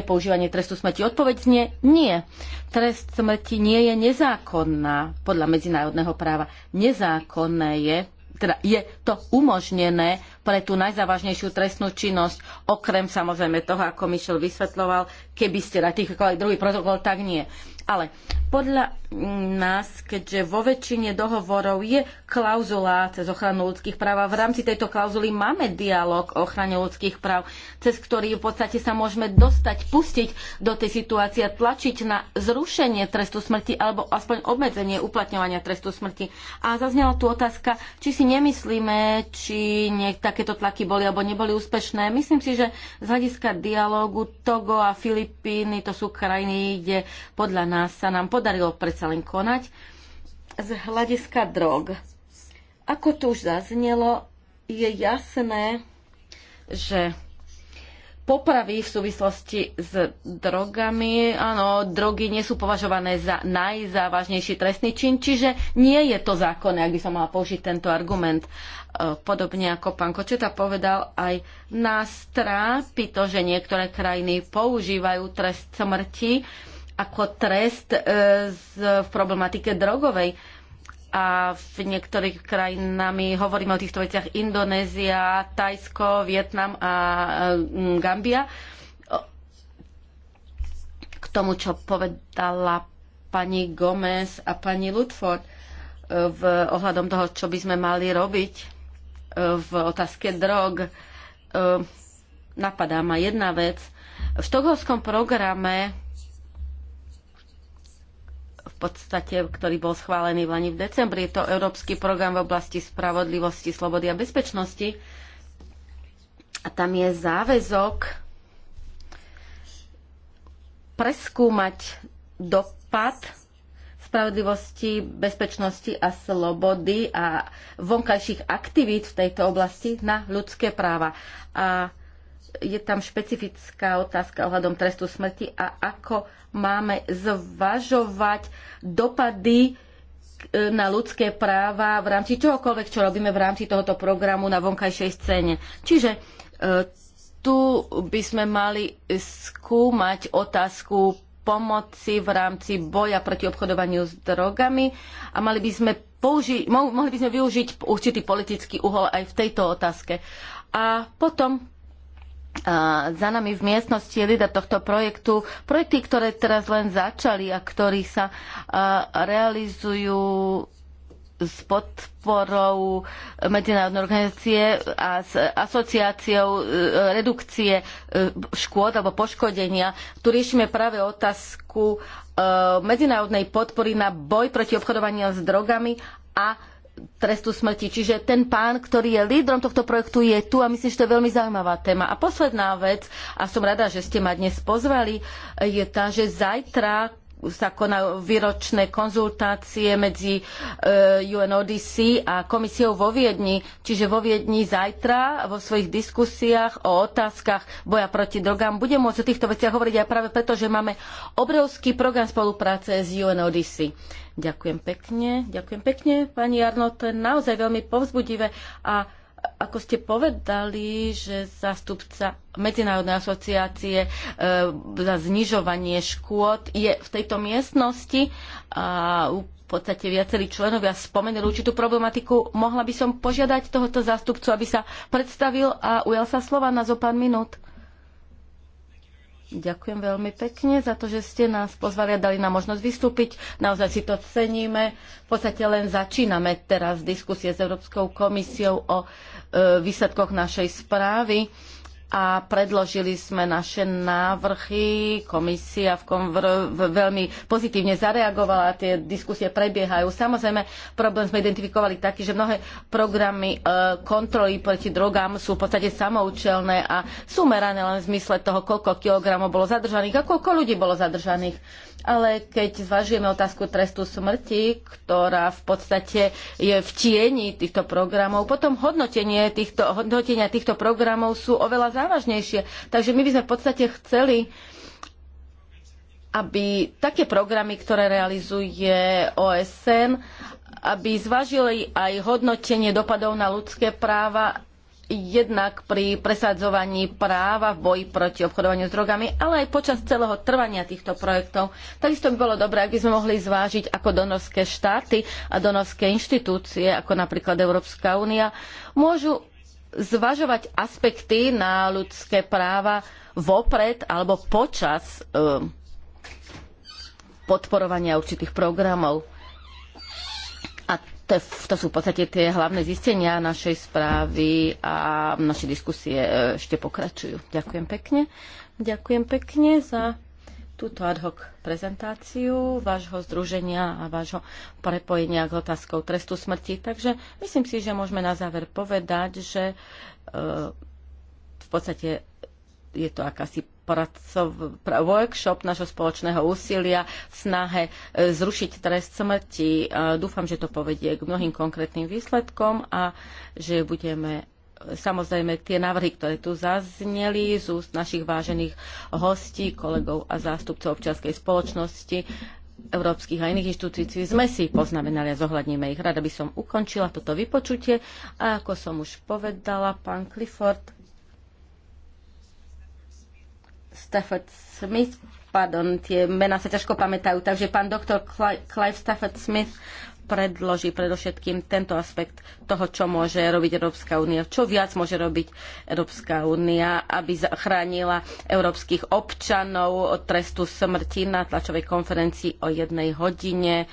[SPEAKER 2] nepoužívanie trestu smrti. Odpoveď znie nie. Trest smrti nie je nezákonná podľa medzinárodného práva. Nezákonné je, teda je to umožnené pre tú najzávažnejšiu trestnú činnosť, okrem samozrejme toho, ako Michel vysvetloval, keby ste ratifikovali druhý protokol, tak nie. Ale podľa nás, keďže vo väčšine dohovorov je klauzula cez ochranu ľudských práv a v rámci tejto klauzuly máme dialog o ochrane ľudských práv, cez ktorý v podstate sa môžeme dostať, pustiť do tej situácie, tlačiť na zrušenie trestu smrti alebo aspoň obmedzenie uplatňovania trestu smrti. A zaznela tu otázka, či si nemyslíme, či tá takéto tlaky boli alebo neboli úspešné. Myslím si, že z hľadiska dialógu Togo a Filipíny, to sú krajiny, kde podľa nás sa nám podarilo predsa len konať. Z hľadiska drog. Ako tu už zaznelo, je jasné, že popravy v súvislosti s drogami. Áno, drogy nie sú považované za najzávažnejší trestný čin, čiže nie je to zákonné, ak by som mala použiť tento argument. E, podobne ako pán Kočeta povedal, aj nás trápi to, že niektoré krajiny používajú trest smrti ako trest e, v problematike drogovej a v niektorých krajinami hovoríme o týchto veciach Indonézia, Tajsko, Vietnam a mm, Gambia. K tomu, čo povedala pani Gomez a pani Ludford e, v ohľadom toho, čo by sme mali robiť e, v otázke drog, e, napadá ma jedna vec. V štokholskom programe podstate, ktorý bol schválený v Lani v decembri. Je to Európsky program v oblasti spravodlivosti, slobody a bezpečnosti. A tam je záväzok preskúmať dopad spravodlivosti, bezpečnosti a slobody a vonkajších aktivít v tejto oblasti na ľudské práva. A je tam špecifická otázka ohľadom trestu smrti a ako máme zvažovať dopady e, na ľudské práva v rámci čohokoľvek, čo robíme v rámci tohoto programu na vonkajšej scéne. Čiže e, tu by sme mali skúmať otázku pomoci v rámci boja proti obchodovaniu s drogami a mali by sme použi- mohli by sme využiť určitý politický uhol aj v tejto otázke. A potom za nami v miestnosti je líder tohto projektu. Projekty, ktoré teraz len začali a ktorí sa realizujú s podporou Medzinárodnej organizácie a s asociáciou e, redukcie e, škôd alebo poškodenia. Tu riešime práve otázku e, medzinárodnej podpory na boj proti obchodovaniu s drogami a trestu smrti. Čiže ten pán, ktorý je lídrom tohto projektu, je tu a myslím, že to je veľmi zaujímavá téma. A posledná vec, a som rada, že ste ma dnes pozvali, je tá, že zajtra sa konajú výročné konzultácie medzi eh, UNODC a komisiou vo Viedni. Čiže vo Viedni zajtra vo svojich diskusiách o otázkach boja proti drogám budem môcť o týchto veciach hovoriť aj práve preto, že máme obrovský program spolupráce s UNODC. Ďakujem pekne, ďakujem pekne, pani Jarno, to je naozaj veľmi povzbudivé a ako ste povedali, že zástupca Medzinárodnej asociácie e, za znižovanie škôd je v tejto miestnosti a v podstate viacerí členovia spomenuli určitú problematiku. Mohla by som požiadať tohoto zástupcu, aby sa predstavil a ujal sa slova na zo pár minút. Ďakujem veľmi pekne za to, že ste nás pozvali a dali nám možnosť vystúpiť. Naozaj si to ceníme. V podstate len začíname teraz diskusie s Európskou komisiou o e, výsledkoch našej správy a predložili sme naše návrhy. Komisia v konver- veľmi pozitívne zareagovala, tie diskusie prebiehajú. Samozrejme, problém sme identifikovali taký, že mnohé programy e, kontroly proti drogám sú v podstate samoučelné a sú merané len v zmysle toho, koľko kilogramov bolo zadržaných a koľko ľudí bolo zadržaných ale keď zvažujeme otázku trestu smrti, ktorá v podstate je v tieni týchto programov, potom hodnotenie týchto, hodnotenia týchto programov sú oveľa závažnejšie. Takže my by sme v podstate chceli aby také programy, ktoré realizuje OSN, aby zvažili aj hodnotenie dopadov na ľudské práva jednak pri presadzovaní práva v boji proti obchodovaniu s drogami, ale aj počas celého trvania týchto projektov. Takisto by bolo dobré, ak by sme mohli zvážiť, ako donorské štáty a donorské inštitúcie, ako napríklad Európska únia, môžu zvažovať aspekty na ľudské práva vopred alebo počas eh, podporovania určitých programov to, to sú v podstate tie hlavné zistenia našej správy a naše diskusie e, ešte pokračujú. Ďakujem pekne. Ďakujem pekne za túto ad hoc prezentáciu vášho združenia a vášho prepojenia k otázkou trestu smrti. Takže myslím si, že môžeme na záver povedať, že e, v podstate je to akási workshop našho spoločného úsilia v snahe e, zrušiť trest smrti. Dúfam, že to povedie k mnohým konkrétnym výsledkom a že budeme e, samozrejme tie návrhy, ktoré tu zazneli z úst našich vážených hostí, kolegov a zástupcov občianskej spoločnosti, európskych a iných inštitúcií sme si poznamenali a zohľadníme ich. Rada by som ukončila toto vypočutie a ako som už povedala, pán Clifford Stafford Smith, pardon, tie mená sa ťažko pamätajú, takže pán doktor Clive Stafford Smith predloží predovšetkým tento aspekt toho, čo môže robiť Európska únia. Čo viac môže robiť Európska únia, aby zachránila európskych občanov od trestu smrti na tlačovej konferencii o jednej hodine.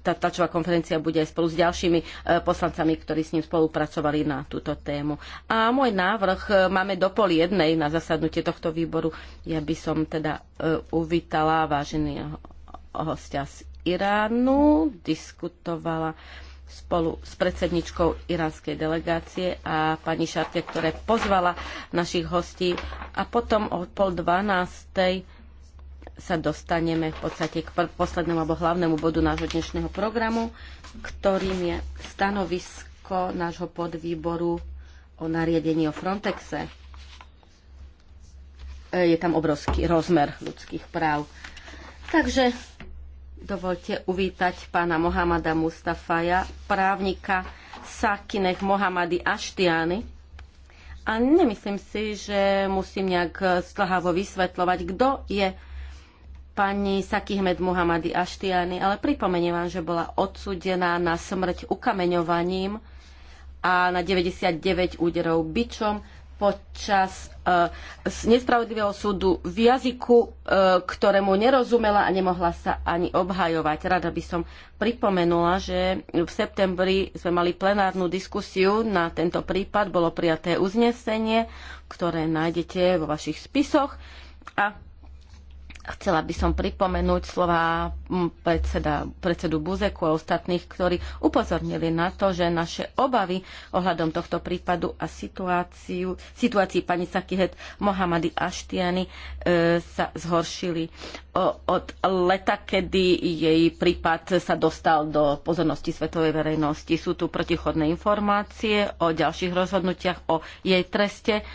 [SPEAKER 2] Tá tlačová konferencia bude aj spolu s ďalšími e, poslancami, ktorí s ním spolupracovali na túto tému. A môj návrh e, máme do pol jednej na zasadnutie tohto výboru. Ja by som teda e, uvítala váženého hostia z Iránu, diskutovala spolu s predsedničkou iránskej delegácie a pani Šarke, ktoré pozvala našich hostí. A potom o pol dvanástej sa dostaneme v podstate k poslednému alebo hlavnému bodu nášho dnešného programu, ktorým je stanovisko nášho podvýboru o nariadení o Frontexe. E, je tam obrovský rozmer ľudských práv. Takže Dovolte uvítať pána Mohamada Mustafaja, právnika Sakinech Mohamady Aštiany. A nemyslím si, že musím nejak stlhavo vysvetľovať, kto je pani Sakihmed Mohamady Aštiany, ale pripomeniem vám, že bola odsudená na smrť ukameňovaním a na 99 úderov bičom počas uh, nespravodlivého súdu v jazyku, uh, ktorému nerozumela a nemohla sa ani obhajovať. Rada by som pripomenula, že v septembri sme mali plenárnu diskusiu na tento prípad, bolo prijaté uznesenie, ktoré nájdete vo vašich spisoch a Chcela by som pripomenúť slova mm, predseda, predsedu Buzeku a ostatných, ktorí upozornili na to, že naše obavy ohľadom tohto prípadu a situáciu, situácii pani Sakihet Mohamady Aštiany e, sa zhoršili o, od leta, kedy jej prípad sa dostal do pozornosti svetovej verejnosti. Sú tu protichodné informácie o ďalších rozhodnutiach, o jej treste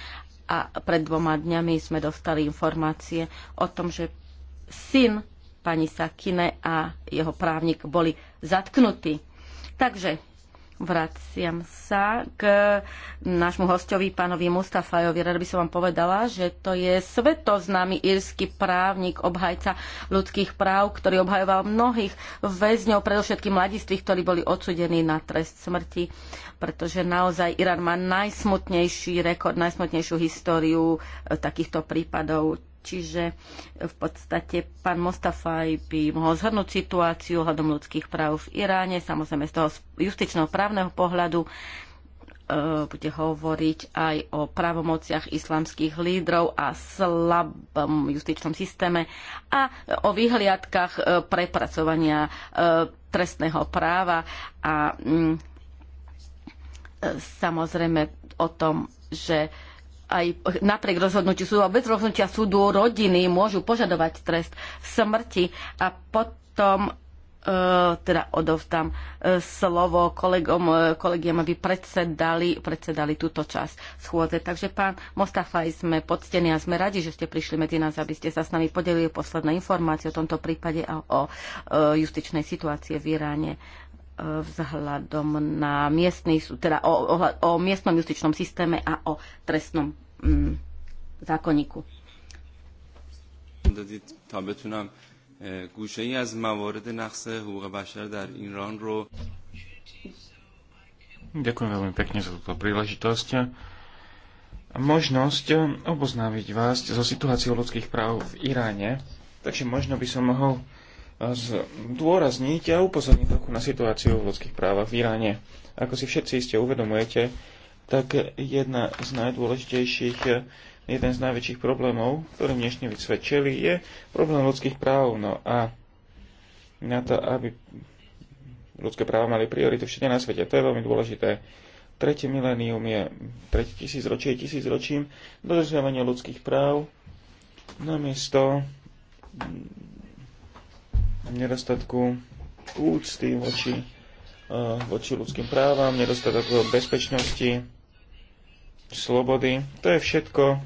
[SPEAKER 2] a pred dvoma dňami sme dostali informácie o tom, že syn pani Sakine a jeho právnik boli zatknutí. Takže vraciam sa k nášmu hostovi, pánovi Mustafajovi. Rada by som vám povedala, že to je svetoznámy írsky právnik, obhajca ľudských práv, ktorý obhajoval mnohých väzňov, predovšetkým mladiství, ktorí boli odsudení na trest smrti, pretože naozaj Irán má najsmutnejší rekord, najsmutnejšiu históriu e, takýchto prípadov Čiže e, v podstate pán Mostafaj by mohol zhrnúť situáciu hľadom ľudských práv v Iráne, samozrejme z toho justičného právneho pohľadu e, bude hovoriť aj o právomociach islamských lídrov a slabom justičnom systéme a o vyhliadkach e, prepracovania trestného práva a mm, samozrejme o tom, že aj napriek rozhodnutiu súdu a bez rozhodnutia súdu rodiny môžu požadovať trest smrti a potom e, teda odovzdám e, slovo kolegom, e, kolegiam, aby predsedali, predsedali túto časť schôdze. Takže pán Mostafaj, sme poctení a sme radi, že ste prišli medzi nás, aby ste sa s nami podelili posledné informácie o tomto prípade a o justičnej situácie v Iráne vzhľadom na miestny, teda o, o, o miestnom justičnom systéme a o trestnom mm, zákonníku.
[SPEAKER 3] E, Ďakujem veľmi pekne za túto príležitosť a možnosť oboznámiť vás so situáciou ľudských práv v Iráne. Takže možno by som mohol zdôrazniť a upozorniť trochu na situáciu v ľudských právach v Iráne. Ako si všetci iste uvedomujete, tak jedna z najdôležitejších, jeden z najväčších problémov, ktorým dnešne vysvedčili, je problém ľudských práv. No a na to, aby ľudské práva mali prioritu všade na svete, to je veľmi dôležité. Tretie milénium je, tretie tisícročie je tisícročím dodržiavania ľudských práv namiesto nedostatku úcty voči, e, voči ľudským právam, nedostatku bezpečnosti, slobody. To je všetko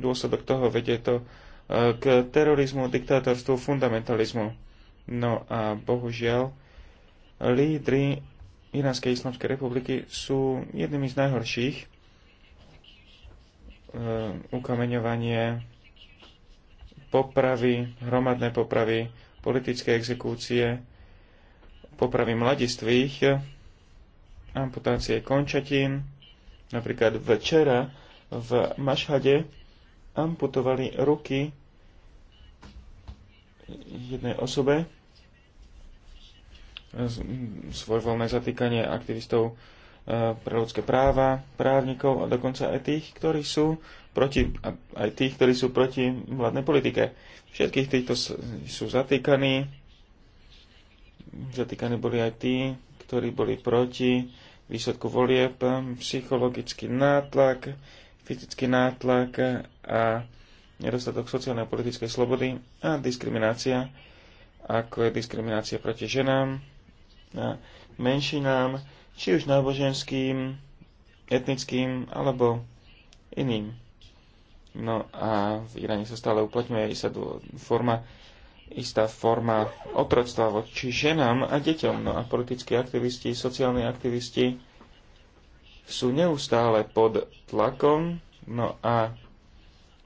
[SPEAKER 3] dôsledok toho, vedie to e, k terorizmu, diktátorstvu, fundamentalizmu. No a bohužiaľ, lídry Iránskej islamskej republiky sú jednými z najhorších. Uh, ukameňovanie, popravy, hromadné popravy, politické exekúcie, popravy mladistvých, amputácie končatín. Napríklad včera v Mašhade amputovali ruky jednej osobe voľné zatýkanie aktivistov eh, pre ľudské práva, právnikov a dokonca aj tých, ktorí sú proti, aj tých, ktorí sú proti vládnej politike. Všetkých týchto sú zatýkaní. Zatýkaní boli aj tí, ktorí boli proti výsledku volieb, psychologický nátlak, fyzický nátlak a nedostatok sociálnej a politickej slobody a diskriminácia, ako je diskriminácia proti ženám, a menšinám, či už náboženským, etnickým alebo iným. No a v Iráne sa stále uplatňuje istá forma, istá forma otroctva voči ženám a deťom. No a politickí aktivisti, sociálni aktivisti sú neustále pod tlakom, no a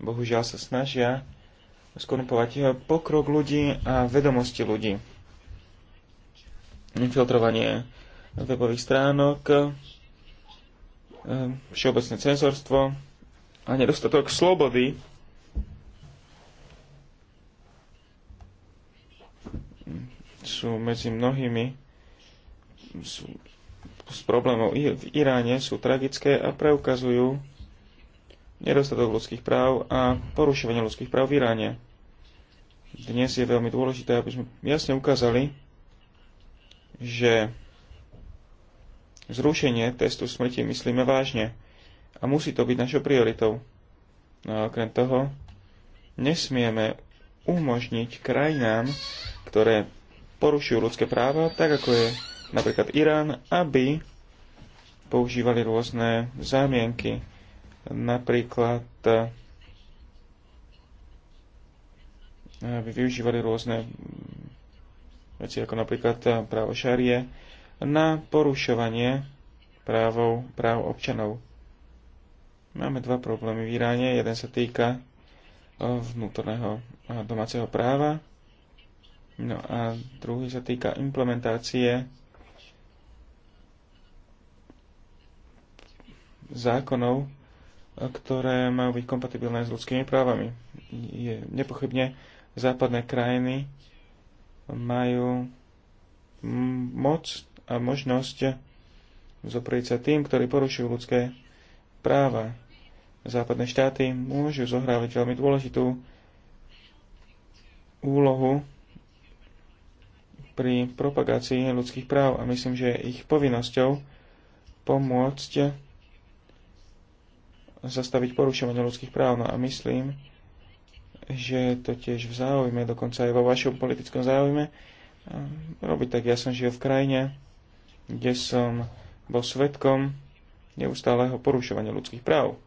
[SPEAKER 3] bohužiaľ sa snažia skorumpovať pokrok ľudí a vedomosti ľudí. Infiltrovanie webových stránok, ehm, všeobecné cenzorstvo, a nedostatok slobody. Sú medzi mnohými sú, z problémov v Iráne sú tragické a preukazujú nedostatok ľudských práv a porušovanie ľudských práv v Iráne. Dnes je veľmi dôležité, aby sme jasne ukázali, že zrušenie testu smrti myslíme vážne a musí to byť našou prioritou. No a okrem toho, nesmieme umožniť krajinám, ktoré porušujú ľudské práva, tak ako je napríklad Irán, aby používali rôzne zámienky, napríklad aby využívali rôzne veci ako napríklad právo šarie na porušovanie právov, práv občanov. Máme dva problémy v Iráne. Jeden sa týka vnútorného domáceho práva. No a druhý sa týka implementácie zákonov, ktoré majú byť kompatibilné s ľudskými právami. Je, nepochybne západné krajiny majú moc a možnosť zoprieť sa tým, ktorí porušujú ľudské práva západné štáty môžu zohrávať veľmi dôležitú úlohu pri propagácii ľudských práv a myslím, že je ich povinnosťou pomôcť zastaviť porušovanie ľudských práv. No a myslím, že to tiež v záujme, dokonca aj vo vašom politickom záujme, ehm, robiť tak. Ja som žil v krajine, kde som bol svetkom neustáleho porušovania ľudských práv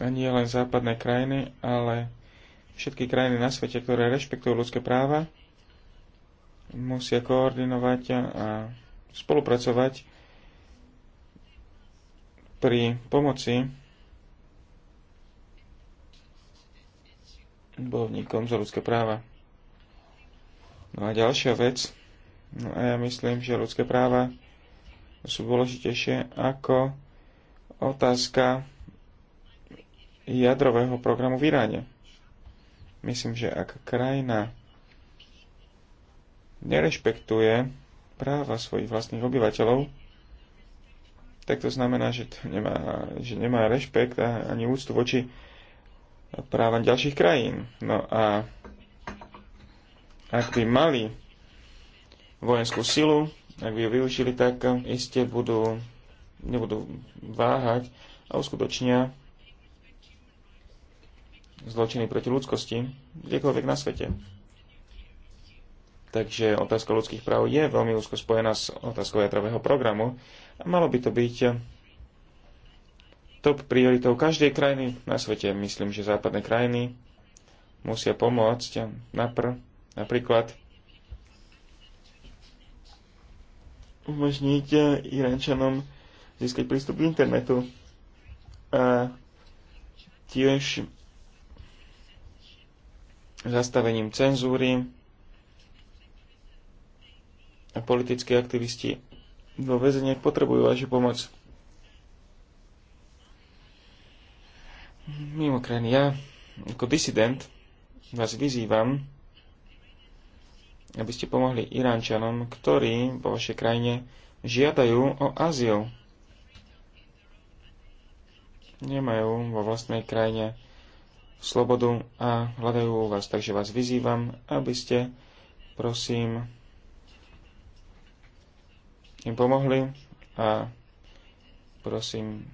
[SPEAKER 3] a nie len západné krajiny, ale všetky krajiny na svete, ktoré rešpektujú ľudské práva, musia koordinovať a spolupracovať pri pomoci bojovníkom za ľudské práva. No a ďalšia vec, no a ja myslím, že ľudské práva sú dôležitejšie ako otázka jadrového programu v Iráne. Myslím, že ak krajina nerešpektuje práva svojich vlastných obyvateľov, tak to znamená, že, to nemá, že nemá rešpekt a ani úctu voči právam ďalších krajín. No a ak by mali vojenskú silu, ak by ju využili, tak iste budú, nebudú váhať a uskutočnia zločiny proti ľudskosti kdekoľvek na svete. Takže otázka ľudských práv je veľmi úzko spojená s otázkou jadrového programu a malo by to byť top prioritou každej krajiny na svete. Myslím, že západné krajiny musia pomôcť napr, napríklad umožniť Iránčanom získať prístup k internetu. A tiež zastavením cenzúry a politickí aktivisti vo väzeniach potrebujú vašu pomoc. Mimo krajiny, ja ako disident vás vyzývam, aby ste pomohli Iránčanom, ktorí vo vašej krajine žiadajú o azyl. Nemajú vo vlastnej krajine slobodu a hľadajú u vás. Takže vás vyzývam, aby ste, prosím, im pomohli a prosím,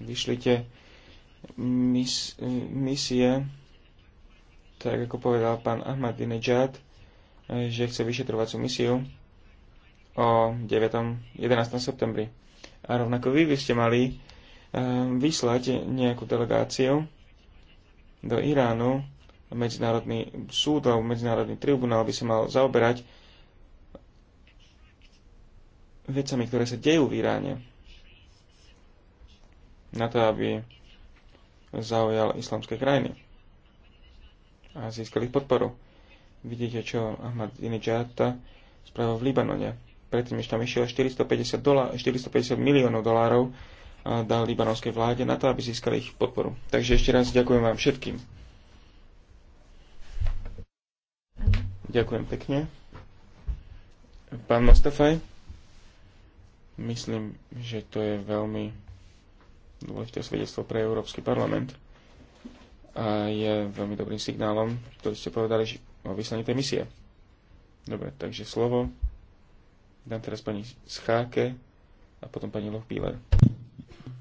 [SPEAKER 3] vyšlite mis, misie, tak ako povedal pán Ahmadinejad, že chce vyšetrovacú misiu o 9. 11. septembri. A rovnako vy, by ste mali Ehm, vyslať nejakú delegáciu do Iránu. Medzinárodný súd alebo medzinárodný tribunál by sa mal zaoberať vecami, ktoré sa dejú v Iráne. Na to, aby zaujal islamské krajiny a získali ich podporu. Vidíte, čo Ahmadinejad spravil v Libanone. Predtým, než tam išiel 450, dola- 450 miliónov dolárov dal libanovskej vláde na to, aby získali ich podporu. Takže ešte raz ďakujem vám všetkým. Ďakujem pekne. Pán Mostafaj, myslím, že to je veľmi dôležité svedectvo pre Európsky parlament a je veľmi dobrým signálom, ktorý ste povedali o vyslaní tej misie. Dobre, takže slovo dám teraz pani Scháke a potom pani Lochbíler.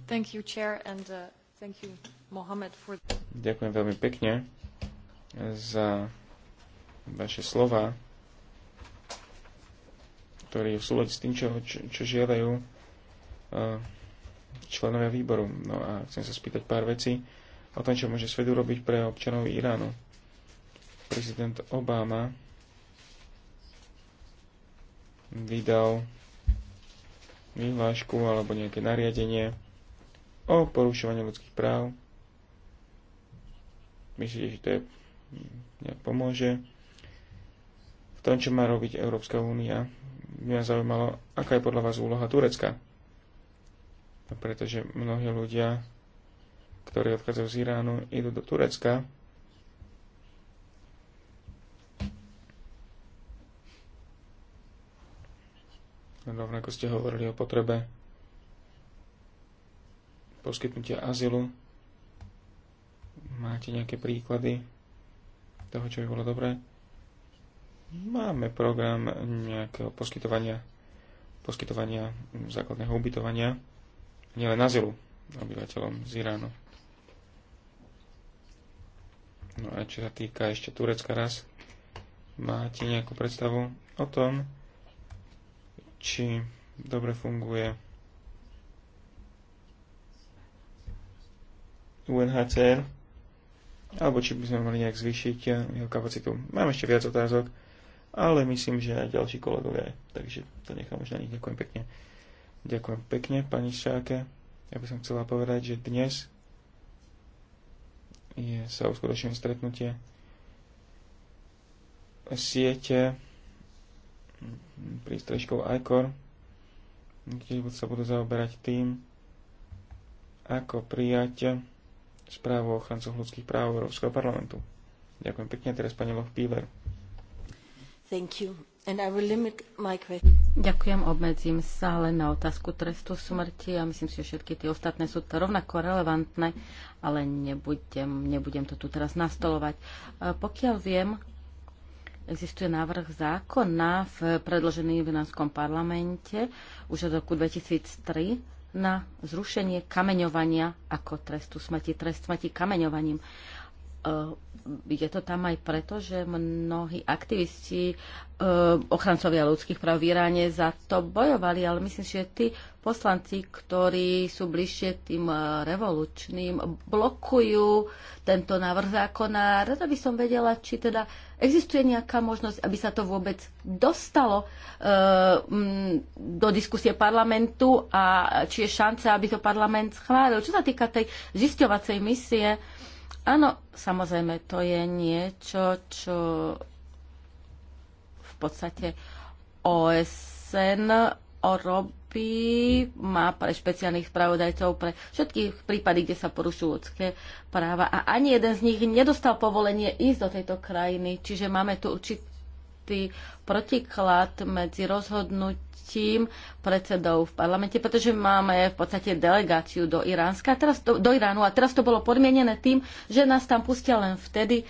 [SPEAKER 5] Thank you, Chair, and uh, thank you, Mohamed, for...
[SPEAKER 3] Ďakujem veľmi pekne za vaše slova, ktoré sú v s tým, čo, čo, čo žiadajú uh, členovia výboru. No a chcem sa spýtať pár vecí o tom, čo môže svet urobiť pre občanov Iránu. Prezident Obama vydal vyhlášku alebo nejaké nariadenie, o porušovaní ľudských práv. Myslíte, že to je, hm, nejak pomôže? V tom, čo má robiť Európska únia, mňa zaujímalo, aká je podľa vás úloha Turecka. Pretože mnohí ľudia, ktorí odchádzajú z Iránu, idú do Turecka, rovnako ste hovorili o potrebe poskytnutia azylu. Máte nejaké príklady toho, čo by bolo dobré? Máme program nejakého poskytovania, poskytovania základného ubytovania, nielen azylu obyvateľom z Iránu. No a čo sa týka ešte Turecka raz, máte nejakú predstavu o tom, či dobre funguje UNHCR, alebo či by sme mali nejak zvýšiť eh, jeho kapacitu. Mám ešte viac otázok, ale myslím, že aj ďalší kolegovia, takže to nechám už na nich. Ďakujem pekne. Ďakujem pekne, pani Šáke. Ja by som chcela povedať, že dnes je, sa uskutočnené stretnutie siete prístreškou ICOR, kde sa budú zaoberať tým, ako prijať správu ochrancov ľudských práv Európskeho parlamentu. Ďakujem pekne, teraz pani Loch Píler.
[SPEAKER 2] Ďakujem, obmedzím sa len na otázku trestu smrti a myslím si, že všetky tie ostatné sú to rovnako relevantné, ale nebudem, nebudem to tu teraz nastolovať. E, pokiaľ viem, existuje návrh zákona v predložený v nánskom parlamente už od roku 2003, na zrušenie kameňovania ako trestu smrti, trest smrti kameňovaním je eh, to tam aj preto, že mnohí aktivisti, eh, ochrancovia ľudských práv v Iráne za to bojovali, ale myslím, že tí poslanci, ktorí sú bližšie tým eh, revolučným, blokujú tento návrh zákona. Rada by som vedela, či teda existuje nejaká možnosť, aby sa to vôbec dostalo do diskusie parlamentu a či je šanca, aby to parlament schválil. Čo sa týka tej zisťovacej misie, Áno, samozrejme, to je niečo, čo v podstate OSN robí, má pre špeciálnych spravodajcov pre všetkých prípady, kde sa porušujú ľudské práva a ani jeden z nich nedostal povolenie ísť do tejto krajiny, čiže máme tu určitú istý protiklad medzi rozhodnutím predsedov v parlamente, pretože máme v podstate delegáciu do Iránska, teraz do, do Iránu a teraz to bolo podmienené tým, že nás tam pustia len vtedy,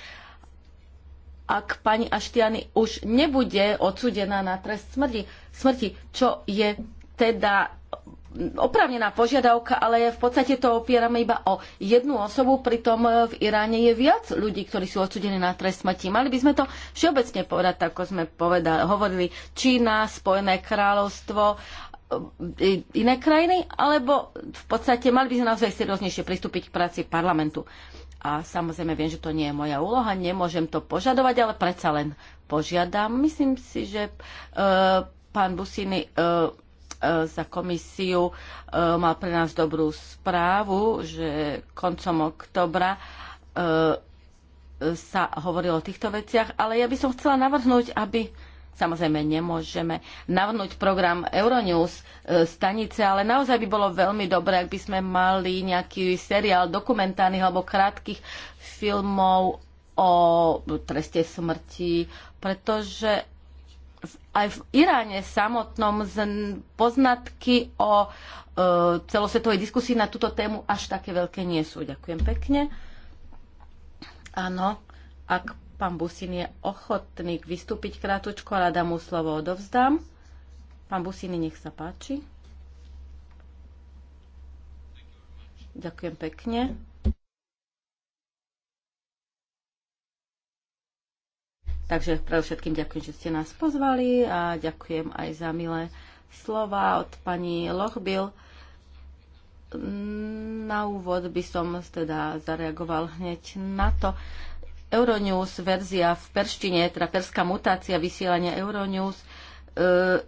[SPEAKER 2] ak pani Aštiany už nebude odsudená na trest smrti, smrti čo je teda oprávnená požiadavka, ale v podstate to opierame iba o jednu osobu, pritom e, v Iráne je viac ľudí, ktorí sú odsudení na trest smrti. Mali by sme to všeobecne povedať, ako sme povedali, hovorili Čína, Spojené kráľovstvo, e, iné krajiny, alebo v podstate mali by sme naozaj serióznejšie pristúpiť k práci parlamentu. A samozrejme viem, že to nie je moja úloha, nemôžem to požadovať, ale predsa len požiadam. Myslím si, že uh, pán Businy uh, Eh, za komisiu eh, mal pre nás dobrú správu, že koncom oktobra eh, sa hovorilo o týchto veciach, ale ja by som chcela navrhnúť, aby Samozrejme, nemôžeme navrhnúť program Euronews stanice, ale naozaj by bolo veľmi dobré, ak by sme mali nejaký seriál dokumentárnych alebo krátkých filmov o treste smrti, pretože aj v Iráne samotnom poznatky o e, celosvetovej diskusii na túto tému až také veľké nie sú. Ďakujem pekne. Áno, ak pán Busin je ochotný vystúpiť krátko, rada mu slovo odovzdám. Pán Businy, nech sa páči. Ďakujem pekne. Takže pre všetkým ďakujem, že ste nás pozvali a ďakujem aj za milé slova od pani Lochbil. Na úvod by som teda zareagoval hneď na to. Euronews verzia v perštine, teda perská mutácia vysielania Euronews, e,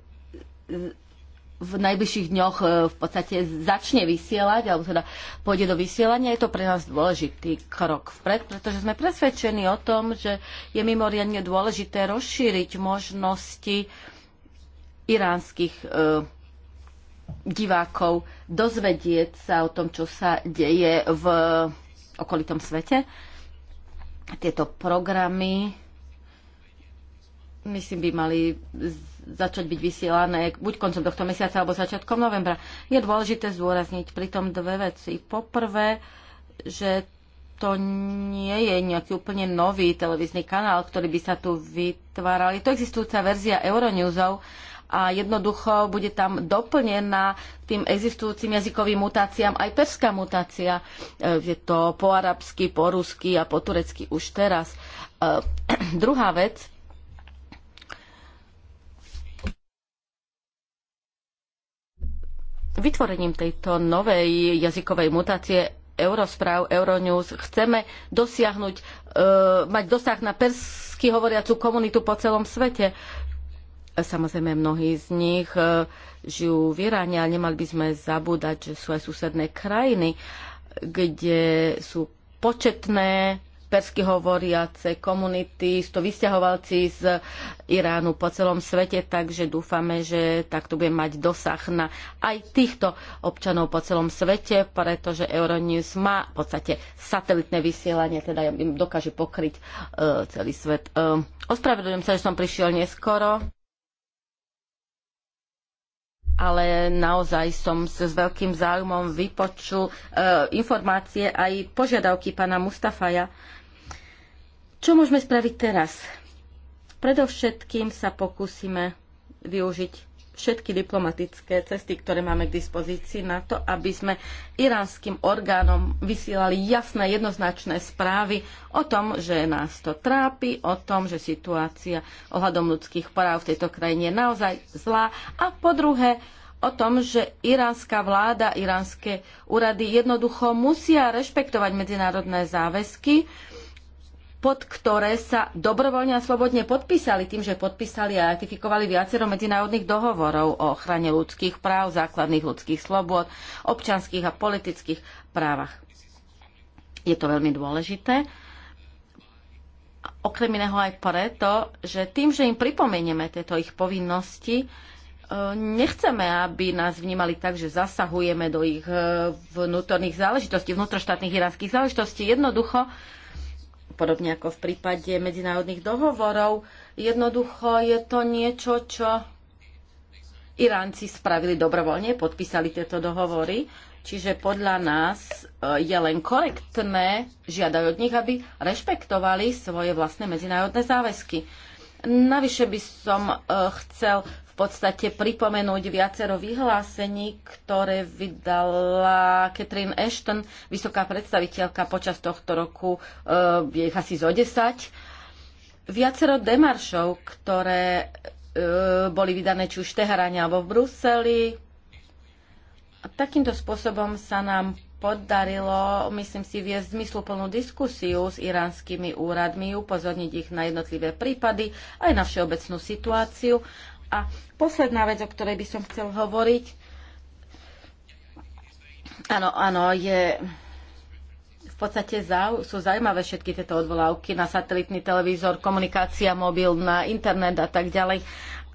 [SPEAKER 2] v najbližších dňoch e, v podstate začne vysielať, alebo teda pôjde do vysielania, je to pre nás dôležitý krok vpred, pretože sme presvedčení o tom, že je mimoriadne dôležité rozšíriť možnosti iránskych e, divákov dozvedieť sa o tom, čo sa deje v okolitom svete. Tieto programy myslím, by mali začať byť vysielané buď koncom tohto mesiaca alebo začiatkom novembra. Je dôležité zdôrazniť pritom dve veci. Poprvé, že to nie je nejaký úplne nový televízny kanál, ktorý by sa tu vytváral. Je to existujúca verzia Euronewsov a jednoducho bude tam doplnená tým existujúcim jazykovým mutáciám aj perská mutácia. E, je to po arabsky, po rusky a po turecky už teraz. E, druhá vec, vytvorením tejto novej jazykovej mutácie Eurospráv, Euronews chceme dosiahnuť, e, mať dosah na persky hovoriacu komunitu po celom svete. Samozrejme, mnohí z nich e, žijú v Iráne, ale nemali by sme zabúdať, že sú aj susedné krajiny, kde sú početné persky hovoriace komunity, to vysťahovalci z Iránu po celom svete, takže dúfame, že takto bude mať dosah na aj týchto občanov po celom svete, pretože Euronews má v podstate satelitné vysielanie, teda im dokáže pokryť uh, celý svet. Uh, ospravedlňujem sa, že som prišiel neskoro ale naozaj som sa s veľkým záujmom vypočul e, informácie aj požiadavky pána Mustafaja. Čo môžeme spraviť teraz? Predovšetkým sa pokúsime využiť všetky diplomatické cesty, ktoré máme k dispozícii na to, aby sme iránskym orgánom vysielali jasné, jednoznačné správy o tom, že nás to trápi, o tom, že situácia ohľadom ľudských práv v tejto krajine je naozaj zlá a po druhé, o tom, že iránska vláda, iránske úrady jednoducho musia rešpektovať medzinárodné záväzky, pod ktoré sa dobrovoľne a slobodne podpísali tým, že podpísali a ratifikovali viacero medzinárodných dohovorov o ochrane ľudských práv, základných ľudských slobod, občanských a politických právach. Je to veľmi dôležité. Okrem iného aj preto, že tým, že im pripomenieme tieto ich povinnosti, e, nechceme, aby nás vnímali tak, že zasahujeme do ich e, vnútorných záležitostí, vnútroštátnych iránskych záležitostí. Jednoducho podobne ako v prípade medzinárodných dohovorov. Jednoducho je to niečo, čo Iránci spravili dobrovoľne, podpísali tieto dohovory, čiže podľa nás e, je len korektné žiadať od nich, aby rešpektovali svoje vlastné medzinárodné záväzky. Navyše by som e, chcel podstate pripomenúť viacero vyhlásení, ktoré vydala Catherine Ashton, vysoká predstaviteľka počas tohto roku, eh, je ich asi zo 10. Viacero demaršov, ktoré eh, boli vydané či už v Teheráne alebo v Bruseli. A takýmto spôsobom sa nám podarilo, myslím si, viesť zmysluplnú diskusiu s iránskymi úradmi, upozorniť ich na jednotlivé prípady, aj na všeobecnú situáciu a posledná vec, o ktorej by som chcel hovoriť, áno, áno, je v podstate zau, sú zaujímavé všetky tieto odvolávky na satelitný televízor, komunikácia, mobil, na internet a tak ďalej.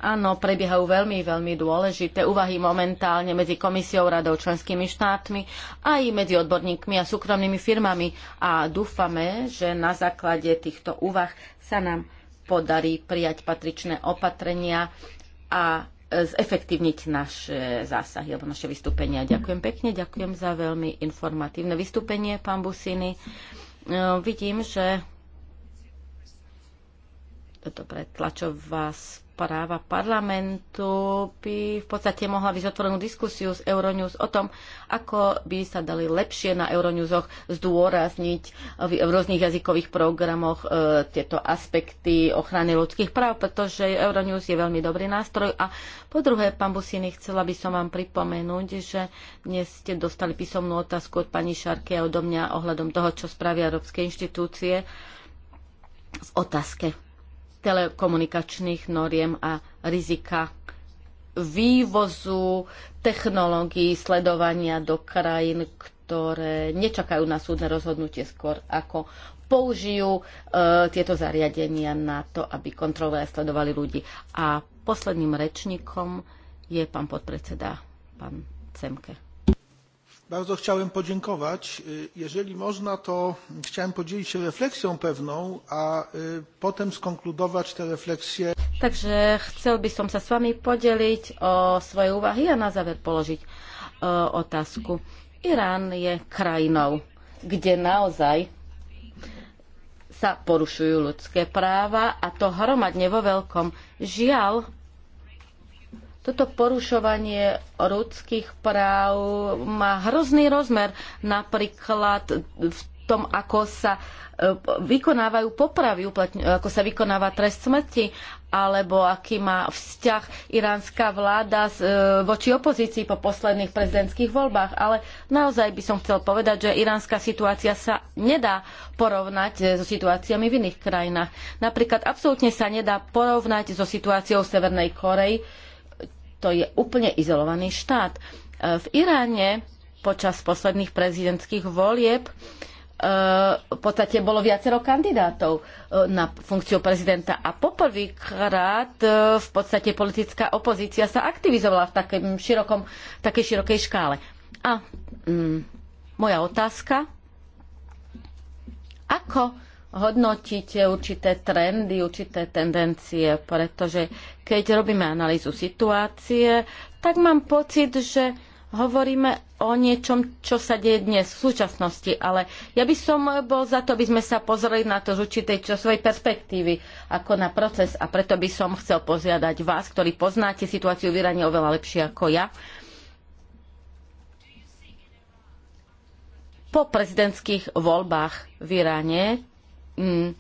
[SPEAKER 2] Áno, prebiehajú veľmi, veľmi dôležité úvahy momentálne medzi komisiou, radou, členskými štátmi, aj medzi odborníkmi a súkromnými firmami. A dúfame, že na základe týchto úvah sa nám podarí prijať patričné opatrenia a zefektívniť naše zásahy alebo naše vystúpenia. Ďakujem pekne, ďakujem za veľmi informatívne vystúpenie, pán Businy. No, vidím, že toto pretlačová práva parlamentu by v podstate mohla byť otvorenú diskusiu s Euronews o tom, ako by sa dali lepšie na Euronewsoch zdôrazniť v, rôznych jazykových programoch e, tieto aspekty ochrany ľudských práv, pretože Euronews je veľmi dobrý nástroj. A po druhé, pán Businy, chcela by som vám pripomenúť, že dnes ste dostali písomnú otázku od pani Šarky a odo mňa ohľadom toho, čo spravia európske inštitúcie v otázke telekomunikačných noriem a rizika vývozu technológií sledovania do krajín, ktoré nečakajú na súdne rozhodnutie skôr ako použijú e, tieto zariadenia na to, aby kontrolovali a sledovali ľudí. A posledným rečníkom je pán podpredseda, pán Cemke.
[SPEAKER 4] Bardzo chciałem podziękować. Jeżeli można, to chciałem podzielić się refleksją pewną, a potem skonkludować te refleksje.
[SPEAKER 2] Takže chcel by som sa s vami podeliť o svoje úvahy a na záver položiť o, e, otázku. Irán je krajinou, kde naozaj sa porušujú ľudské práva a to hromadne vo veľkom. Žiaľ, toto porušovanie ľudských práv má hrozný rozmer, napríklad v tom, ako sa e, vykonávajú popravy, ako sa vykonáva trest smrti, alebo aký má vzťah iránska vláda e, voči opozícii po posledných prezidentských voľbách. Ale naozaj by som chcel povedať, že iránska situácia sa nedá porovnať e, so situáciami v iných krajinách. Napríklad absolútne sa nedá porovnať so situáciou v Severnej Koreji, to je úplne izolovaný štát. E, v Iráne počas posledných prezidentských volieb e, v podstate bolo viacero kandidátov e, na funkciu prezidenta a poprvýkrát v podstate politická opozícia sa aktivizovala v takém širokom, takej širokej škále. A mm, moja otázka, ako hodnotiť určité trendy, určité tendencie, pretože keď robíme analýzu situácie, tak mám pocit, že hovoríme o niečom, čo sa deje dnes v súčasnosti, ale ja by som bol za to, aby sme sa pozreli na to z určitej časovej perspektívy, ako na proces a preto by som chcel požiadať vás, ktorí poznáte situáciu v Iráne oveľa lepšie ako ja, po prezidentských voľbách v Iráne Mm,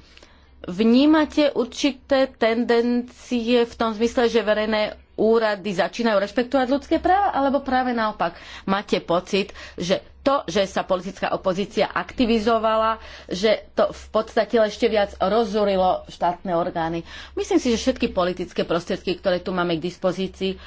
[SPEAKER 2] vnímate určité tendencie v tom zmysle, že verejné úrady začínajú rešpektovať ľudské práva, alebo práve naopak? Máte pocit, že to, že sa politická opozícia aktivizovala, že to v podstate ešte viac rozúrilo štátne orgány. Myslím si, že všetky politické prostriedky, ktoré tu máme k dispozícii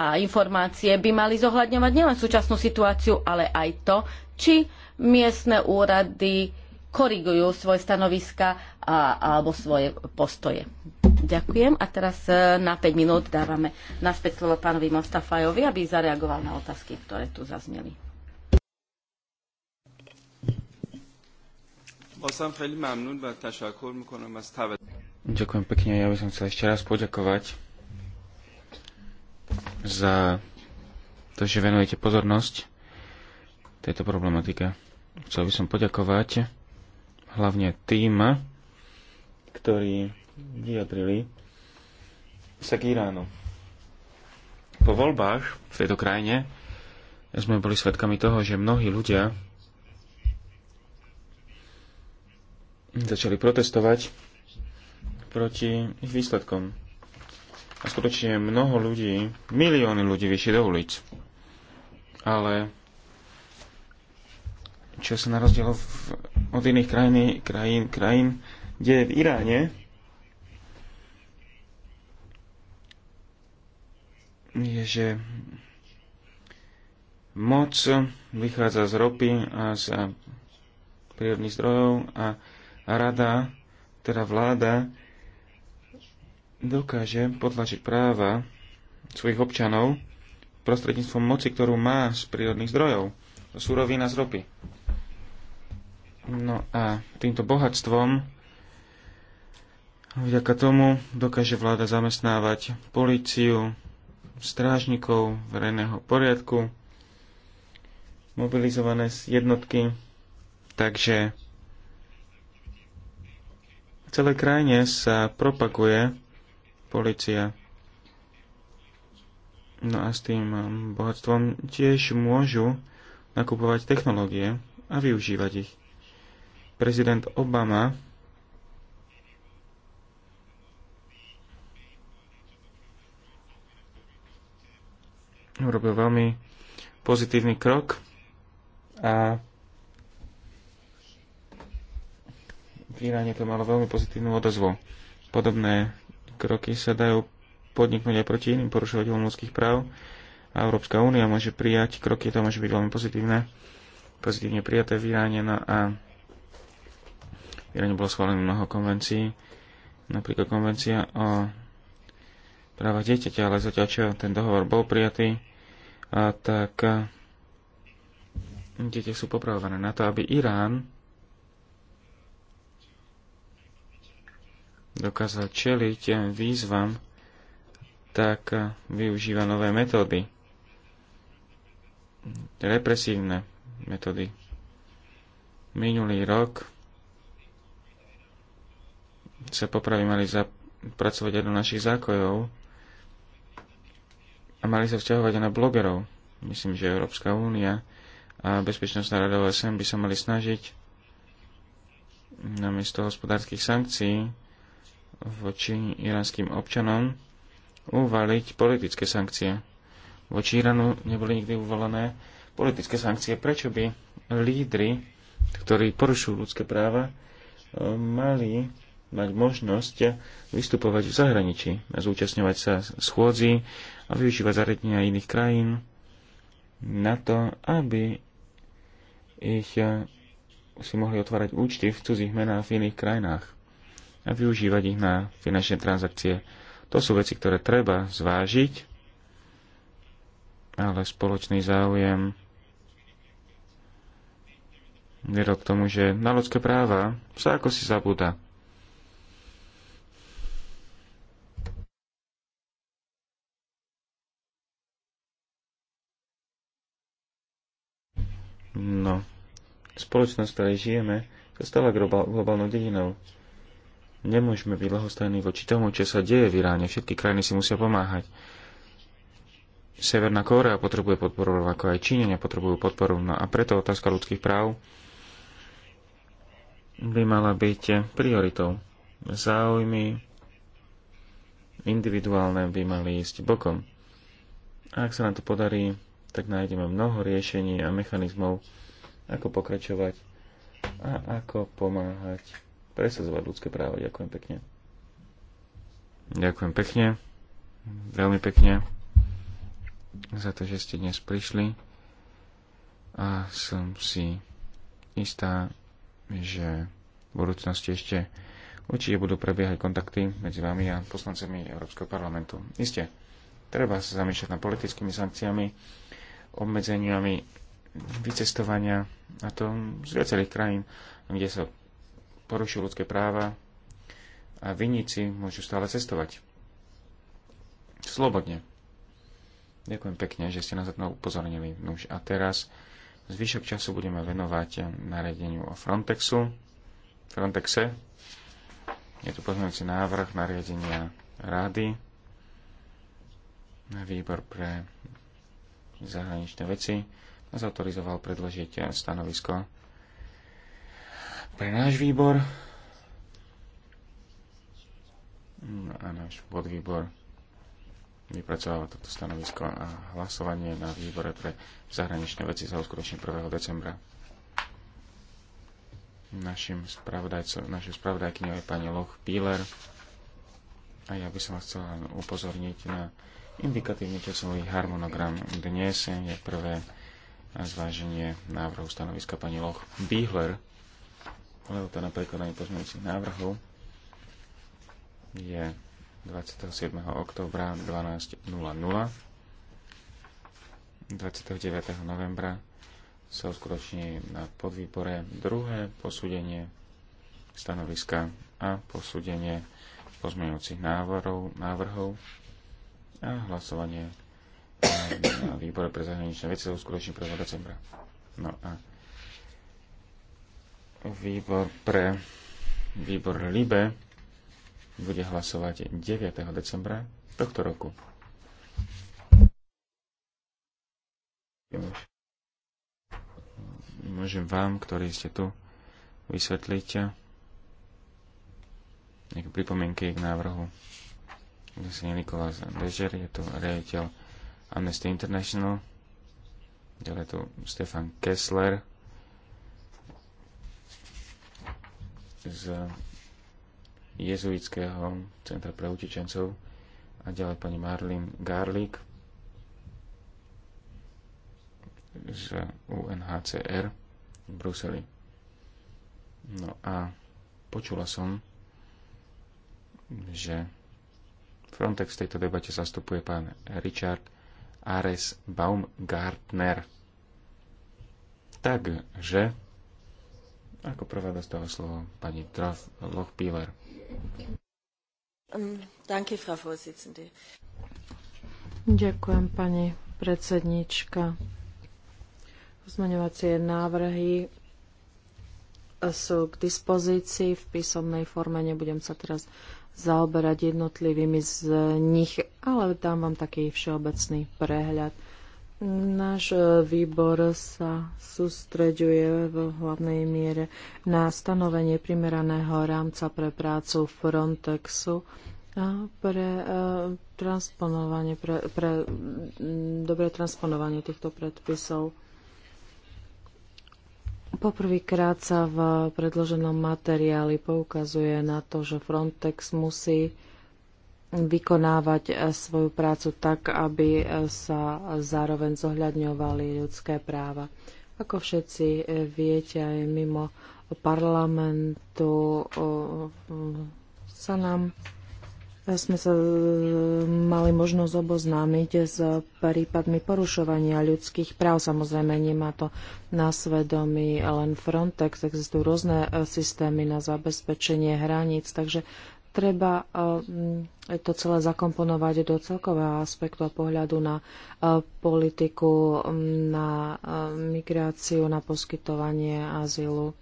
[SPEAKER 2] a informácie by mali zohľadňovať nielen súčasnú situáciu, ale aj to, či miestne úrady korigujú svoje stanoviska a, alebo svoje postoje. Ďakujem. A teraz e, na 5 minút dávame naspäť slovo pánovi Mostafajovi, aby zareagoval na otázky, ktoré tu zazneli.
[SPEAKER 3] Ďakujem pekne. Ja by som chcel ešte raz poďakovať za to, že venujete pozornosť tejto problematike. Chcel by som poďakovať hlavne tým, ktorí vyjadrili sa k Iránu. Po voľbách v tejto krajine sme boli svedkami toho, že mnohí ľudia začali protestovať proti ich výsledkom. A skutočne mnoho ľudí, milióny ľudí vyšli do ulic. Ale čo sa na rozdiel v od iných krajín, krajín, krajín, kde v Iráne je, že moc vychádza z ropy a z prírodných zdrojov a rada, teda vláda, dokáže potlačiť práva svojich občanov prostredníctvom moci, ktorú má z prírodných zdrojov, surovín a z ropy. No a týmto bohatstvom vďaka tomu dokáže vláda zamestnávať políciu, strážnikov verejného poriadku, mobilizované jednotky, takže v celej krajine sa propaguje policia. No a s tým bohatstvom tiež môžu nakupovať technológie a využívať ich prezident Obama urobil veľmi pozitívny krok a v Iráne to malo veľmi pozitívnu odozvu. Podobné kroky sa dajú podniknúť aj proti iným porušovateľom ľudských práv a Európska únia môže prijať kroky, to môže byť veľmi pozitívne, pozitívne prijaté v Iráne no a v Iráne bolo schválené mnoho konvencií, napríklad konvencia o právach dieťaťa, ale zatiaľ čo ten dohovor bol prijatý, a tak dieťa sú popravované na to, aby Irán dokázal čeliť výzvam, tak využíva nové metódy. Represívne metódy. Minulý rok sa popravy mali zapracovať aj do našich zákojov a mali sa vzťahovať aj na blogerov. Myslím, že Európska únia a Bezpečnostná rada OSN by sa mali snažiť namiesto hospodárskych sankcií voči iránskym občanom uvaliť politické sankcie. Voči Iránu neboli nikdy uvalené politické sankcie. Prečo by lídry, ktorí porušujú ľudské práva, mali mať možnosť vystupovať v zahraničí a zúčastňovať sa schôdzi a využívať zariadenia iných krajín na to, aby ich eh, si mohli otvárať účty v cudzích menách v iných krajinách a využívať ich na finančné transakcie. To sú veci, ktoré treba zvážiť, ale spoločný záujem viedol k tomu, že na ľudské práva sa ako si zabúda. No, spoločnosť, v ktorej žijeme, sa stala globálnou dedinou. Nemôžeme byť lahostajní voči tomu, čo sa deje v Iráne. Všetky krajiny si musia pomáhať. Severná Kórea potrebuje podporu, ako aj Číňania potrebujú podporu. No a preto otázka ľudských práv by mala byť prioritou. Záujmy individuálne by mali ísť bokom. A ak sa nám to podarí tak nájdeme mnoho riešení a mechanizmov, ako pokračovať a ako pomáhať presadzovať ľudské práva. Ďakujem pekne. Ďakujem pekne, veľmi pekne za to, že ste dnes prišli a som si istá, že v budúcnosti ešte určite budú prebiehať kontakty medzi vami a poslancami Európskeho parlamentu. Isté, treba sa zamýšľať nad politickými sankciami, obmedzeniami vycestovania a to z viacerých krajín, kde sa porušujú ľudské práva a vinníci môžu stále cestovať. Slobodne. Ďakujem pekne, že ste nás na upozornili. Nuž a teraz zvyšok času budeme venovať nariadeniu o Frontexu. Frontexe. Je tu pozmeňujúci návrh nariadenia Rady na výbor pre zahraničné veci a zautorizoval predložiť eh, stanovisko pre náš výbor no a náš podvýbor vypracoval toto stanovisko a hlasovanie na výbore pre zahraničné veci sa uskutoční 1. decembra. Našim našou spravodajkyňou je pani Loch Píler a ja by som vás chcel upozorniť na Indikatívny časový harmonogram dnes je prvé zváženie návrhu stanoviska pani Loch Bihler, to na prekladanie pozmeňujúcich návrhov je 27. oktobra 12.00, 29. novembra sa uskutoční na podvýbore druhé posúdenie stanoviska a posúdenie pozmeňujúcich návrhov, návrhov a hlasovanie eh, na výbore pre zahraničné veci uskutoční 1. decembra. No a výbor pre výbor LIBE bude hlasovať 9. decembra tohto roku. Môžem vám, ktorí ste tu, vysvetliť eh, nejaké pripomienky k návrhu Zase Nikolás Bežer je tu riaditeľ Amnesty International. Ďalej je tu Stefan Kessler z jezuitského centra pre utečencov a ďalej pani Marlin Garlik z UNHCR v Bruseli. No a počula som, že Frontex v tejto debate zastupuje pán Richard Ares Baumgartner. Takže, ako prvá dostáva slovo pani Traf Lochpiller.
[SPEAKER 5] Um,
[SPEAKER 4] Ďakujem, pani predsednička. Pozmeňovacie návrhy sú k dispozícii v písomnej forme. Nebudem sa teraz zaoberať jednotlivými z nich, ale dám vám taký všeobecný prehľad. Náš e, výbor sa sústreďuje v hlavnej miere na stanovenie primeraného rámca pre prácu Frontexu a pre e, transponovanie, pre, pre dobré transponovanie týchto predpisov. Poprvýkrát sa v predloženom materiáli poukazuje na to, že Frontex musí vykonávať eh, svoju prácu tak, aby eh, sa zároveň zohľadňovali ľudské práva. Ako všetci eh, viete, aj mimo parlamentu sa nám sme sa e, mali možnosť oboznámiť s prípadmi porušovania ľudských práv. Samozrejme, nemá to na svedomí len Frontex. Existujú rôzne e, systémy na zabezpečenie hraníc, takže treba e, to celé zakomponovať do celkového aspektu a pohľadu na politiku, na migráciu, na poskytovanie azylu.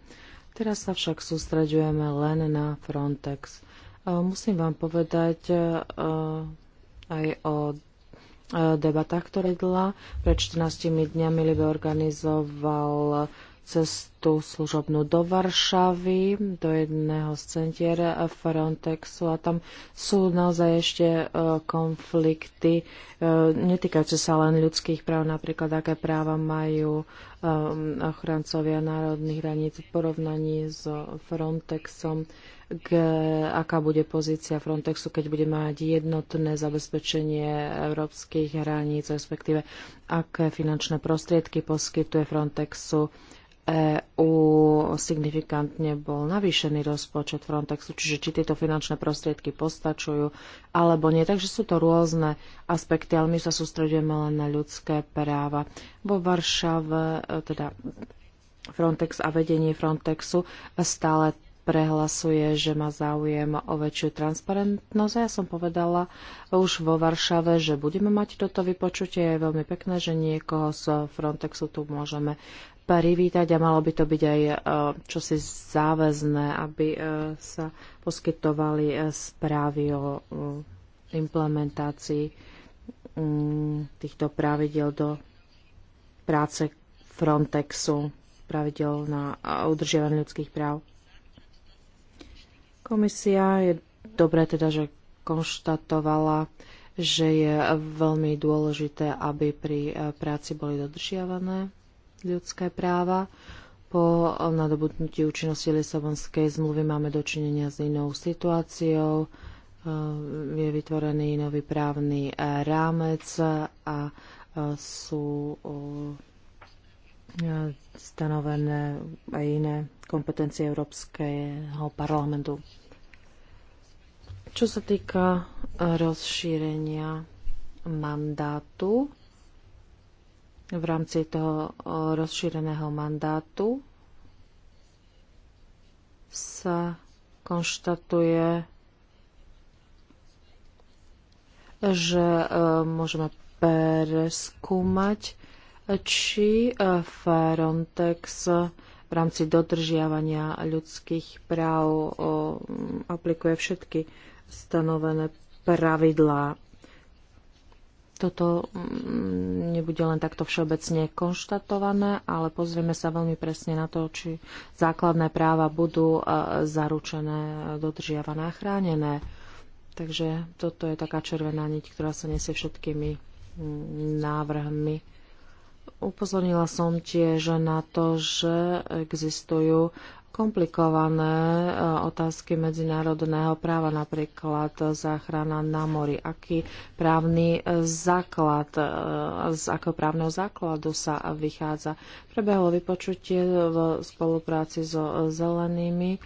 [SPEAKER 4] Teraz sa však sústreďujeme len na Frontex. Musím vám povedať e, aj o e, debatách, ktoré dla. Pred 14 dňami Libe organizoval cestu služobnú do Varšavy, do jedného z centier Frontexu a tam sú naozaj ešte e, konflikty, netýkajúce sa len ľudských práv, napríklad aké práva majú ochrancovia národných hraníc v porovnaní s Frontexom k, aká bude pozícia Frontexu, keď bude mať jednotné zabezpečenie európskych hraníc, respektíve aké finančné prostriedky poskytuje Frontexu EU signifikantne bol navýšený rozpočet Frontexu, čiže či tieto finančné prostriedky postačujú alebo nie. Takže sú to rôzne aspekty, ale my sa sústredujeme len na ľudské práva. Vo Varšave, e, teda Frontex a vedenie Frontexu stále prehlasuje, že má záujem o väčšiu transparentnosť. Ja som povedala už vo Varšave, že budeme mať toto vypočutie. Je veľmi pekné, že niekoho z Frontexu tu môžeme privítať a malo by to byť aj e, čosi záväzné, aby e, sa poskytovali e, správy o implementácii mm, týchto pravidel do práce Frontexu, pravidel na udržiavanie ľudských práv. Komisia je dobré teda, že konštatovala, že je veľmi dôležité, aby pri eh, práci boli dodržiavané ľudské práva. Po nadobudnutí účinnosti Lisabonskej zmluvy máme dočinenia s inou situáciou. Eh, je vytvorený nový právny eh, rámec a sú stanovené aj iné kompetencie Európskeho parlamentu. Čo sa týka rozšírenia mandátu, v rámci toho rozšíreného mandátu sa konštatuje, že e, môžeme preskúmať, či e, Frontex rámci dodržiavania ľudských práv aplikuje všetky stanovené pravidlá. Toto mm, nebude len takto všeobecne konštatované, ale pozrieme sa veľmi presne na to, či základné práva budú e, zaručené, dodržiavané a chránené. Takže toto je taká červená niť, ktorá sa nesie všetkými mm, návrhmi Upozornila som tiež na to, že existujú komplikované e, otázky medzinárodného práva, napríklad záchrana na mori. Aký právny e, základ, e, z akého právneho základu sa vychádza? Prebehlo vypočutie v spolupráci so zelenými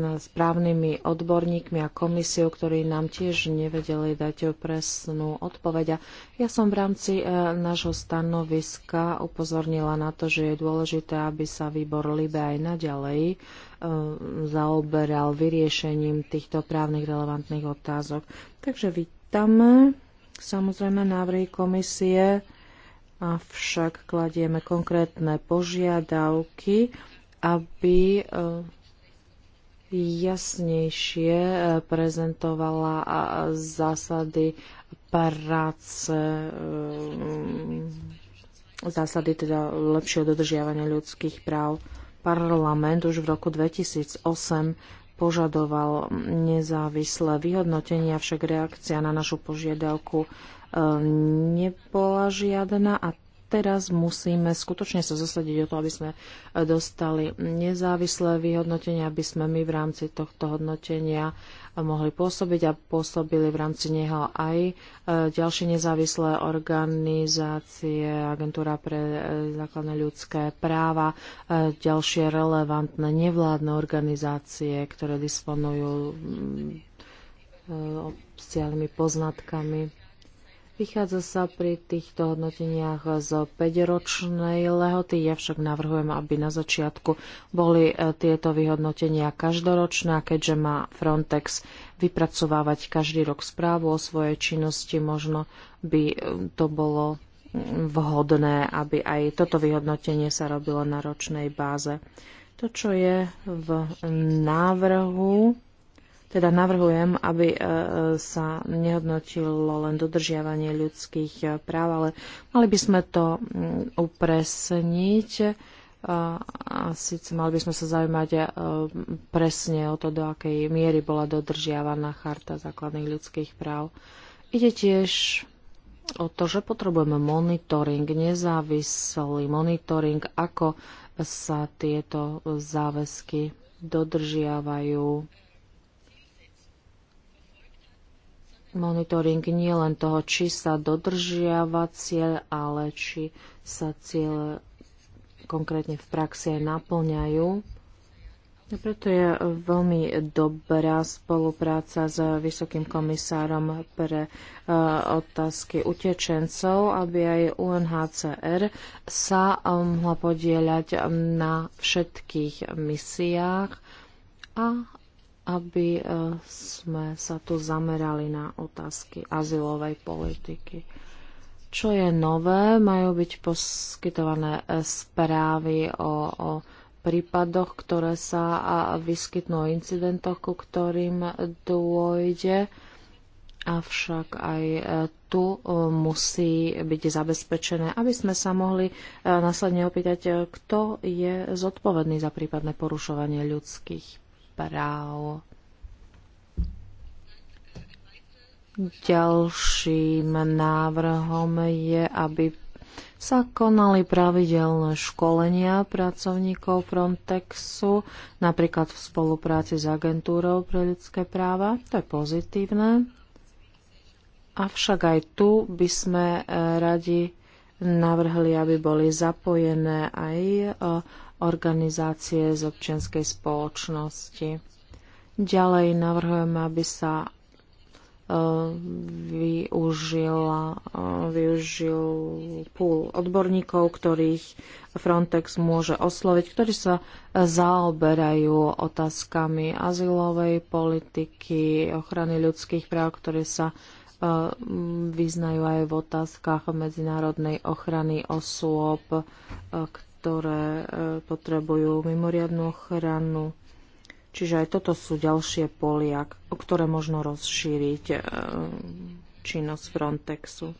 [SPEAKER 4] správnymi odborníkmi a komisiou, ktorí nám tiež nevedeli dať presnú odpoveď. A ja som v rámci e, nášho stanoviska upozornila na to, že je dôležité, aby sa výbor Libe aj naďalej e, zaoberal vyriešením týchto právnych relevantných otázok. Takže vítame samozrejme návrhy komisie, avšak kladieme konkrétne požiadavky, aby e, jasnejšie e, prezentovala zásady práce, e, zásady teda lepšieho dodržiavania ľudských práv. Parlament už v roku 2008 požadoval nezávislé vyhodnotenie, avšak reakcia na našu požiadavku e, nebola žiadna a teraz musíme skutočne sa zasadiť o to, aby sme e, dostali nezávislé vyhodnotenie, aby sme my v rámci tohto hodnotenia e, mohli pôsobiť a pôsobili v rámci neho aj e, ďalšie nezávislé organizácie, agentúra pre základné ľudské práva, ďalšie relevantné nevládne organizácie, ktoré disponujú obsiahlymi poznatkami. Vychádza sa pri týchto hodnoteniach z 5-ročnej lehoty. Ja však navrhujem, aby na začiatku boli e, tieto vyhodnotenia každoročné, keďže má Frontex vypracovávať každý rok správu o svojej činnosti, možno by e, to bolo mm, vhodné, aby aj toto vyhodnotenie sa robilo na ročnej báze. To, čo je v návrhu, teda navrhujem, aby e, sa nehodnotilo len dodržiavanie ľudských e, práv, ale mali by sme to mm, upresniť. E, a síce mali by sme sa zaujímať presne o to, do akej miery bola dodržiavaná charta základných ľudských práv. Ide tiež o to, že potrebujeme monitoring, nezávislý monitoring, ako sa tieto záväzky dodržiavajú. monitoring nie len toho, či sa dodržiava cieľ, ale či sa cieľ konkrétne v praxi aj naplňajú. Preto je veľmi dobrá spolupráca s Vysokým komisárom pre e, otázky utečencov, aby aj UNHCR sa e, mohla podieľať na všetkých misiách a aby e, sme sa tu zamerali na otázky azylovej politiky. Čo je nové? Majú byť poskytované e, správy o, o prípadoch, ktoré sa vyskytnú, o incidentoch, ku ktorým dôjde. Avšak aj e, tu musí byť zabezpečené, aby sme sa mohli následne opýtať, kto je zodpovedný za prípadné porušovanie ľudských správ. Ďalším návrhom je, aby sa konali pravidelné školenia pracovníkov Frontexu, napríklad v spolupráci s agentúrou pre ľudské práva. To je pozitívne. Avšak aj tu by sme eh, radi navrhli, aby boli zapojené aj eh, organizácie z občianskej spoločnosti. Ďalej navrhujem, aby sa e, využila, e, využil púl odborníkov, ktorých Frontex môže osloviť, ktorí sa zaoberajú otázkami azylovej politiky, ochrany ľudských práv, ktoré sa e, vyznajú aj v otázkach medzinárodnej ochrany osôb, ktoré e, potrebujú mimoriadnú ochranu. Čiže aj toto sú ďalšie polia, o ktoré možno rozšíriť e, činnosť Frontexu.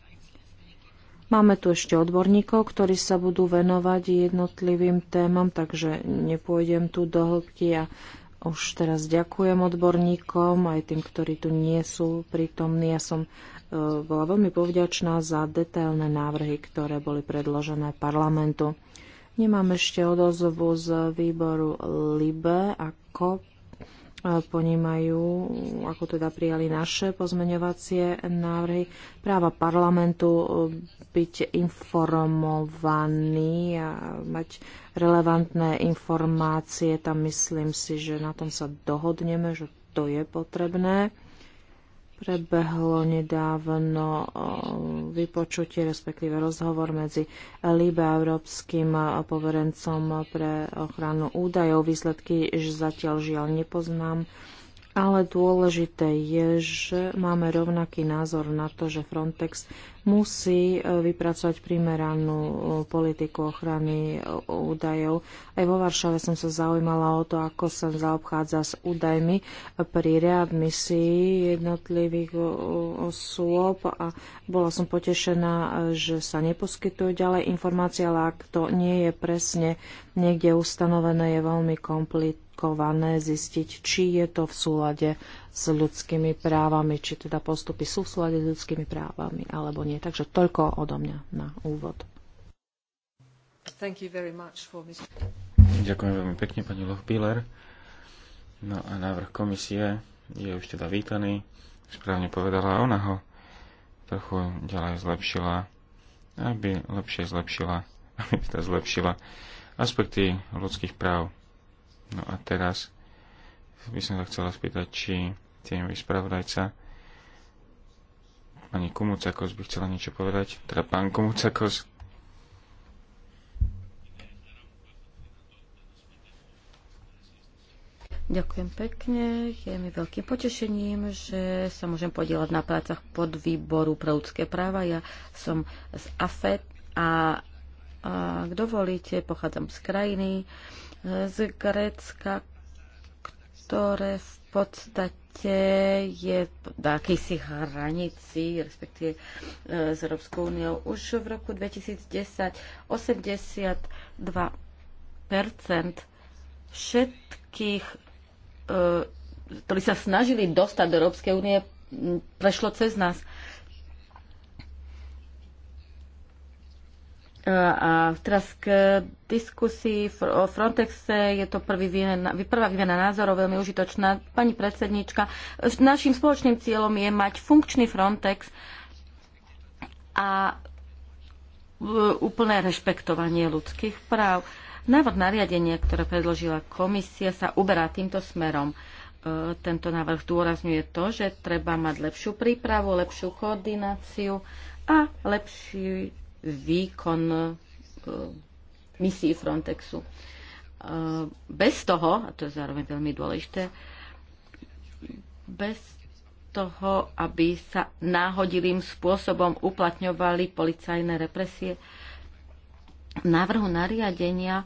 [SPEAKER 4] Máme tu ešte odborníkov, ktorí sa budú venovať jednotlivým témam, takže nepôjdem tu do hĺbky a už teraz ďakujem odborníkom, aj tým, ktorí tu nie sú prítomní. Ja som e, bola veľmi povďačná za detailné návrhy, ktoré boli predložené parlamentu. Nemám ešte odozvu z výboru LIBE, ako e, ponímajú, ako teda prijali naše pozmeňovacie návrhy, práva parlamentu e, byť informovaný a mať relevantné informácie. Tam myslím si, že na tom sa dohodneme, že to je potrebné prebehlo nedávno vypočutie, respektíve rozhovor medzi LIBE a Európskym poverencom pre ochranu údajov. Výsledky zatiaľ žiaľ nepoznám. Ale dôležité je, že máme rovnaký názor na to, že Frontex musí e, vypracovať primeranú e, politiku ochrany e, údajov. Aj vo Varšave som sa zaujímala o to, ako sa zaobchádza s údajmi pri readmisii jednotlivých osôb a bola som potešená, že sa neposkytujú ďalej informácie, ale ak to nie je presne niekde ustanovené, je veľmi komplit, komplikované zistiť, či je to v súlade s ľudskými právami, či teda postupy sú v súlade s ľudskými právami alebo nie. Takže toľko odo mňa na úvod.
[SPEAKER 1] For...
[SPEAKER 3] Ďakujem veľmi pekne, pani Lochbiller. No a návrh komisie je už teda vítaný. Správne povedala ona ho. Trochu ďalej zlepšila, aby lepšie zlepšila, aby teda zlepšila aspekty ľudských práv No a teraz by som sa chcela spýtať, či tieňový spravodajca pani Kumucakos by chcela niečo povedať. Teda pán Kumucakos.
[SPEAKER 2] Ďakujem pekne. Je mi veľkým potešením, že sa môžem podielať na prácach pod výboru pre ľudské práva. Ja som z AFET a, a ak dovolíte, pochádzam z krajiny, z Grécka, ktoré v podstate je na akýsi hranici, respektíve e, s Európskou úniou. Už v roku 2010 82 všetkých, e, ktorí sa snažili dostať do Európskej únie, prešlo cez nás. A teraz k diskusii o Frontexe je to prvý výmena, prvá výmena názorov veľmi užitočná. Pani predsednička, našim spoločným cieľom je mať funkčný Frontex a e, úplné rešpektovanie ľudských práv. Návrh nariadenia, ktoré predložila komisia, sa uberá týmto smerom e, tento návrh dôrazňuje to, že treba mať lepšiu prípravu, lepšiu koordináciu a lepšiu výkon e, misií Frontexu. E, bez toho, a to je zároveň veľmi dôležité, bez toho, aby sa náhodilým spôsobom uplatňovali policajné represie. V návrhu nariadenia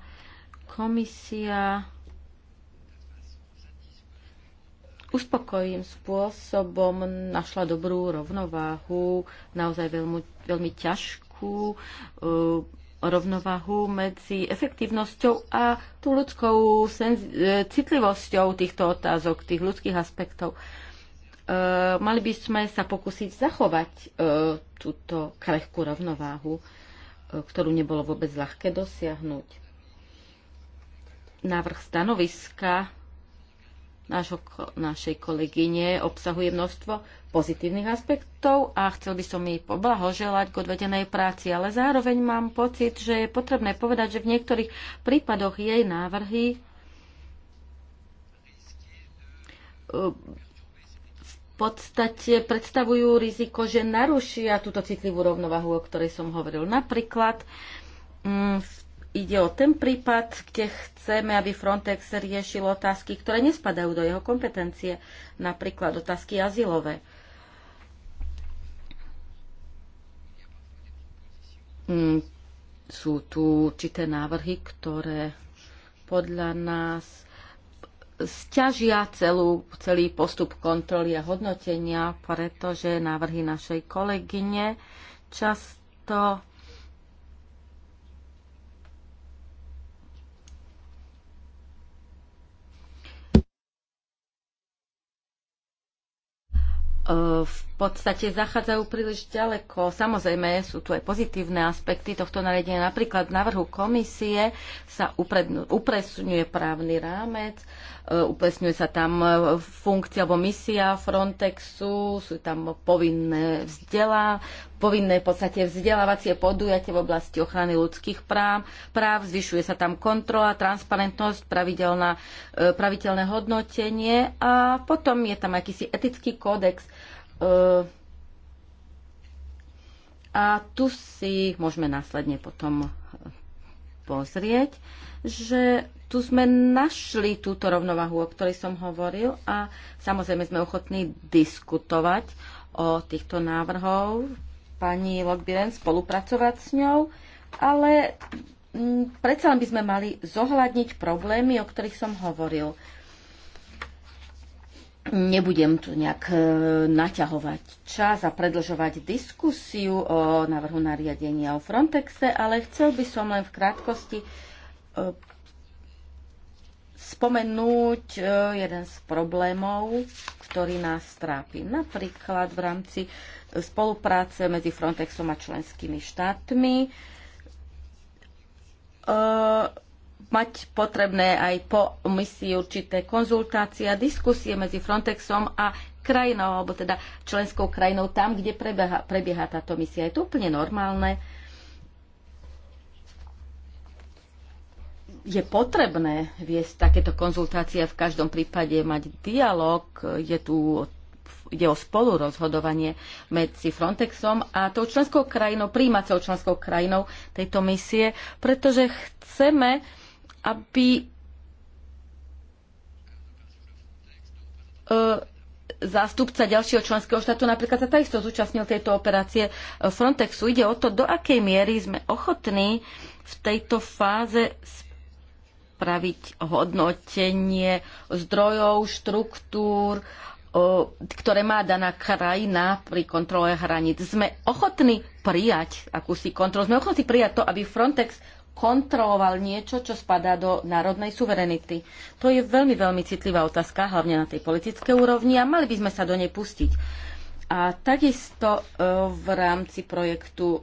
[SPEAKER 2] komisia uspokojím spôsobom našla dobrú rovnováhu, naozaj veľmi, veľmi ťažkú nejakú eh, rovnovahu medzi efektívnosťou a tú ľudskou eh, citlivosťou týchto otázok, tých ľudských aspektov. E, mali by sme sa pokúsiť zachovať e, túto krehkú rovnováhu, e, ktorú nebolo vôbec ľahké dosiahnuť. Návrh stanoviska nášho, našej kolegyne obsahuje množstvo pozitívnych aspektov a chcel by som jej poblahoželať k odvedenej práci, ale zároveň mám pocit, že je potrebné povedať, že v niektorých prípadoch jej návrhy eh, v podstate predstavujú riziko, že narušia túto citlivú rovnovahu, o ktorej som hovoril. Napríklad mm, v ide o ten prípad, kde chceme, aby Frontex riešil otázky, ktoré nespadajú do jeho kompetencie, napríklad otázky azylové. Mm, sú tu určité návrhy, ktoré podľa nás stiažia celú, celý postup kontroly a hodnotenia, pretože návrhy našej kolegyne často E, v podstate zachádzajú príliš ďaleko. Samozrejme, sú tu aj pozitívne aspekty tohto nariadenia. Napríklad v návrhu komisie sa upresňuje právny rámec, E, upresňuje sa tam e, funkcia alebo misia Frontexu, sú tam povinné vzdelá, povinné v podstate vzdelávacie podujatie v oblasti ochrany ľudských práv, práv zvyšuje sa tam kontrola, transparentnosť, pravidelná, e, pravidelné hodnotenie a potom je tam akýsi etický kódex, a tu si môžeme následne potom pozrieť, že tu sme našli túto rovnovahu, o ktorej som hovoril a samozrejme sme ochotní diskutovať o týchto návrhov pani Lokbiren, spolupracovať s ňou, ale m, mm, predsa len by sme mali zohľadniť problémy, o ktorých som hovoril. Nebudem tu nejak e, naťahovať čas a predlžovať diskusiu o návrhu nariadenia o Frontexe, ale chcel by som len v krátkosti e, spomenúť e, jeden z problémov, ktorý nás trápi. Napríklad v rámci spolupráce medzi Frontexom a členskými štátmi e, mať potrebné aj po misii určité konzultácie a diskusie medzi Frontexom a krajinou, alebo teda členskou krajinou tam, kde prebieha, prebieha táto misia. Je to úplne normálne, je potrebné viesť takéto konzultácie v každom prípade mať dialog. Je tu ide o spolurozhodovanie medzi Frontexom a tou členskou krajinou, príjímacou členskou krajinou tejto misie, pretože chceme, aby e, zástupca ďalšieho členského štátu napríklad sa takisto zúčastnil tejto operácie e, Frontexu. Ide o to, do akej miery sme ochotní v tejto fáze spraviť hodnotenie zdrojov, štruktúr, ktoré má daná krajina pri kontrole hraníc. Sme ochotní prijať akúsi kontrolu, sme ochotní prijať to, aby Frontex kontroloval niečo, čo spadá do národnej suverenity. To je veľmi, veľmi citlivá otázka, hlavne na tej politickej úrovni a mali by sme sa do nej pustiť. A takisto e, v rámci projektu e,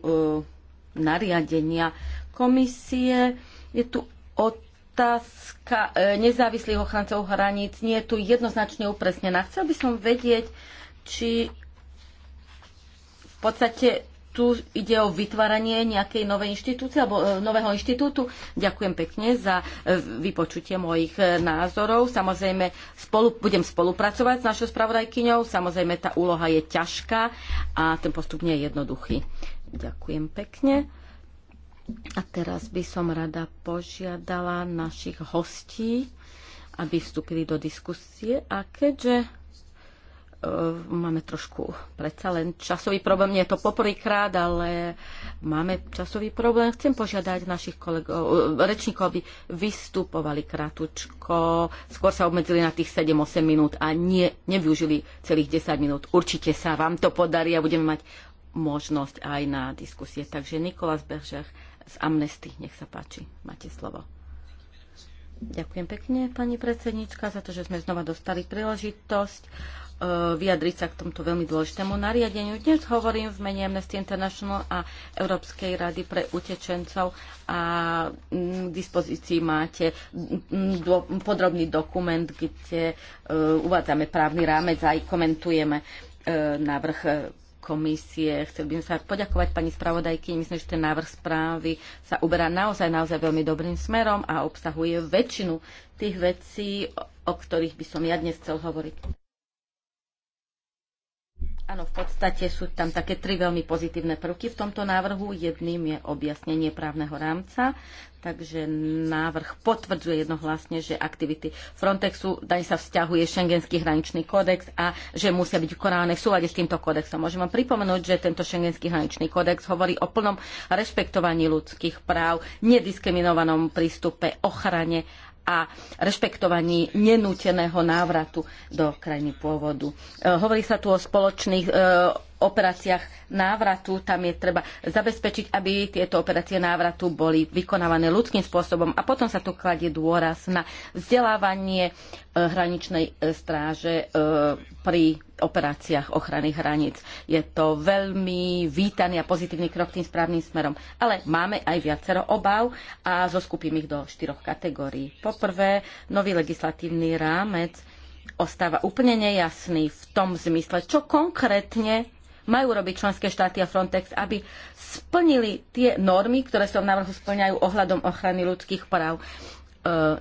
[SPEAKER 2] nariadenia komisie je tu otázka, otázka e, nezávislých ochrancov hraníc nie je tu jednoznačne upresnená. Chcel by som vedieť, či v podstate tu ide o vytváranie nejakej novej inštitúcie alebo e, nového inštitútu. Ďakujem pekne za e, vypočutie mojich názorov. Samozrejme, spolu, budem spolupracovať s našou spravodajkyňou. Samozrejme, tá úloha je ťažká a ten postup nie je jednoduchý. Ďakujem pekne. A teraz by som rada požiadala našich hostí, aby vstúpili do diskusie. A keďže e, máme trošku predsa len časový problém, nie je to poprvýkrát, ale máme časový problém, chcem požiadať našich kolegov, e, rečníkov, aby vystupovali kratučko, skôr sa obmedzili na tých 7-8 minút a nie, nevyužili celých 10 minút. Určite sa vám to podarí a budeme mať možnosť aj na diskusie. Takže Nikolás Beržach, z Amnesty. Nech sa páči, máte slovo. Ďakujem pekne, pani predsednička, za to, že sme znova dostali príležitosť e, vyjadriť sa k tomto veľmi dôležitému nariadeniu. Dnes hovorím v mene Amnesty International a Európskej rady pre utečencov a k dispozícii máte podrobný dokument, kde e, uvádzame právny rámec a aj komentujeme e, návrh komisie. Chcel by som sa poďakovať pani spravodajky. Myslím, že ten návrh správy sa uberá naozaj, naozaj veľmi dobrým smerom a obsahuje väčšinu tých vecí, o ktorých by som ja dnes chcel hovoriť. Áno, v podstate sú tam také tri veľmi pozitívne prvky v tomto návrhu. Jedným je objasnenie právneho rámca, takže návrh potvrdzuje jednohlasne, že aktivity Frontexu daň sa vzťahuje šengenský hraničný kódex a že musia byť konáne v súlade s týmto kódexom. Môžem vám pripomenúť, že tento šengenský hraničný kódex hovorí o plnom rešpektovaní ľudských práv, nediskriminovanom prístupe, ochrane a rešpektovaní nenúteného návratu do krajiny pôvodu. E, hovorí sa tu o spoločných e, operáciách návratu. Tam je treba zabezpečiť, aby tieto operácie návratu boli vykonávané ľudským spôsobom. A potom sa tu kladie dôraz na vzdelávanie e, hraničnej e, stráže e, pri operáciách ochrany hraníc. Je to veľmi vítaný a pozitívny krok tým správnym smerom. Ale máme aj viacero obav a zoskupím ich do štyroch kategórií. Poprvé, nový legislatívny rámec ostáva úplne nejasný v tom zmysle, čo konkrétne majú robiť členské štáty a Frontex, aby splnili tie normy, ktoré sa v návrhu splňajú ohľadom ochrany ľudských práv. E,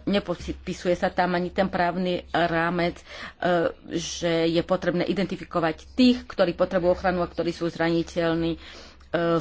[SPEAKER 2] nepodpisuje sa tam ani ten právny rámec, e, že je potrebné identifikovať tých, ktorí potrebujú ochranu a ktorí sú zraniteľní. E,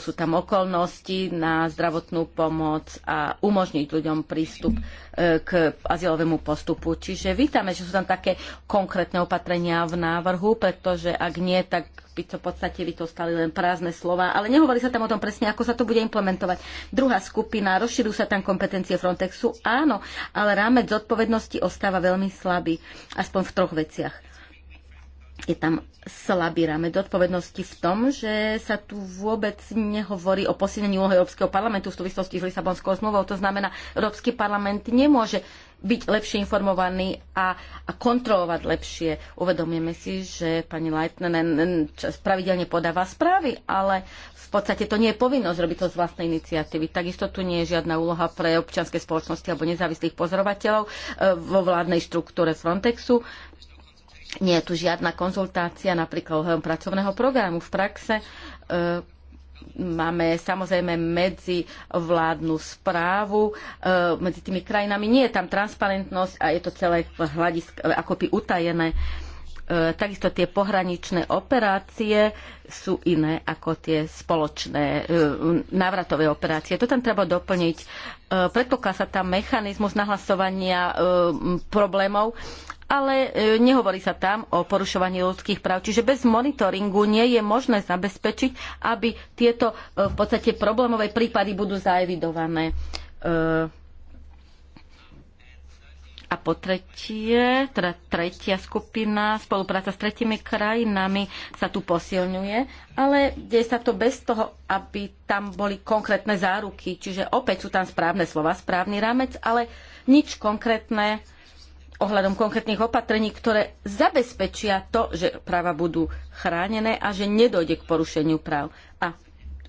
[SPEAKER 2] sú tam okolnosti na zdravotnú pomoc a umožniť ľuďom prístup k azylovému postupu. Čiže vítame, že sú tam také konkrétne opatrenia v návrhu, pretože ak nie, tak by to v podstate by to stali len prázdne slova, ale nehovorí sa tam o tom presne, ako sa to bude implementovať. Druhá skupina, rozširujú sa tam kompetencie Frontexu, áno, ale rámec zodpovednosti ostáva veľmi slabý, aspoň v troch veciach. Je tam slabý rámec odpovednosti v tom, že sa tu vôbec nehovorí o posilnení úlohy Európskeho parlamentu v súvislosti s Lisabonskou zmluvou. To znamená, Európsky parlament nemôže byť lepšie informovaní a, a kontrolovať lepšie. Uvedomujeme si, že pani Leitner pravidelne podáva správy, ale v podstate to nie je povinnosť robiť to z vlastnej iniciatívy. Takisto tu nie je žiadna úloha pre občianske spoločnosti alebo nezávislých pozorovateľov e, vo vládnej štruktúre Frontexu. Nie je tu žiadna konzultácia napríklad ohľadom pracovného programu v praxe e, Máme samozrejme medzivládnu správu e, medzi tými krajinami. Nie je tam transparentnosť a je to celé v hľadisk, akoby utajené. E, takisto tie pohraničné operácie sú iné ako tie spoločné e, návratové operácie. To tam treba doplniť. Predpokladá sa tam mechanizmus nahlasovania problémov ale e, nehovorí sa tam o porušovaní ľudských práv. Čiže bez monitoringu nie je možné zabezpečiť, aby tieto e, v podstate problémové prípady budú zaevidované. E, a po tretie, teda tretia skupina, spolupráca s tretimi krajinami sa tu posilňuje, ale deje sa to bez toho, aby tam boli konkrétne záruky. Čiže opäť sú tam správne slova, správny rámec, ale nič konkrétne ohľadom konkrétnych opatrení, ktoré zabezpečia to, že práva budú chránené a že nedojde k porušeniu práv. A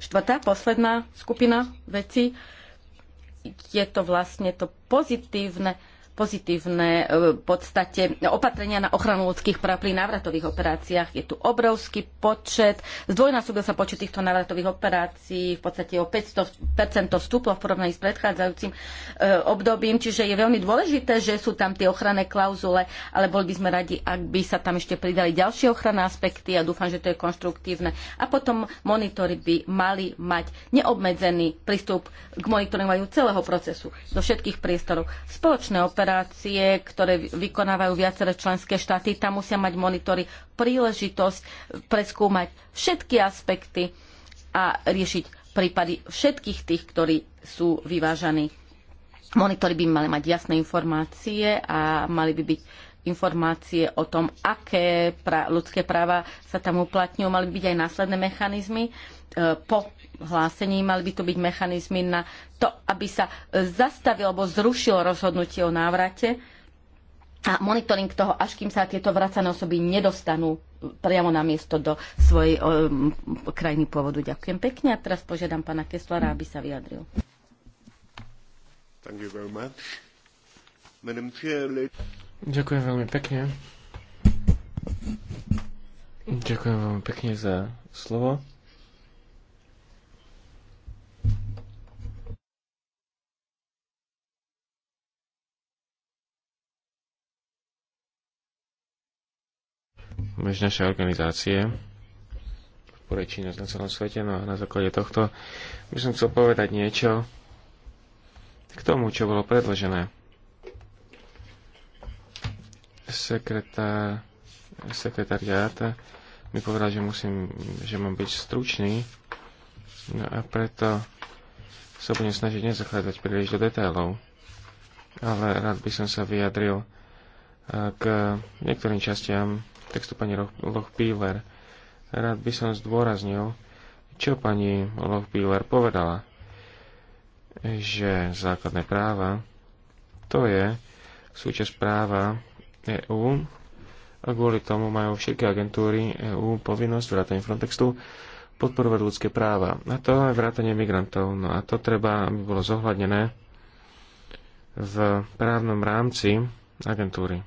[SPEAKER 2] štvrtá, posledná skupina vecí je to vlastne to pozitívne pozitívne e, v podstate opatrenia na ochranu ľudských práv pri návratových operáciách. Je tu obrovský počet, zdvojnásobil sa počet týchto návratových operácií, v podstate o 500% vstúplo v porovnaní s predchádzajúcim e, obdobím, čiže je veľmi dôležité, že sú tam tie ochranné klauzule, ale boli by sme radi, ak by sa tam ešte pridali ďalšie ochranné aspekty a dúfam, že to je konštruktívne. A potom monitory by mali mať neobmedzený prístup k monitorovaniu celého procesu do všetkých priestorov. Spoločné operácie operácie, ktoré vykonávajú viaceré členské štáty, tam musia mať monitory príležitosť preskúmať všetky aspekty a riešiť prípady všetkých tých, ktorí sú vyvážaní. Monitory by mali mať jasné informácie a mali by byť informácie o tom, aké pra- ľudské práva sa tam uplatňujú, mali by byť aj následné mechanizmy e, po hlásení, mali by tu byť mechanizmy na to, aby sa e, zastavil alebo zrušilo rozhodnutie o návrate a monitoring toho, až kým sa tieto vracané osoby nedostanú e, priamo na miesto do svojej um, krajiny pôvodu. Ďakujem pekne a teraz požiadam pána Kesslera, aby sa vyjadril.
[SPEAKER 3] Ďakujem veľmi pekne. Ďakujem veľmi pekne za slovo. naše organizácie podporuje činnosť na celom svete, no a na základe tohto by som chcel povedať niečo k tomu, čo bolo predložené. Sekretár, sekretariát mi povedal, že musím, že mám byť stručný, no a preto sa budem snažiť nezachádzať príliš do detailov, ale rád by som sa vyjadril eh, k niektorým častiam textu pani Lochbíler. Rád by som zdôraznil, čo pani Lochbíler povedala, že základné práva to je súčasť práva EÚ a kvôli tomu majú všetky agentúry EÚ povinnosť vrátane Frontextu podporovať ľudské práva. A to aj vrátanie migrantov. No a to treba, aby bolo zohľadnené v právnom rámci agentúry.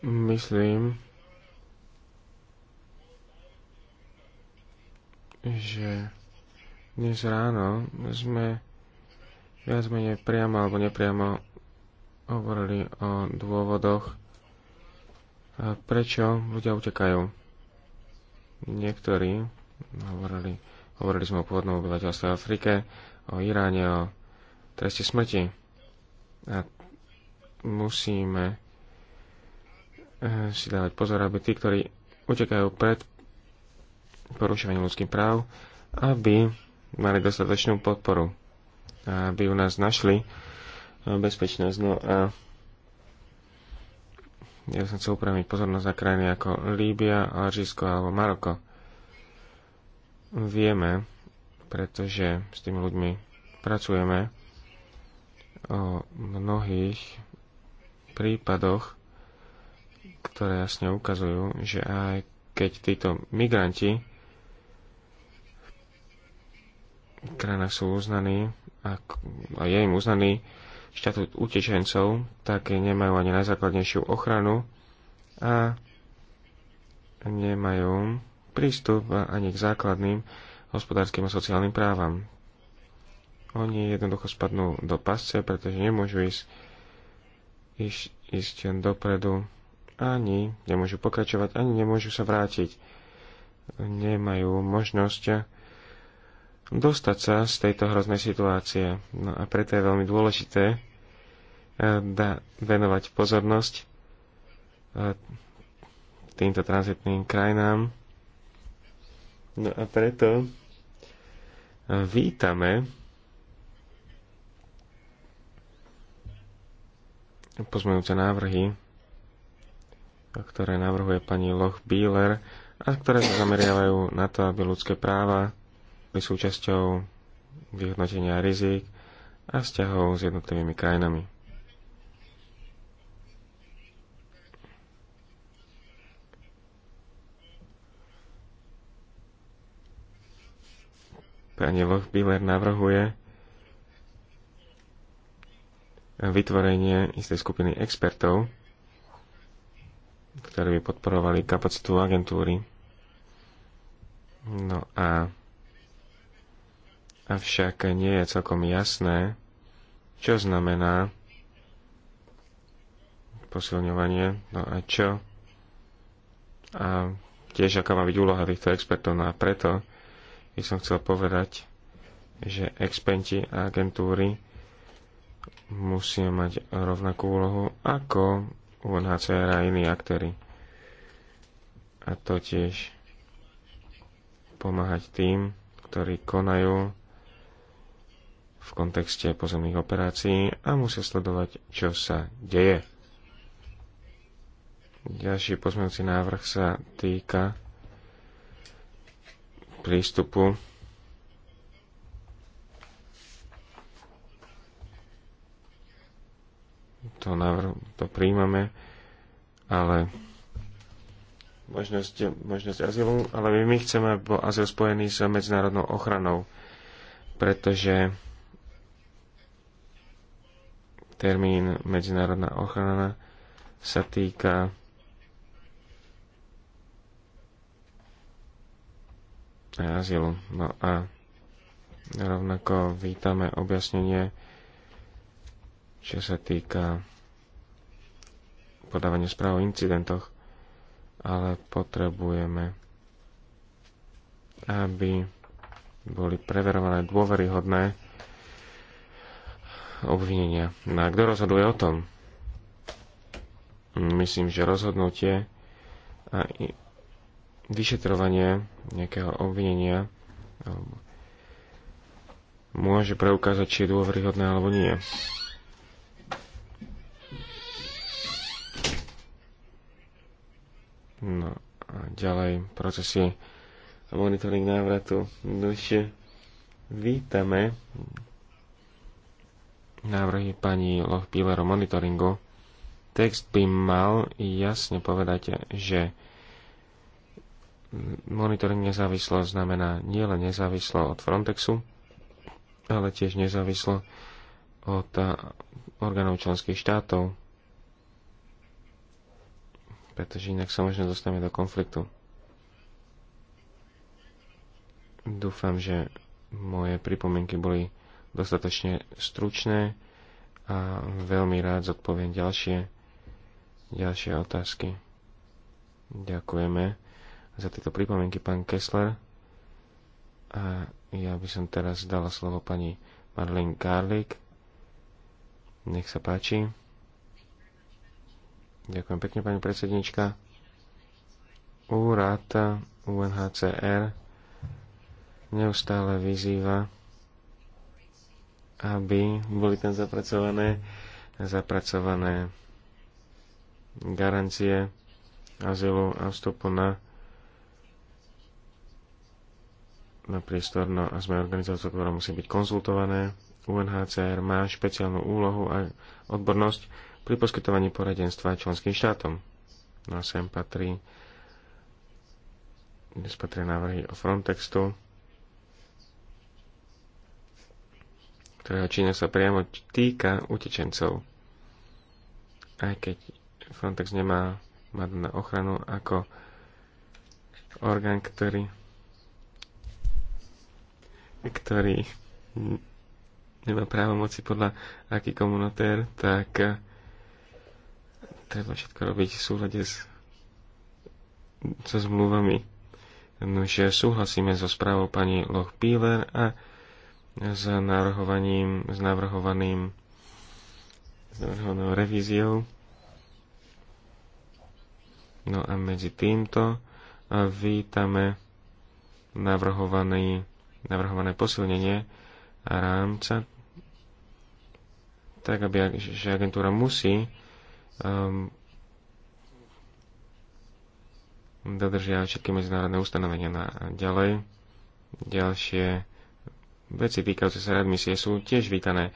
[SPEAKER 3] Myslím, že dnes ráno sme viac menej priamo alebo nepriamo hovorili o dôvodoch, prečo ľudia utekajú. Niektorí hovorili, hovorili sme o pôvodnom obyvateľstve v Afrike, o Iráne, o treste smrti. A musíme Eh, si dávať pozor, aby tí, ktorí utekajú pred porušovaním ľudských práv, aby mali dostatočnú podporu, aby u nás našli eh, bezpečnosť. No a ja som chcel upraviť pozornosť na krajiny ako Líbia, Alžísko alebo Maroko. Vieme, pretože s tými ľuďmi pracujeme o mnohých prípadoch, ktoré jasne ukazujú, že aj keď títo migranti v krajinách sú uznaní a je im uznaný štatút utečencov, tak nemajú ani najzákladnejšiu ochranu a nemajú prístup ani k základným hospodárskym a sociálnym právam. Oni jednoducho spadnú do pasce, pretože nemôžu ísť, ísť, ísť dopredu ani nemôžu pokračovať, ani nemôžu sa vrátiť. Nemajú možnosť dostať sa z tejto hroznej situácie. No a preto je veľmi dôležité eh, da, venovať pozornosť eh, týmto tranzitným krajinám. No a preto eh, vítame pozmeňujúce návrhy ktoré navrhuje pani Loch Bieler a ktoré sa zameriavajú na to, aby ľudské práva boli súčasťou vyhodnotenia rizik a vzťahov s jednotlivými krajinami. Pani Bieler navrhuje vytvorenie istej skupiny expertov, ktoré by podporovali kapacitu agentúry. No a avšak nie je celkom jasné, čo znamená posilňovanie, no a čo a tiež aká má byť úloha týchto expertov. No a preto by som chcel povedať, že experti a agentúry musia mať rovnakú úlohu ako UNHCR a iní aktéry. A to tiež pomáhať tým, ktorí konajú v kontexte pozemných operácií a musia sledovať, čo sa deje. Ďalší pozmeňujúci návrh sa týka prístupu to navrhu, to príjmame, ale možnosť, možnosť azylu, ale my chceme, aby bol azyl spojený s medzinárodnou ochranou, pretože termín medzinárodná ochrana sa týka azylu. No a rovnako vítame objasnenie čo sa týka podávania správ o incidentoch, ale potrebujeme, aby boli preverované dôveryhodné obvinenia. No a kto rozhoduje o tom? Myslím, že rozhodnutie a vyšetrovanie nejakého obvinenia môže preukázať, či je dôveryhodné alebo nie. No a ďalej procesy a monitoring návratu. Nož vítame návrhy pani Lochbíler o monitoringu. Text by mal jasne povedať, že monitoring nezávislo znamená nielen nezávislo od Frontexu, ale tiež nezávislo od eh, orgánov členských štátov pretože inak sa možno dostaneme do konfliktu. Dúfam, že moje pripomienky boli dostatočne stručné a veľmi rád zodpoviem ďalšie, ďalšie otázky. Ďakujeme za tieto pripomienky, pán Kessler. A ja by som teraz dala slovo pani Marlene Garlick. Nech sa páči. Ďakujem pekne, pani predsednička. Úrad UNHCR neustále vyzýva, aby boli tam zapracované, zapracované garancie azylu a vstupu na, na priestor. No a sme organizáciou, ktorá musí byť konzultované. UNHCR má špeciálnu úlohu a odbornosť pri poskytovaní poradenstva členským štátom. No a sem patrí dnes patrí návrhy o Frontextu, ktorého Čína sa priamo týka utečencov. Aj keď Frontex nemá mať na ochranu ako orgán, ktorý ktorý nemá moci podľa aký komunotér, tak treba všetko robiť v súlade s, so zmluvami. Nože súhlasíme so správou pani Loch Píler a s navrhovaním, s navrhovaným s navrhovanou revíziou. No a medzi týmto vítame navrhovaný, navrhované posilnenie rámca, tak aby že agentúra musí um, dodržia všetky medzinárodné ustanovenia na ďalej. Ďalšie veci týkajúce sa readmisie sú tiež vítané,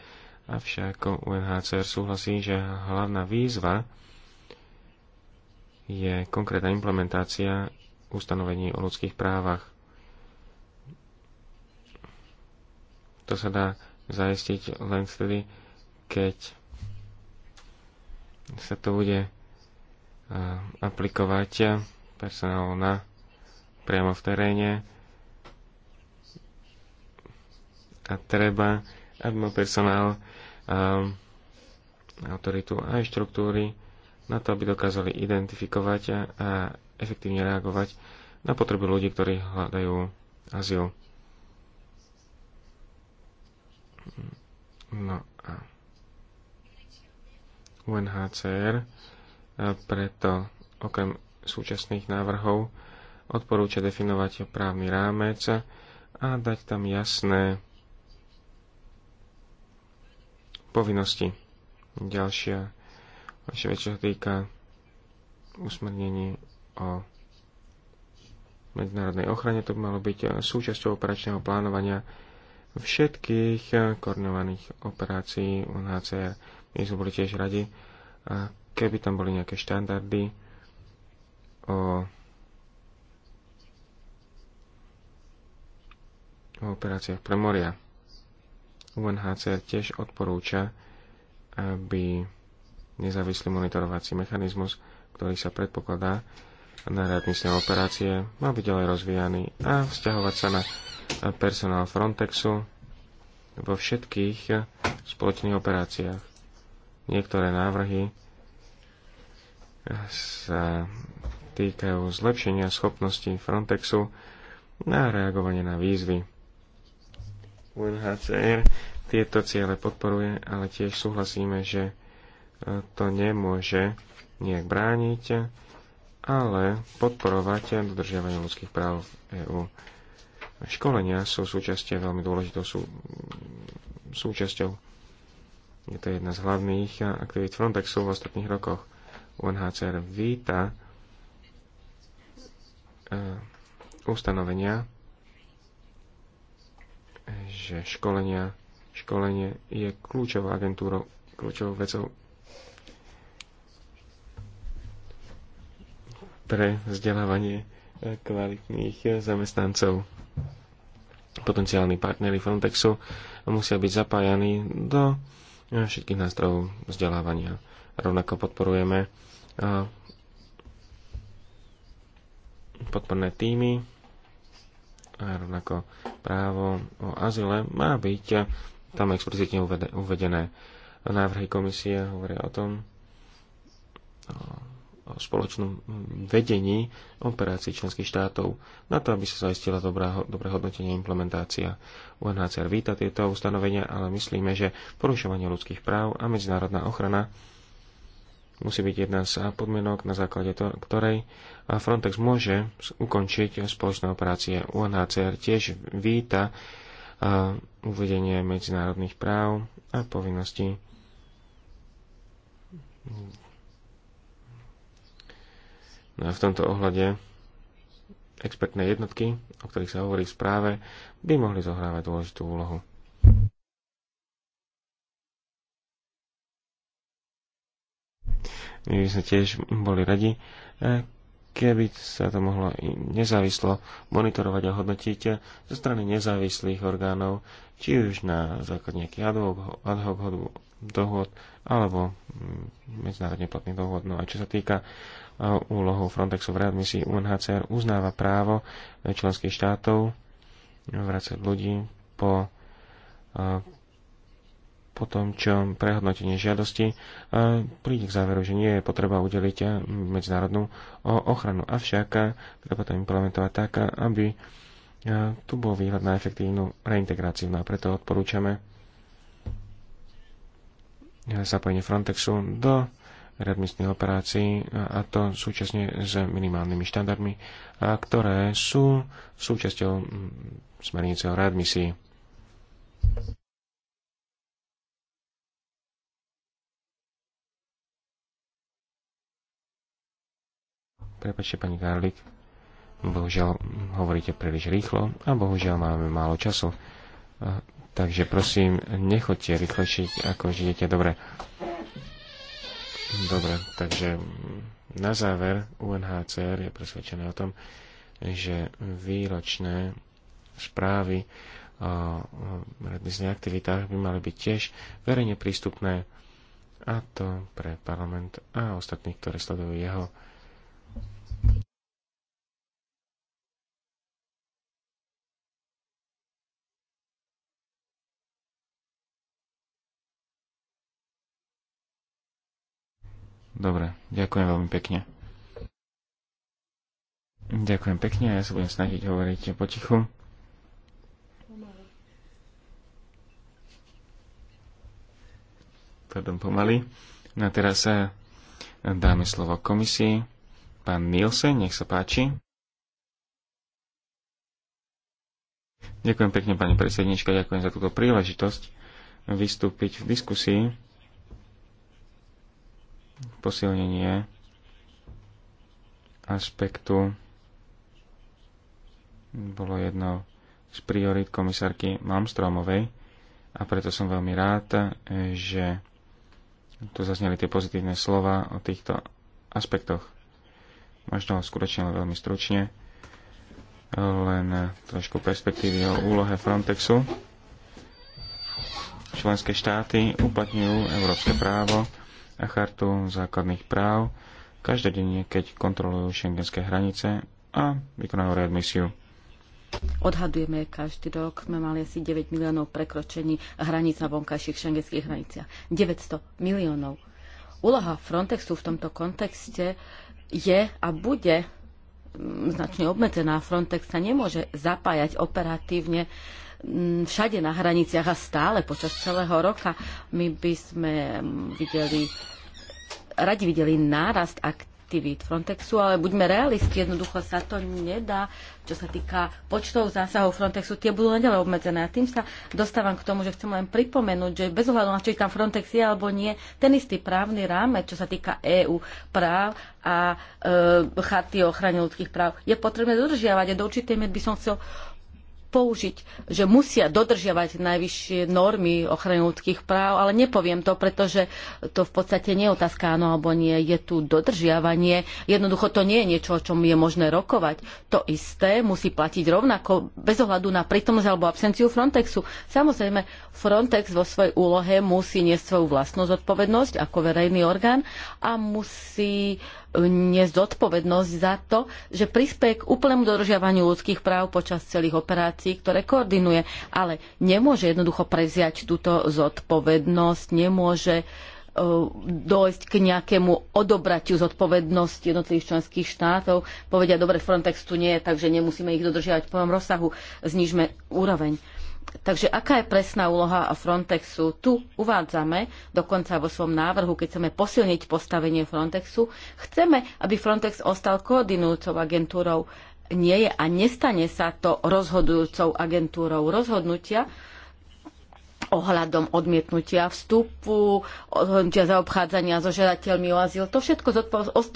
[SPEAKER 3] avšak UNHCR súhlasí, že hlavná výzva je konkrétna implementácia ustanovení o ľudských právach. To sa dá zaistiť len vtedy, keď sa to bude e, aplikovať e, personál na priamo v teréne a treba, aby mal personál um, autoritu aj štruktúry na to, aby dokázali identifikovať a, a efektívne reagovať na potreby ľudí, ktorí hľadajú azyl. No a UNHCR, preto okrem súčasných návrhov odporúča definovať právny rámec a dať tam jasné povinnosti. Ďalšia, ďalšia vec, čo sa týka usmernení o medzinárodnej ochrane, to by malo byť súčasťou operačného plánovania všetkých koordinovaných operácií UNHCR my sme boli tiež radi, a keby tam boli nejaké štandardy o, o operáciách pre moria. UNHCR tiež odporúča, aby nezávislý monitorovací mechanizmus, ktorý sa predpokladá na readmisné operácie, mal byť ďalej rozvíjaný a vzťahovať sa na personál Frontexu vo všetkých spoločných operáciách Niektoré návrhy sa týkajú zlepšenia schopností Frontexu na reagovanie na výzvy. UNHCR tieto ciele podporuje, ale tiež súhlasíme, že to nemôže nejak brániť, ale podporovať dodržiavanie ľudských práv v EÚ. Školenia sú súčasťou veľmi dôležitou sú, súčasťou je to jedna z hlavných aktivít Frontexu v ostatných rokoch. UNHCR víta e, ustanovenia, že školenia, školenie je kľúčovou agentúrou, kľúčovou vecou pre vzdelávanie e, kvalitných e, zamestnancov. Potenciálni partnery Frontexu musia byť zapájani do všetkých nástrojov vzdelávania. Rovnako podporujeme podporné týmy a rovnako právo o azyle má byť tam explicitne uvedené. Návrhy komisie hovoria o tom, o spoločnom vedení operácií členských štátov na to, aby sa zaistila dobrá, dobré hodnotenie implementácia. UNHCR víta tieto ustanovenia, ale myslíme, že porušovanie ľudských práv a medzinárodná ochrana musí byť jedna z podmienok, na základe to, ktorej Frontex môže ukončiť spoločné operácie. UNHCR tiež víta uvedenie medzinárodných práv a povinností No a v tomto ohľade expertné jednotky, o ktorých sa hovorí v správe, by mohli zohrávať dôležitú úlohu. My by sme tiež boli radi, e, keby sa to mohlo nezávislo monitorovať a hodnotiť e, zo strany nezávislých orgánov, či už na základ nejakých ad hoc, ad hoc dohod alebo mm, medzinárodne platných dohod. No a čo sa týka úlohou Frontexu v readmisii UNHCR uznáva právo členských štátov vrácať ľudí po, po tom, čo prehodnotenie žiadosti príde k záveru, že nie je potreba udeliť medzinárodnú ochranu. Avšak treba to implementovať tak, aby tu bol výhľad na efektívnu reintegráciu. No a preto odporúčame zapojenie Frontexu do readmisných operácií a to súčasne s minimálnymi štandardmi, a ktoré sú súčasťou smernice o readmisii. Prepačte, pani Karlik, bohužiaľ hovoríte príliš rýchlo a bohužiaľ máme málo času. Takže prosím, nechoďte rýchlejšie, ako žijete dobre. Dobre, takže na záver UNHCR je presvedčené o tom, že výročné správy o rednizných aktivitách by mali byť tiež verejne prístupné a to pre parlament a ostatných, ktoré sledujú jeho Dobre, ďakujem veľmi pekne. Ďakujem pekne, ja sa budem snažiť hovoriť potichu. Pardon, pomaly. No a teraz sa dáme slovo komisii. Pán Nielsen, nech sa páči. Ďakujem pekne, pani predsednička, ďakujem za túto príležitosť vystúpiť v diskusii posilnenie aspektu bolo jedno z priorit komisárky Malmstromovej a preto som veľmi rád, že tu zazneli tie pozitívne slova o týchto aspektoch. Možno skutočne len veľmi stručne, len trošku perspektívy o úlohe Frontexu. Členské štáty uplatňujú európske právo a chartu základných práv každodenne, keď kontrolujú šengenské hranice a vykonávajú readmisiu.
[SPEAKER 2] Odhadujeme, každý rok sme mali asi 9 miliónov prekročení hraníc na vonkajších šengenských hraniciach. 900 miliónov. Úloha Frontexu v tomto kontexte je a bude mm, značne obmedzená. Frontex sa nemôže zapájať operatívne uh, všade na hraniciach a stále počas celého roka. My by sme videli, radi videli nárast aktivít Frontexu, ale buďme realisti, jednoducho sa to nedá. Čo sa týka počtov zásahov Frontexu, tie budú nedele obmedzené. A tým sa dostávam k tomu, že chcem len pripomenúť, že bez ohľadu na či tam Frontex je alebo nie, ten istý právny rámec, čo sa týka EÚ práv a e, charty o ochrane ľudských práv, je potrebné dodržiavať. A do určitej miery by som chcel použiť, že musia dodržiavať najvyššie normy ochrany ľudských práv, ale nepoviem to, pretože to v podstate nie je otázka áno alebo nie, je tu dodržiavanie. Jednoducho to nie je niečo, o čom je možné rokovať. To isté musí platiť rovnako bez ohľadu na prítomnosť alebo absenciu Frontexu. Samozrejme, Frontex vo svojej úlohe musí niesť svoju vlastnú zodpovednosť ako verejný orgán a musí uh, zodpovednosť za to, že prispieje k úplnému dodržiavaniu ľudských práv počas celých operácií, ktoré koordinuje, ale nemôže jednoducho preziať túto zodpovednosť, nemôže e, dojsť k nejakému odobratiu zodpovednosti jednotlivých členských štátov. Povedia, dobre, Frontex tu nie je, takže nemusíme ich dodržiavať v plnom rozsahu, znižme úroveň. Takže aká je presná úloha Frontexu? Tu uvádzame, dokonca vo svojom návrhu, keď chceme posilniť postavenie Frontexu, chceme, aby Frontex ostal koordinujúcou agentúrou. Nie je a nestane sa to rozhodujúcou agentúrou rozhodnutia ohľadom odmietnutia vstupu, odhodnutia zaobchádzania so žiadateľmi o azyl. To všetko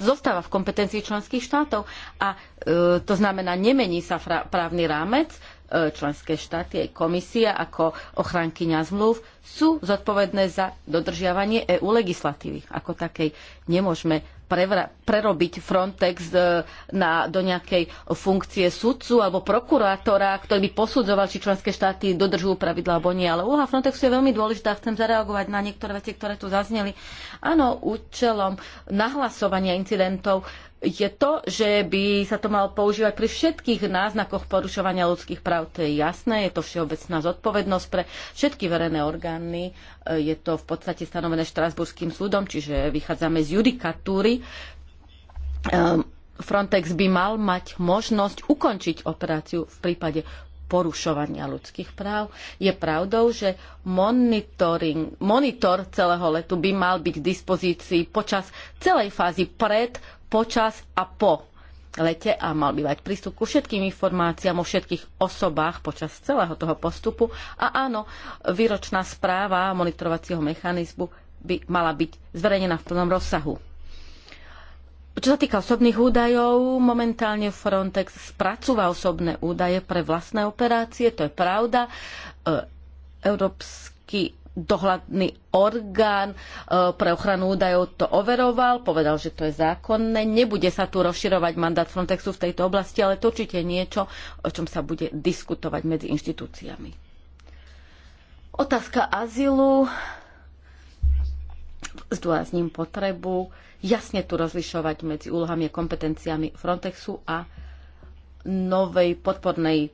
[SPEAKER 2] zostáva v kompetencii členských štátov. A e, to znamená, nemení sa právny rámec, E, členské štáty aj komisia ako ochrankyňa zmluv sú zodpovedné za dodržiavanie EU legislatívy. Ako takej nemôžeme prerobiť Frontex e, na, do nejakej funkcie sudcu alebo prokurátora, ktorý by posudzoval, či členské štáty dodržujú pravidla alebo nie. Ale úloha Frontexu je veľmi dôležitá. Chcem zareagovať na niektoré veci, ktoré tu zazneli. Áno, účelom nahlasovania incidentov je to, že by sa to malo používať pri všetkých náznakoch porušovania ľudských práv. To je jasné, je to všeobecná zodpovednosť pre všetky verejné orgány. E, je to v podstate stanovené Štrasburským súdom, čiže vychádzame z judikatúry. Ehm, Frontex by mal mať možnosť ukončiť operáciu v prípade porušovania ľudských práv. Je pravdou, že monitoring, monitor celého letu by mal byť k dispozícii počas celej fázy pred počas a po lete a mal by mať prístup ku všetkým informáciám o všetkých osobách počas celého toho postupu. A áno, výročná správa monitorovacieho mechanizmu by mala byť zverejnená v plnom rozsahu. Čo sa týka osobných údajov, momentálne Frontex spracúva osobné údaje pre vlastné operácie, to je pravda. E, Európsky dohľadný orgán e, pre ochranu údajov to overoval, povedal, že to je zákonné. Nebude sa tu rozširovať mandát Frontexu v tejto oblasti, ale to určite niečo, o čom sa bude diskutovať medzi inštitúciami. Otázka azylu. Zdôrazním potrebu jasne tu rozlišovať medzi úlohami a kompetenciami Frontexu a novej podpornej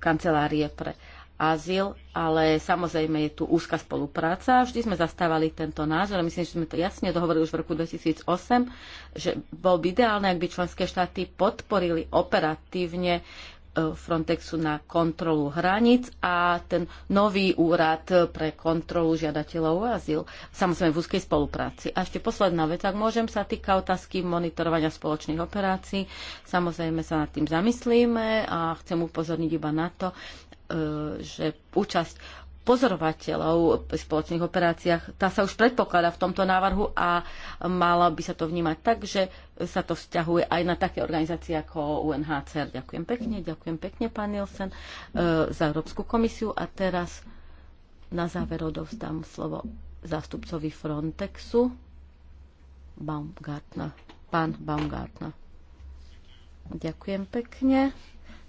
[SPEAKER 2] kancelárie pre azyl, ale samozrejme je tu úzka spolupráca. Vždy sme zastávali tento názor a myslím, že sme to jasne dohovorili už v roku 2008, že bol by ideálne, ak by členské štáty podporili operatívne e, Frontexu na kontrolu hraníc a ten nový úrad pre kontrolu žiadateľov o azyl, samozrejme v úzkej spolupráci. A ešte posledná vec, ak môžem, sa týka otázky monitorovania spoločných operácií. Samozrejme sa nad tým zamyslíme a chcem upozorniť iba na to, E, že účasť pozorovateľov v spoločných operáciách, tá sa už predpokladá v tomto návrhu a malo by sa to vnímať tak, že sa to vzťahuje aj na také organizácie ako UNHCR. Ďakujem pekne, ďakujem pekne, pán Nielsen, e, za Európsku komisiu a teraz na záver odovzdám slovo zástupcovi Frontexu, Baumgartner, pán Baumgartner. Ďakujem pekne.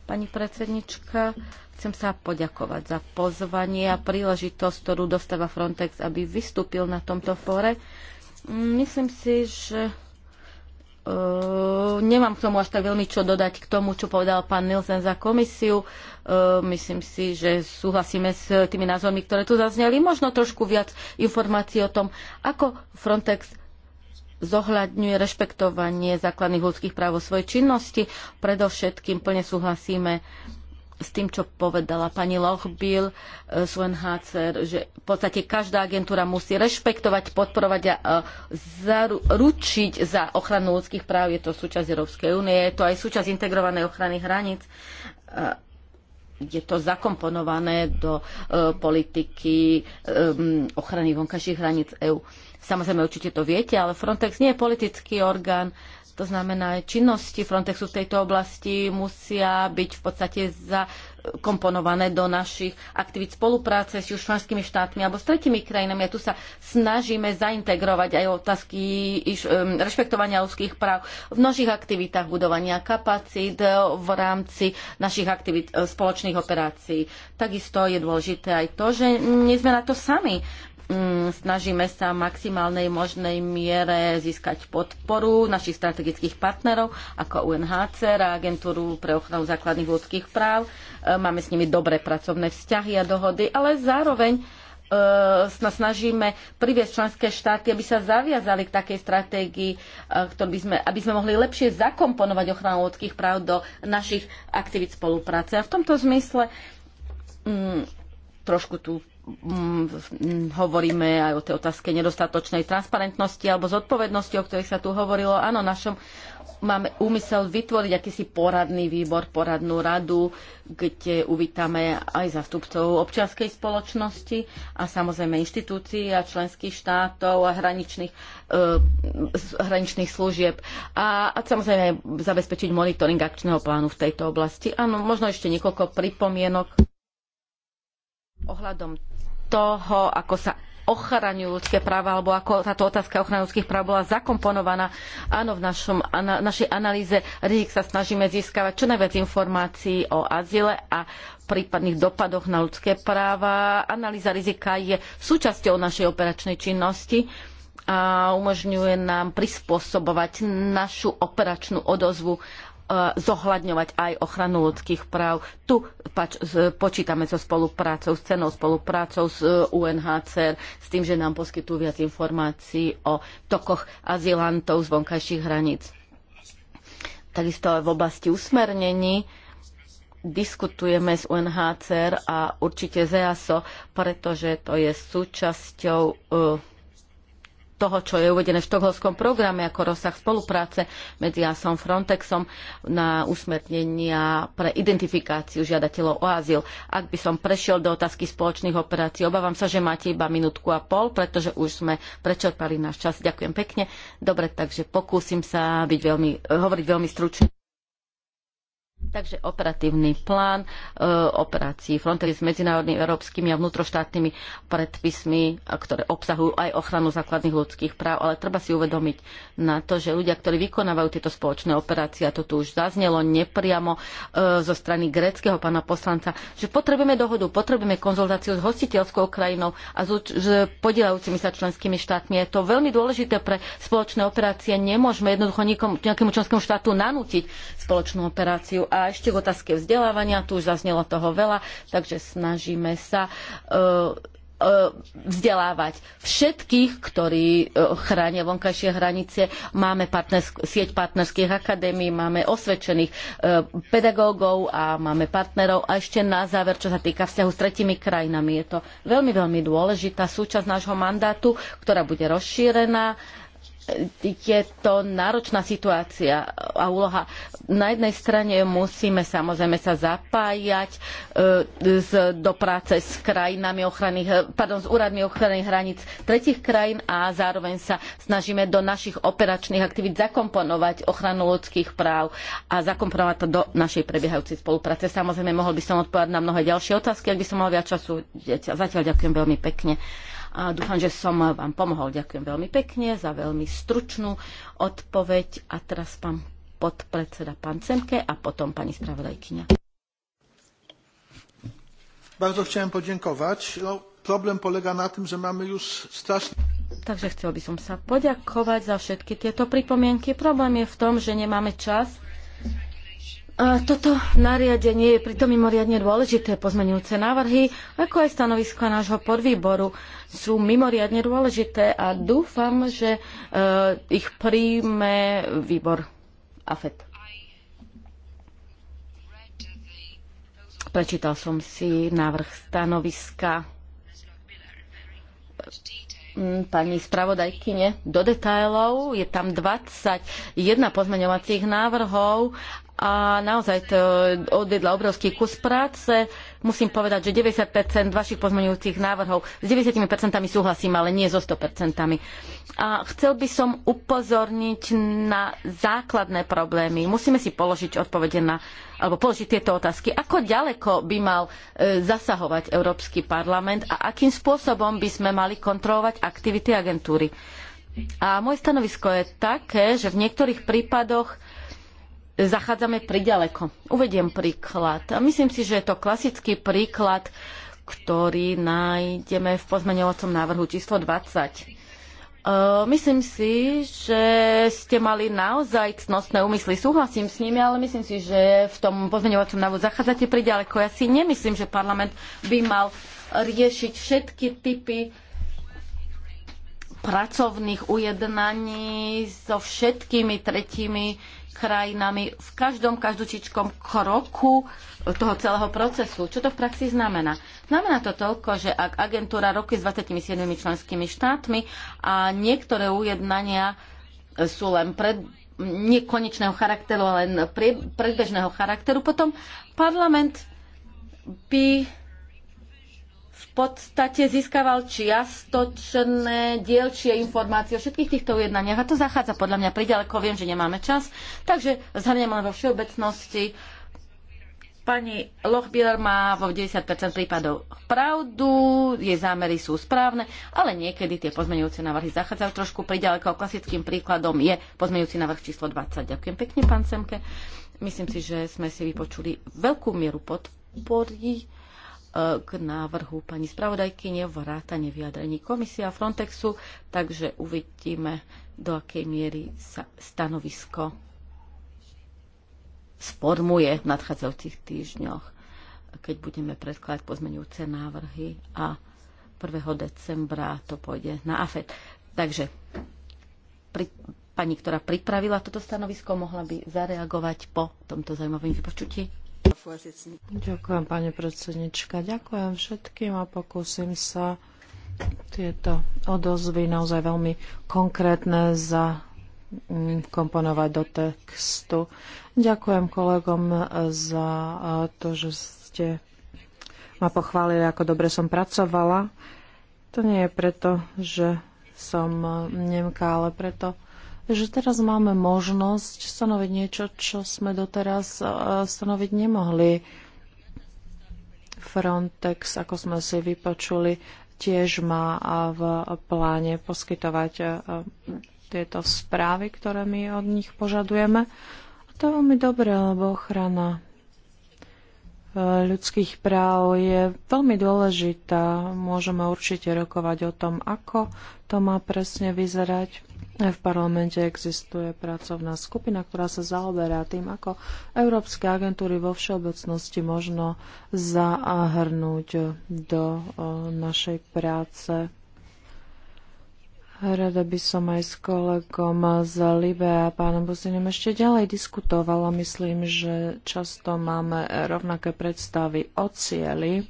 [SPEAKER 2] Pani predsednička, chcem sa poďakovať za pozvanie a príležitosť, ktorú dostáva Frontex, aby vystúpil na tomto fóre. Myslím si, že e, nemám k tomu až tak veľmi čo dodať k tomu, čo povedal pán Nilsen za komisiu. E, myslím si, že súhlasíme s tými názormi, ktoré tu zazneli. Možno trošku viac informácií o tom, ako Frontex zohľadňuje rešpektovanie základných ľudských práv vo svojej činnosti. Predovšetkým plne súhlasíme s tým, čo povedala pani Lochbil z eh, UNHCR, že v podstate každá agentúra musí rešpektovať, podporovať a eh, zaručiť za ochranu ľudských práv. Je to súčasť Európskej únie, je to aj súčasť integrovanej ochrany hraníc. Eh, je to zakomponované do politiky ochrany vonkajších hraníc EÚ. Samozrejme, určite to viete, ale Frontex nie je politický orgán. To znamená, činnosti Frontexu v tejto oblasti musia byť v podstate zakomponované do našich aktivít spolupráce s členskými štátmi alebo s tretimi krajinami. A tu sa snažíme zaintegrovať aj otázky rešpektovania ľudských práv v množných aktivitách budovania kapacít eh, v rámci našich aktivít eh, spoločných operácií. Takisto je dôležité aj to, že nie sme na to sami. Mm, snažíme sa v maximálnej možnej miere získať podporu našich strategických partnerov ako UNHCR a Agentúru pre ochranu základných ľudských práv. E, máme s nimi dobré pracovné vzťahy a dohody, ale zároveň e, sa snažíme priviesť členské štáty, aby sa zaviazali k takej stratégii, e, by sme, aby sme mohli lepšie zakomponovať ochranu ľudských práv do našich aktivít spolupráce. A v tomto zmysle mm, trošku tu Mm, mm, hovoríme aj o tej otázke nedostatočnej transparentnosti alebo zodpovednosti, o ktorých sa tu hovorilo. Áno, našom máme úmysel vytvoriť akýsi poradný výbor, poradnú radu, kde uvítame aj zastupcov občianskej spoločnosti a samozrejme inštitúcií a členských štátov a hraničných, eh, hraničných služieb. A, a samozrejme zabezpečiť monitoring akčného plánu v tejto oblasti. Áno, možno ešte niekoľko pripomienok ohľadom toho, ako sa ochraňujú ľudské práva, alebo ako táto otázka ochrany ľudských práv bola zakomponovaná. Áno, v našom, na, našej analýze rizik sa snažíme získavať čo najviac informácií o azile a prípadných dopadoch na ľudské práva. Analýza rizika je súčasťou našej operačnej činnosti a umožňuje nám prispôsobovať našu operačnú odozvu zohľadňovať aj ochranu ľudských práv. Tu pač, počítame so spoluprácou, s cenou spoluprácou s e, UNHCR, s tým, že nám poskytujú viac informácií o tokoch azilantov z vonkajších hraníc. Takisto aj v oblasti usmernení diskutujeme s UNHCR a určite z EASO, pretože to je súčasťou uh, toho, čo je uvedené v štokholskom programe ako rozsah spolupráce medzi ASOM Frontexom na usmernenia pre identifikáciu žiadateľov o azyl. Ak by som prešiel do otázky spoločných operácií, obávam sa, že máte iba minútku a pol, pretože už sme prečerpali náš čas. Ďakujem pekne. Dobre, takže pokúsim sa byť veľmi, hovoriť veľmi stručne. Takže operatívny plán e, operácií Frontex s medzinárodnými európskymi a vnútroštátnymi predpismi, e, ktoré obsahujú aj ochranu základných ľudských práv, ale treba si uvedomiť na to, že ľudia, ktorí vykonávajú tieto spoločné operácie, a to tu už zaznelo nepriamo e, zo strany greckého pána poslanca, že potrebujeme dohodu, potrebujeme konzultáciu s hostiteľskou krajinou a s, s podielajúcimi sa členskými štátmi. Je to veľmi dôležité pre spoločné operácie. Nemôžeme jednoducho nikomu, nejakému členskému štátu nanútiť spoločnú operáciu. A a ešte k otázke vzdelávania, tu už zaznelo toho veľa, takže snažíme sa e, e, vzdelávať všetkých, ktorí e, chránia vonkajšie hranice. Máme partnersk- sieť partnerských akadémií, máme osvedčených pedagógov a máme partnerov. A ešte na záver, čo sa týka vzťahu s tretimi krajinami. Je to veľmi, veľmi dôležitá súčasť nášho mandátu, ktorá bude rozšírená je to náročná situácia a úloha. Na jednej strane musíme samozrejme sa zapájať e, do práce s krajinami ochrany, pardon, s úradmi ochrany hraníc tretich krajín a zároveň sa snažíme do našich operačných aktivít zakomponovať ochranu ľudských práv a zakomponovať to do našej prebiehajúcej spolupráce. Samozrejme, mohol by som odpovedať na mnohé ďalšie otázky, ak by som mal viac času. Zatiaľ ďakujem veľmi pekne a dúfam, že som vám pomohol. Ďakujem veľmi pekne za veľmi stručnú odpoveď a teraz pán podpredseda pán Cemke a potom pani spravodajkyňa.
[SPEAKER 4] Bardzo chciałem podziękować. No, problem polega na tym, że mamy już straszne.
[SPEAKER 2] Także chciałbym się podziękować za wszystkie te všetky Problem jest w tym, że nie mamy czasu. Toto nariadenie je pritom mimoriadne dôležité. Pozmenujúce návrhy, ako aj stanoviska nášho podvýboru, sú mimoriadne dôležité a dúfam, že uh, ich príjme výbor AFET. Prečítal som si návrh stanoviska pani spravodajkyne do detailov. Je tam 21 pozmeňovacích návrhov a naozaj to odvedla obrovský kus práce. Musím povedať, že 90% vašich pozmeňujúcich návrhov s 90% súhlasím, ale nie so 100%. A chcel by som upozorniť na základné problémy. Musíme si položiť odpovede na, alebo položiť tieto otázky. Ako ďaleko by mal e, zasahovať Európsky parlament a akým spôsobom by sme mali kontrolovať aktivity agentúry? A moje stanovisko je také, že v niektorých prípadoch zachádzame priďaleko. Uvediem príklad. Myslím si, že je to klasický príklad, ktorý nájdeme v pozmeňovacom návrhu číslo 20. E, myslím si, že ste mali naozaj cnostné úmysly. Súhlasím s nimi, ale myslím si, že v tom pozmeňovacom návrhu zachádzate priďaleko. Ja si nemyslím, že parlament by mal riešiť všetky typy pracovných ujednaní so všetkými tretími krajinami v každom každučičkom kroku toho celého procesu. Čo to v praxi znamená? Znamená to toľko, že ak agentúra roky s 27 členskými štátmi a niektoré ujednania sú len pred, nie konečného charakteru, ale len predbežného charakteru, potom parlament by podstate získaval čiastočné dielčie informácie o všetkých týchto ujednaniach a to zachádza podľa mňa priďaleko, viem, že nemáme čas, takže zhrniem len vo všeobecnosti. Pani Lochbiller má vo 90% prípadov pravdu, jej zámery sú správne, ale niekedy tie pozmeňujúce návrhy zachádzajú trošku priďaleko. Klasickým príkladom je pozmeňujúci návrh číslo 20. Ďakujem pekne, pán Semke. Myslím si, že sme si vypočuli veľkú mieru podpory k návrhu pani spravodajkyne rátane vyjadrení komisia Frontexu, takže uvidíme, do akej miery sa stanovisko sformuje v nadchádzajúcich týždňoch, keď budeme predkladať pozmenujúce návrhy a 1. decembra to pôjde na AFED. Takže pri, pani, ktorá pripravila toto stanovisko, mohla by
[SPEAKER 4] zareagovať po tomto zaujímavom vypočutí. Ďakujem, pani predsednička. Ďakujem všetkým a pokúsim sa tieto odozvy naozaj veľmi konkrétne za komponovať do textu. Ďakujem kolegom za to, že ste ma pochválili, ako dobre som pracovala. To nie je preto, že som Nemka, ale preto, že teraz máme možnosť stanoviť niečo, čo sme doteraz e, stanoviť nemohli. Frontex, ako sme si vypočuli, tiež má v pláne poskytovať e, tieto správy, ktoré my od nich požadujeme. A to je veľmi dobré, lebo ochrana ľudských práv je veľmi dôležitá. Môžeme určite rokovať o tom, ako to má presne vyzerať. V parlamente existuje pracovná skupina, ktorá sa zaoberá tým, ako európske agentúry vo všeobecnosti možno zahrnúť do našej práce. Rada by som aj s kolegom z Libe a pánom Bosinom ešte ďalej diskutovala. Myslím, že často máme rovnaké predstavy o cieli.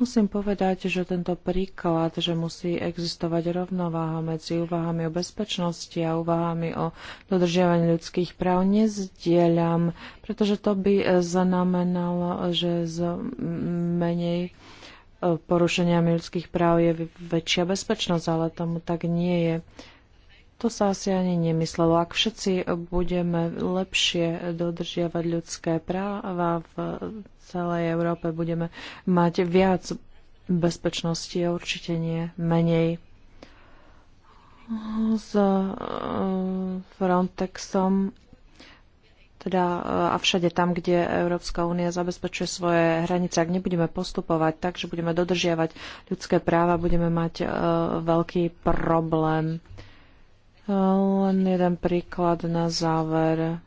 [SPEAKER 4] Musím povedať, že tento príklad, že musí existovať rovnováha medzi úvahami o bezpečnosti a úvahami o dodržiavaní ľudských práv, nezdieľam, pretože to by znamenalo, že z menej porušeniami ľudských práv je väčšia bezpečnosť, ale tomu tak nie je. To sa asi ani nemyslelo. Ak všetci budeme lepšie dodržiavať ľudské práva v celej Európe, budeme mať viac bezpečnosti a určite nie menej. S eh, Frontexom teda eh, a všade tam, kde Európska únia zabezpečuje svoje hranice. Ak nebudeme postupovať tak, že budeme dodržiavať ľudské práva, budeme mať eh, veľký problém. Eh, len jeden príklad na záver.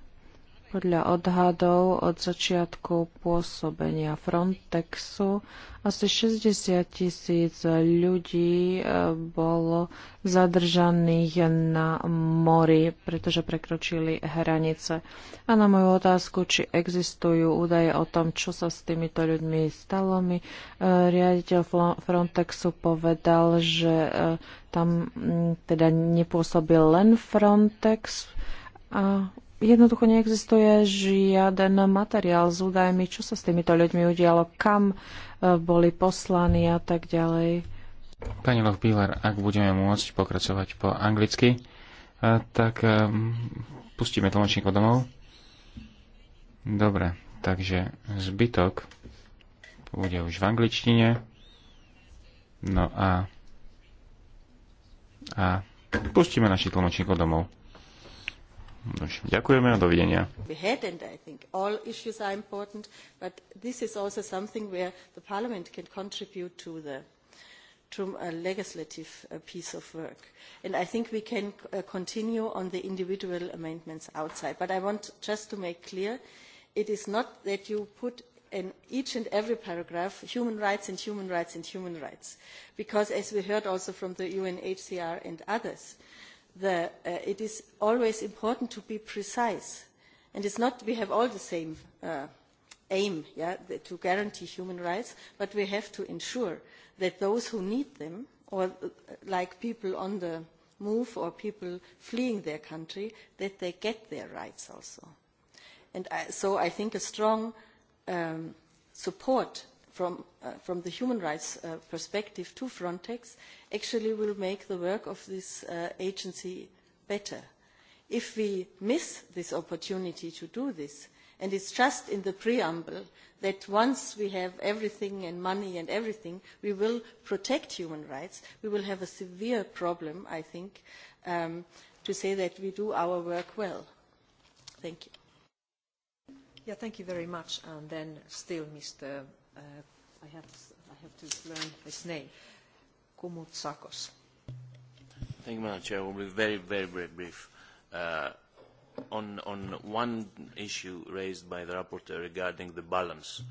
[SPEAKER 4] Podľa odhadov od začiatku pôsobenia Frontexu asi 60 tisíc ľudí eh, bolo zadržaných na mori, pretože prekročili hranice. A na moju otázku, či existujú údaje o tom, čo sa s týmito ľuďmi stalo, mi eh, riaditeľ Frontexu povedal, že eh, tam mm, teda nepôsobil len Frontex a Jednoducho neexistuje žiaden materiál s údajmi, čo sa s týmito ľuďmi udialo, kam e, boli poslaní a tak ďalej.
[SPEAKER 3] Pani Lochbíler, ak budeme môcť pokračovať po anglicky, e, tak e, pustíme tlmočníkov domov. Dobre, takže zbytok bude už v angličtine. No a, a pustíme našich tlmočníkov domov. Nož, ďakujeme a dovidenia.
[SPEAKER 5] but this is also something where the Parliament can contribute to the to a legislative uh, piece of work. And I think we can uh, continue on the individual amendments outside. But I want just to make clear, it is not that you put in each and every paragraph human rights and human rights and human rights. Because as we heard also from the UNHCR and others, uh, the, uh, it is always important to be precise. And it's not we have all the same uh, aim yeah, the, to guarantee human rights, but we have to ensure that those who need them, or uh, like people on the move or people fleeing their country, that they get their rights also. And I, so I think a strong um, support from Uh, from the human rights uh, perspective to Frontex actually will make the work of this uh, agency better. If we miss this opportunity to do this, and it is just in the preamble that once we have everything and money and everything we will protect human rights we will have a severe problem i think um, to say that we do our work well thank you
[SPEAKER 1] yeah, thank you very much and then still mr uh, i have, I have to learn his name, Kumut Thank
[SPEAKER 6] you, Madam Chair. We'll be very, very, very brief. Uh, on, on one issue raised by the rapporteur regarding the balance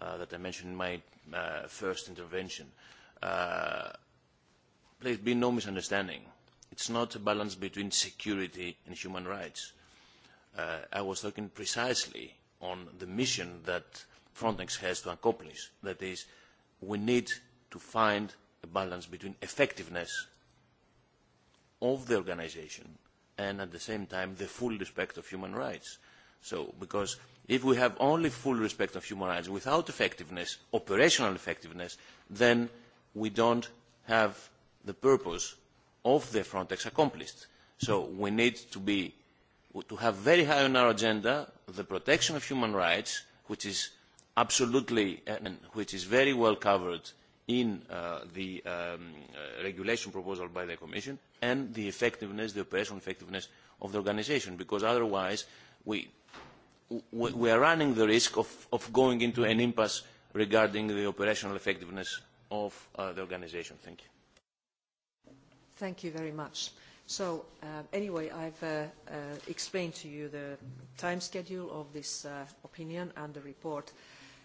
[SPEAKER 6] uh, that I mentioned in my uh, first intervention, uh, please be no misunderstanding. It's not a balance between security and human rights. Uh, I was talking precisely on the mission that Frontex has to accomplish. That is, we need to find a balance between effectiveness of the organisation and at the same time the full respect of human rights. So, because if we have only full respect of human rights without effectiveness, operational effectiveness, then we don't have the purpose of the Frontex accomplished. So we need to, be, to have very high on our agenda the protection of human rights, which is absolutely, eh, and which is very well covered in uh, the um, uh, regulation proposal by the Commission, and the effectiveness, the operational effectiveness of the organisation, because otherwise we, we, are running the risk of, going into an impasse regarding the operational effectiveness of uh, the organisation. Thank you.
[SPEAKER 1] Thank you very much. So uh, anyway, I've uh, uh, explained to you the time schedule of this uh, opinion and the report.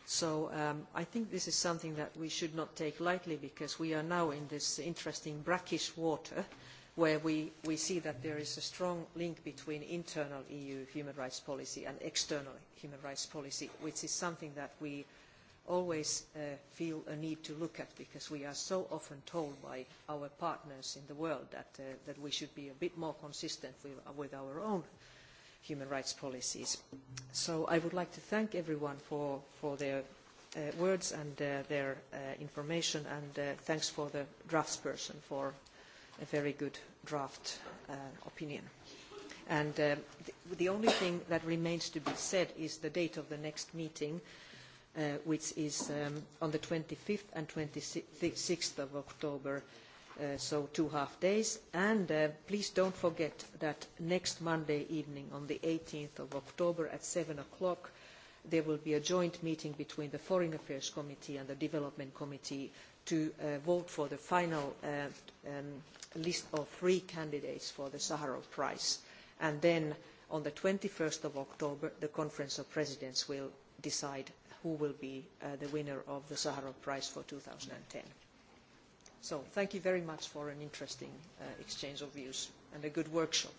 [SPEAKER 1] So um, I think this is something that we should not take lightly because we are now in this interesting brackish water where we, we see that there is a strong link between internal EU human rights policy and external human rights policy, which is something that we always uh, feel a need to look at because we are so often told by our partners in the world that, uh, that we should be a bit more consistent with, with our own uh, human rights policies. So I would like to thank everyone for, for their uh, words and uh, their uh, information, and uh, thanks for the draftsperson for a very good draft uh, opinion. And uh, the, the, only thing that remains to be said is the date of the next meeting, which is um, on the 25th and 26th of October, Uh, so two half days. And uh, please don't forget that next Monday evening, on the 18th of October at 7 o'clock, there will be a joint meeting between the Foreign Affairs Committee and the Development Committee to uh, vote for the final uh, um, list of three candidates for the Sakharov Prize. And then on the 21st of October, the Conference of Presidents will decide who will be uh, the winner of the Sakharov Prize for 2010. So thank you very much for an interesting uh, exchange of views and a good workshop.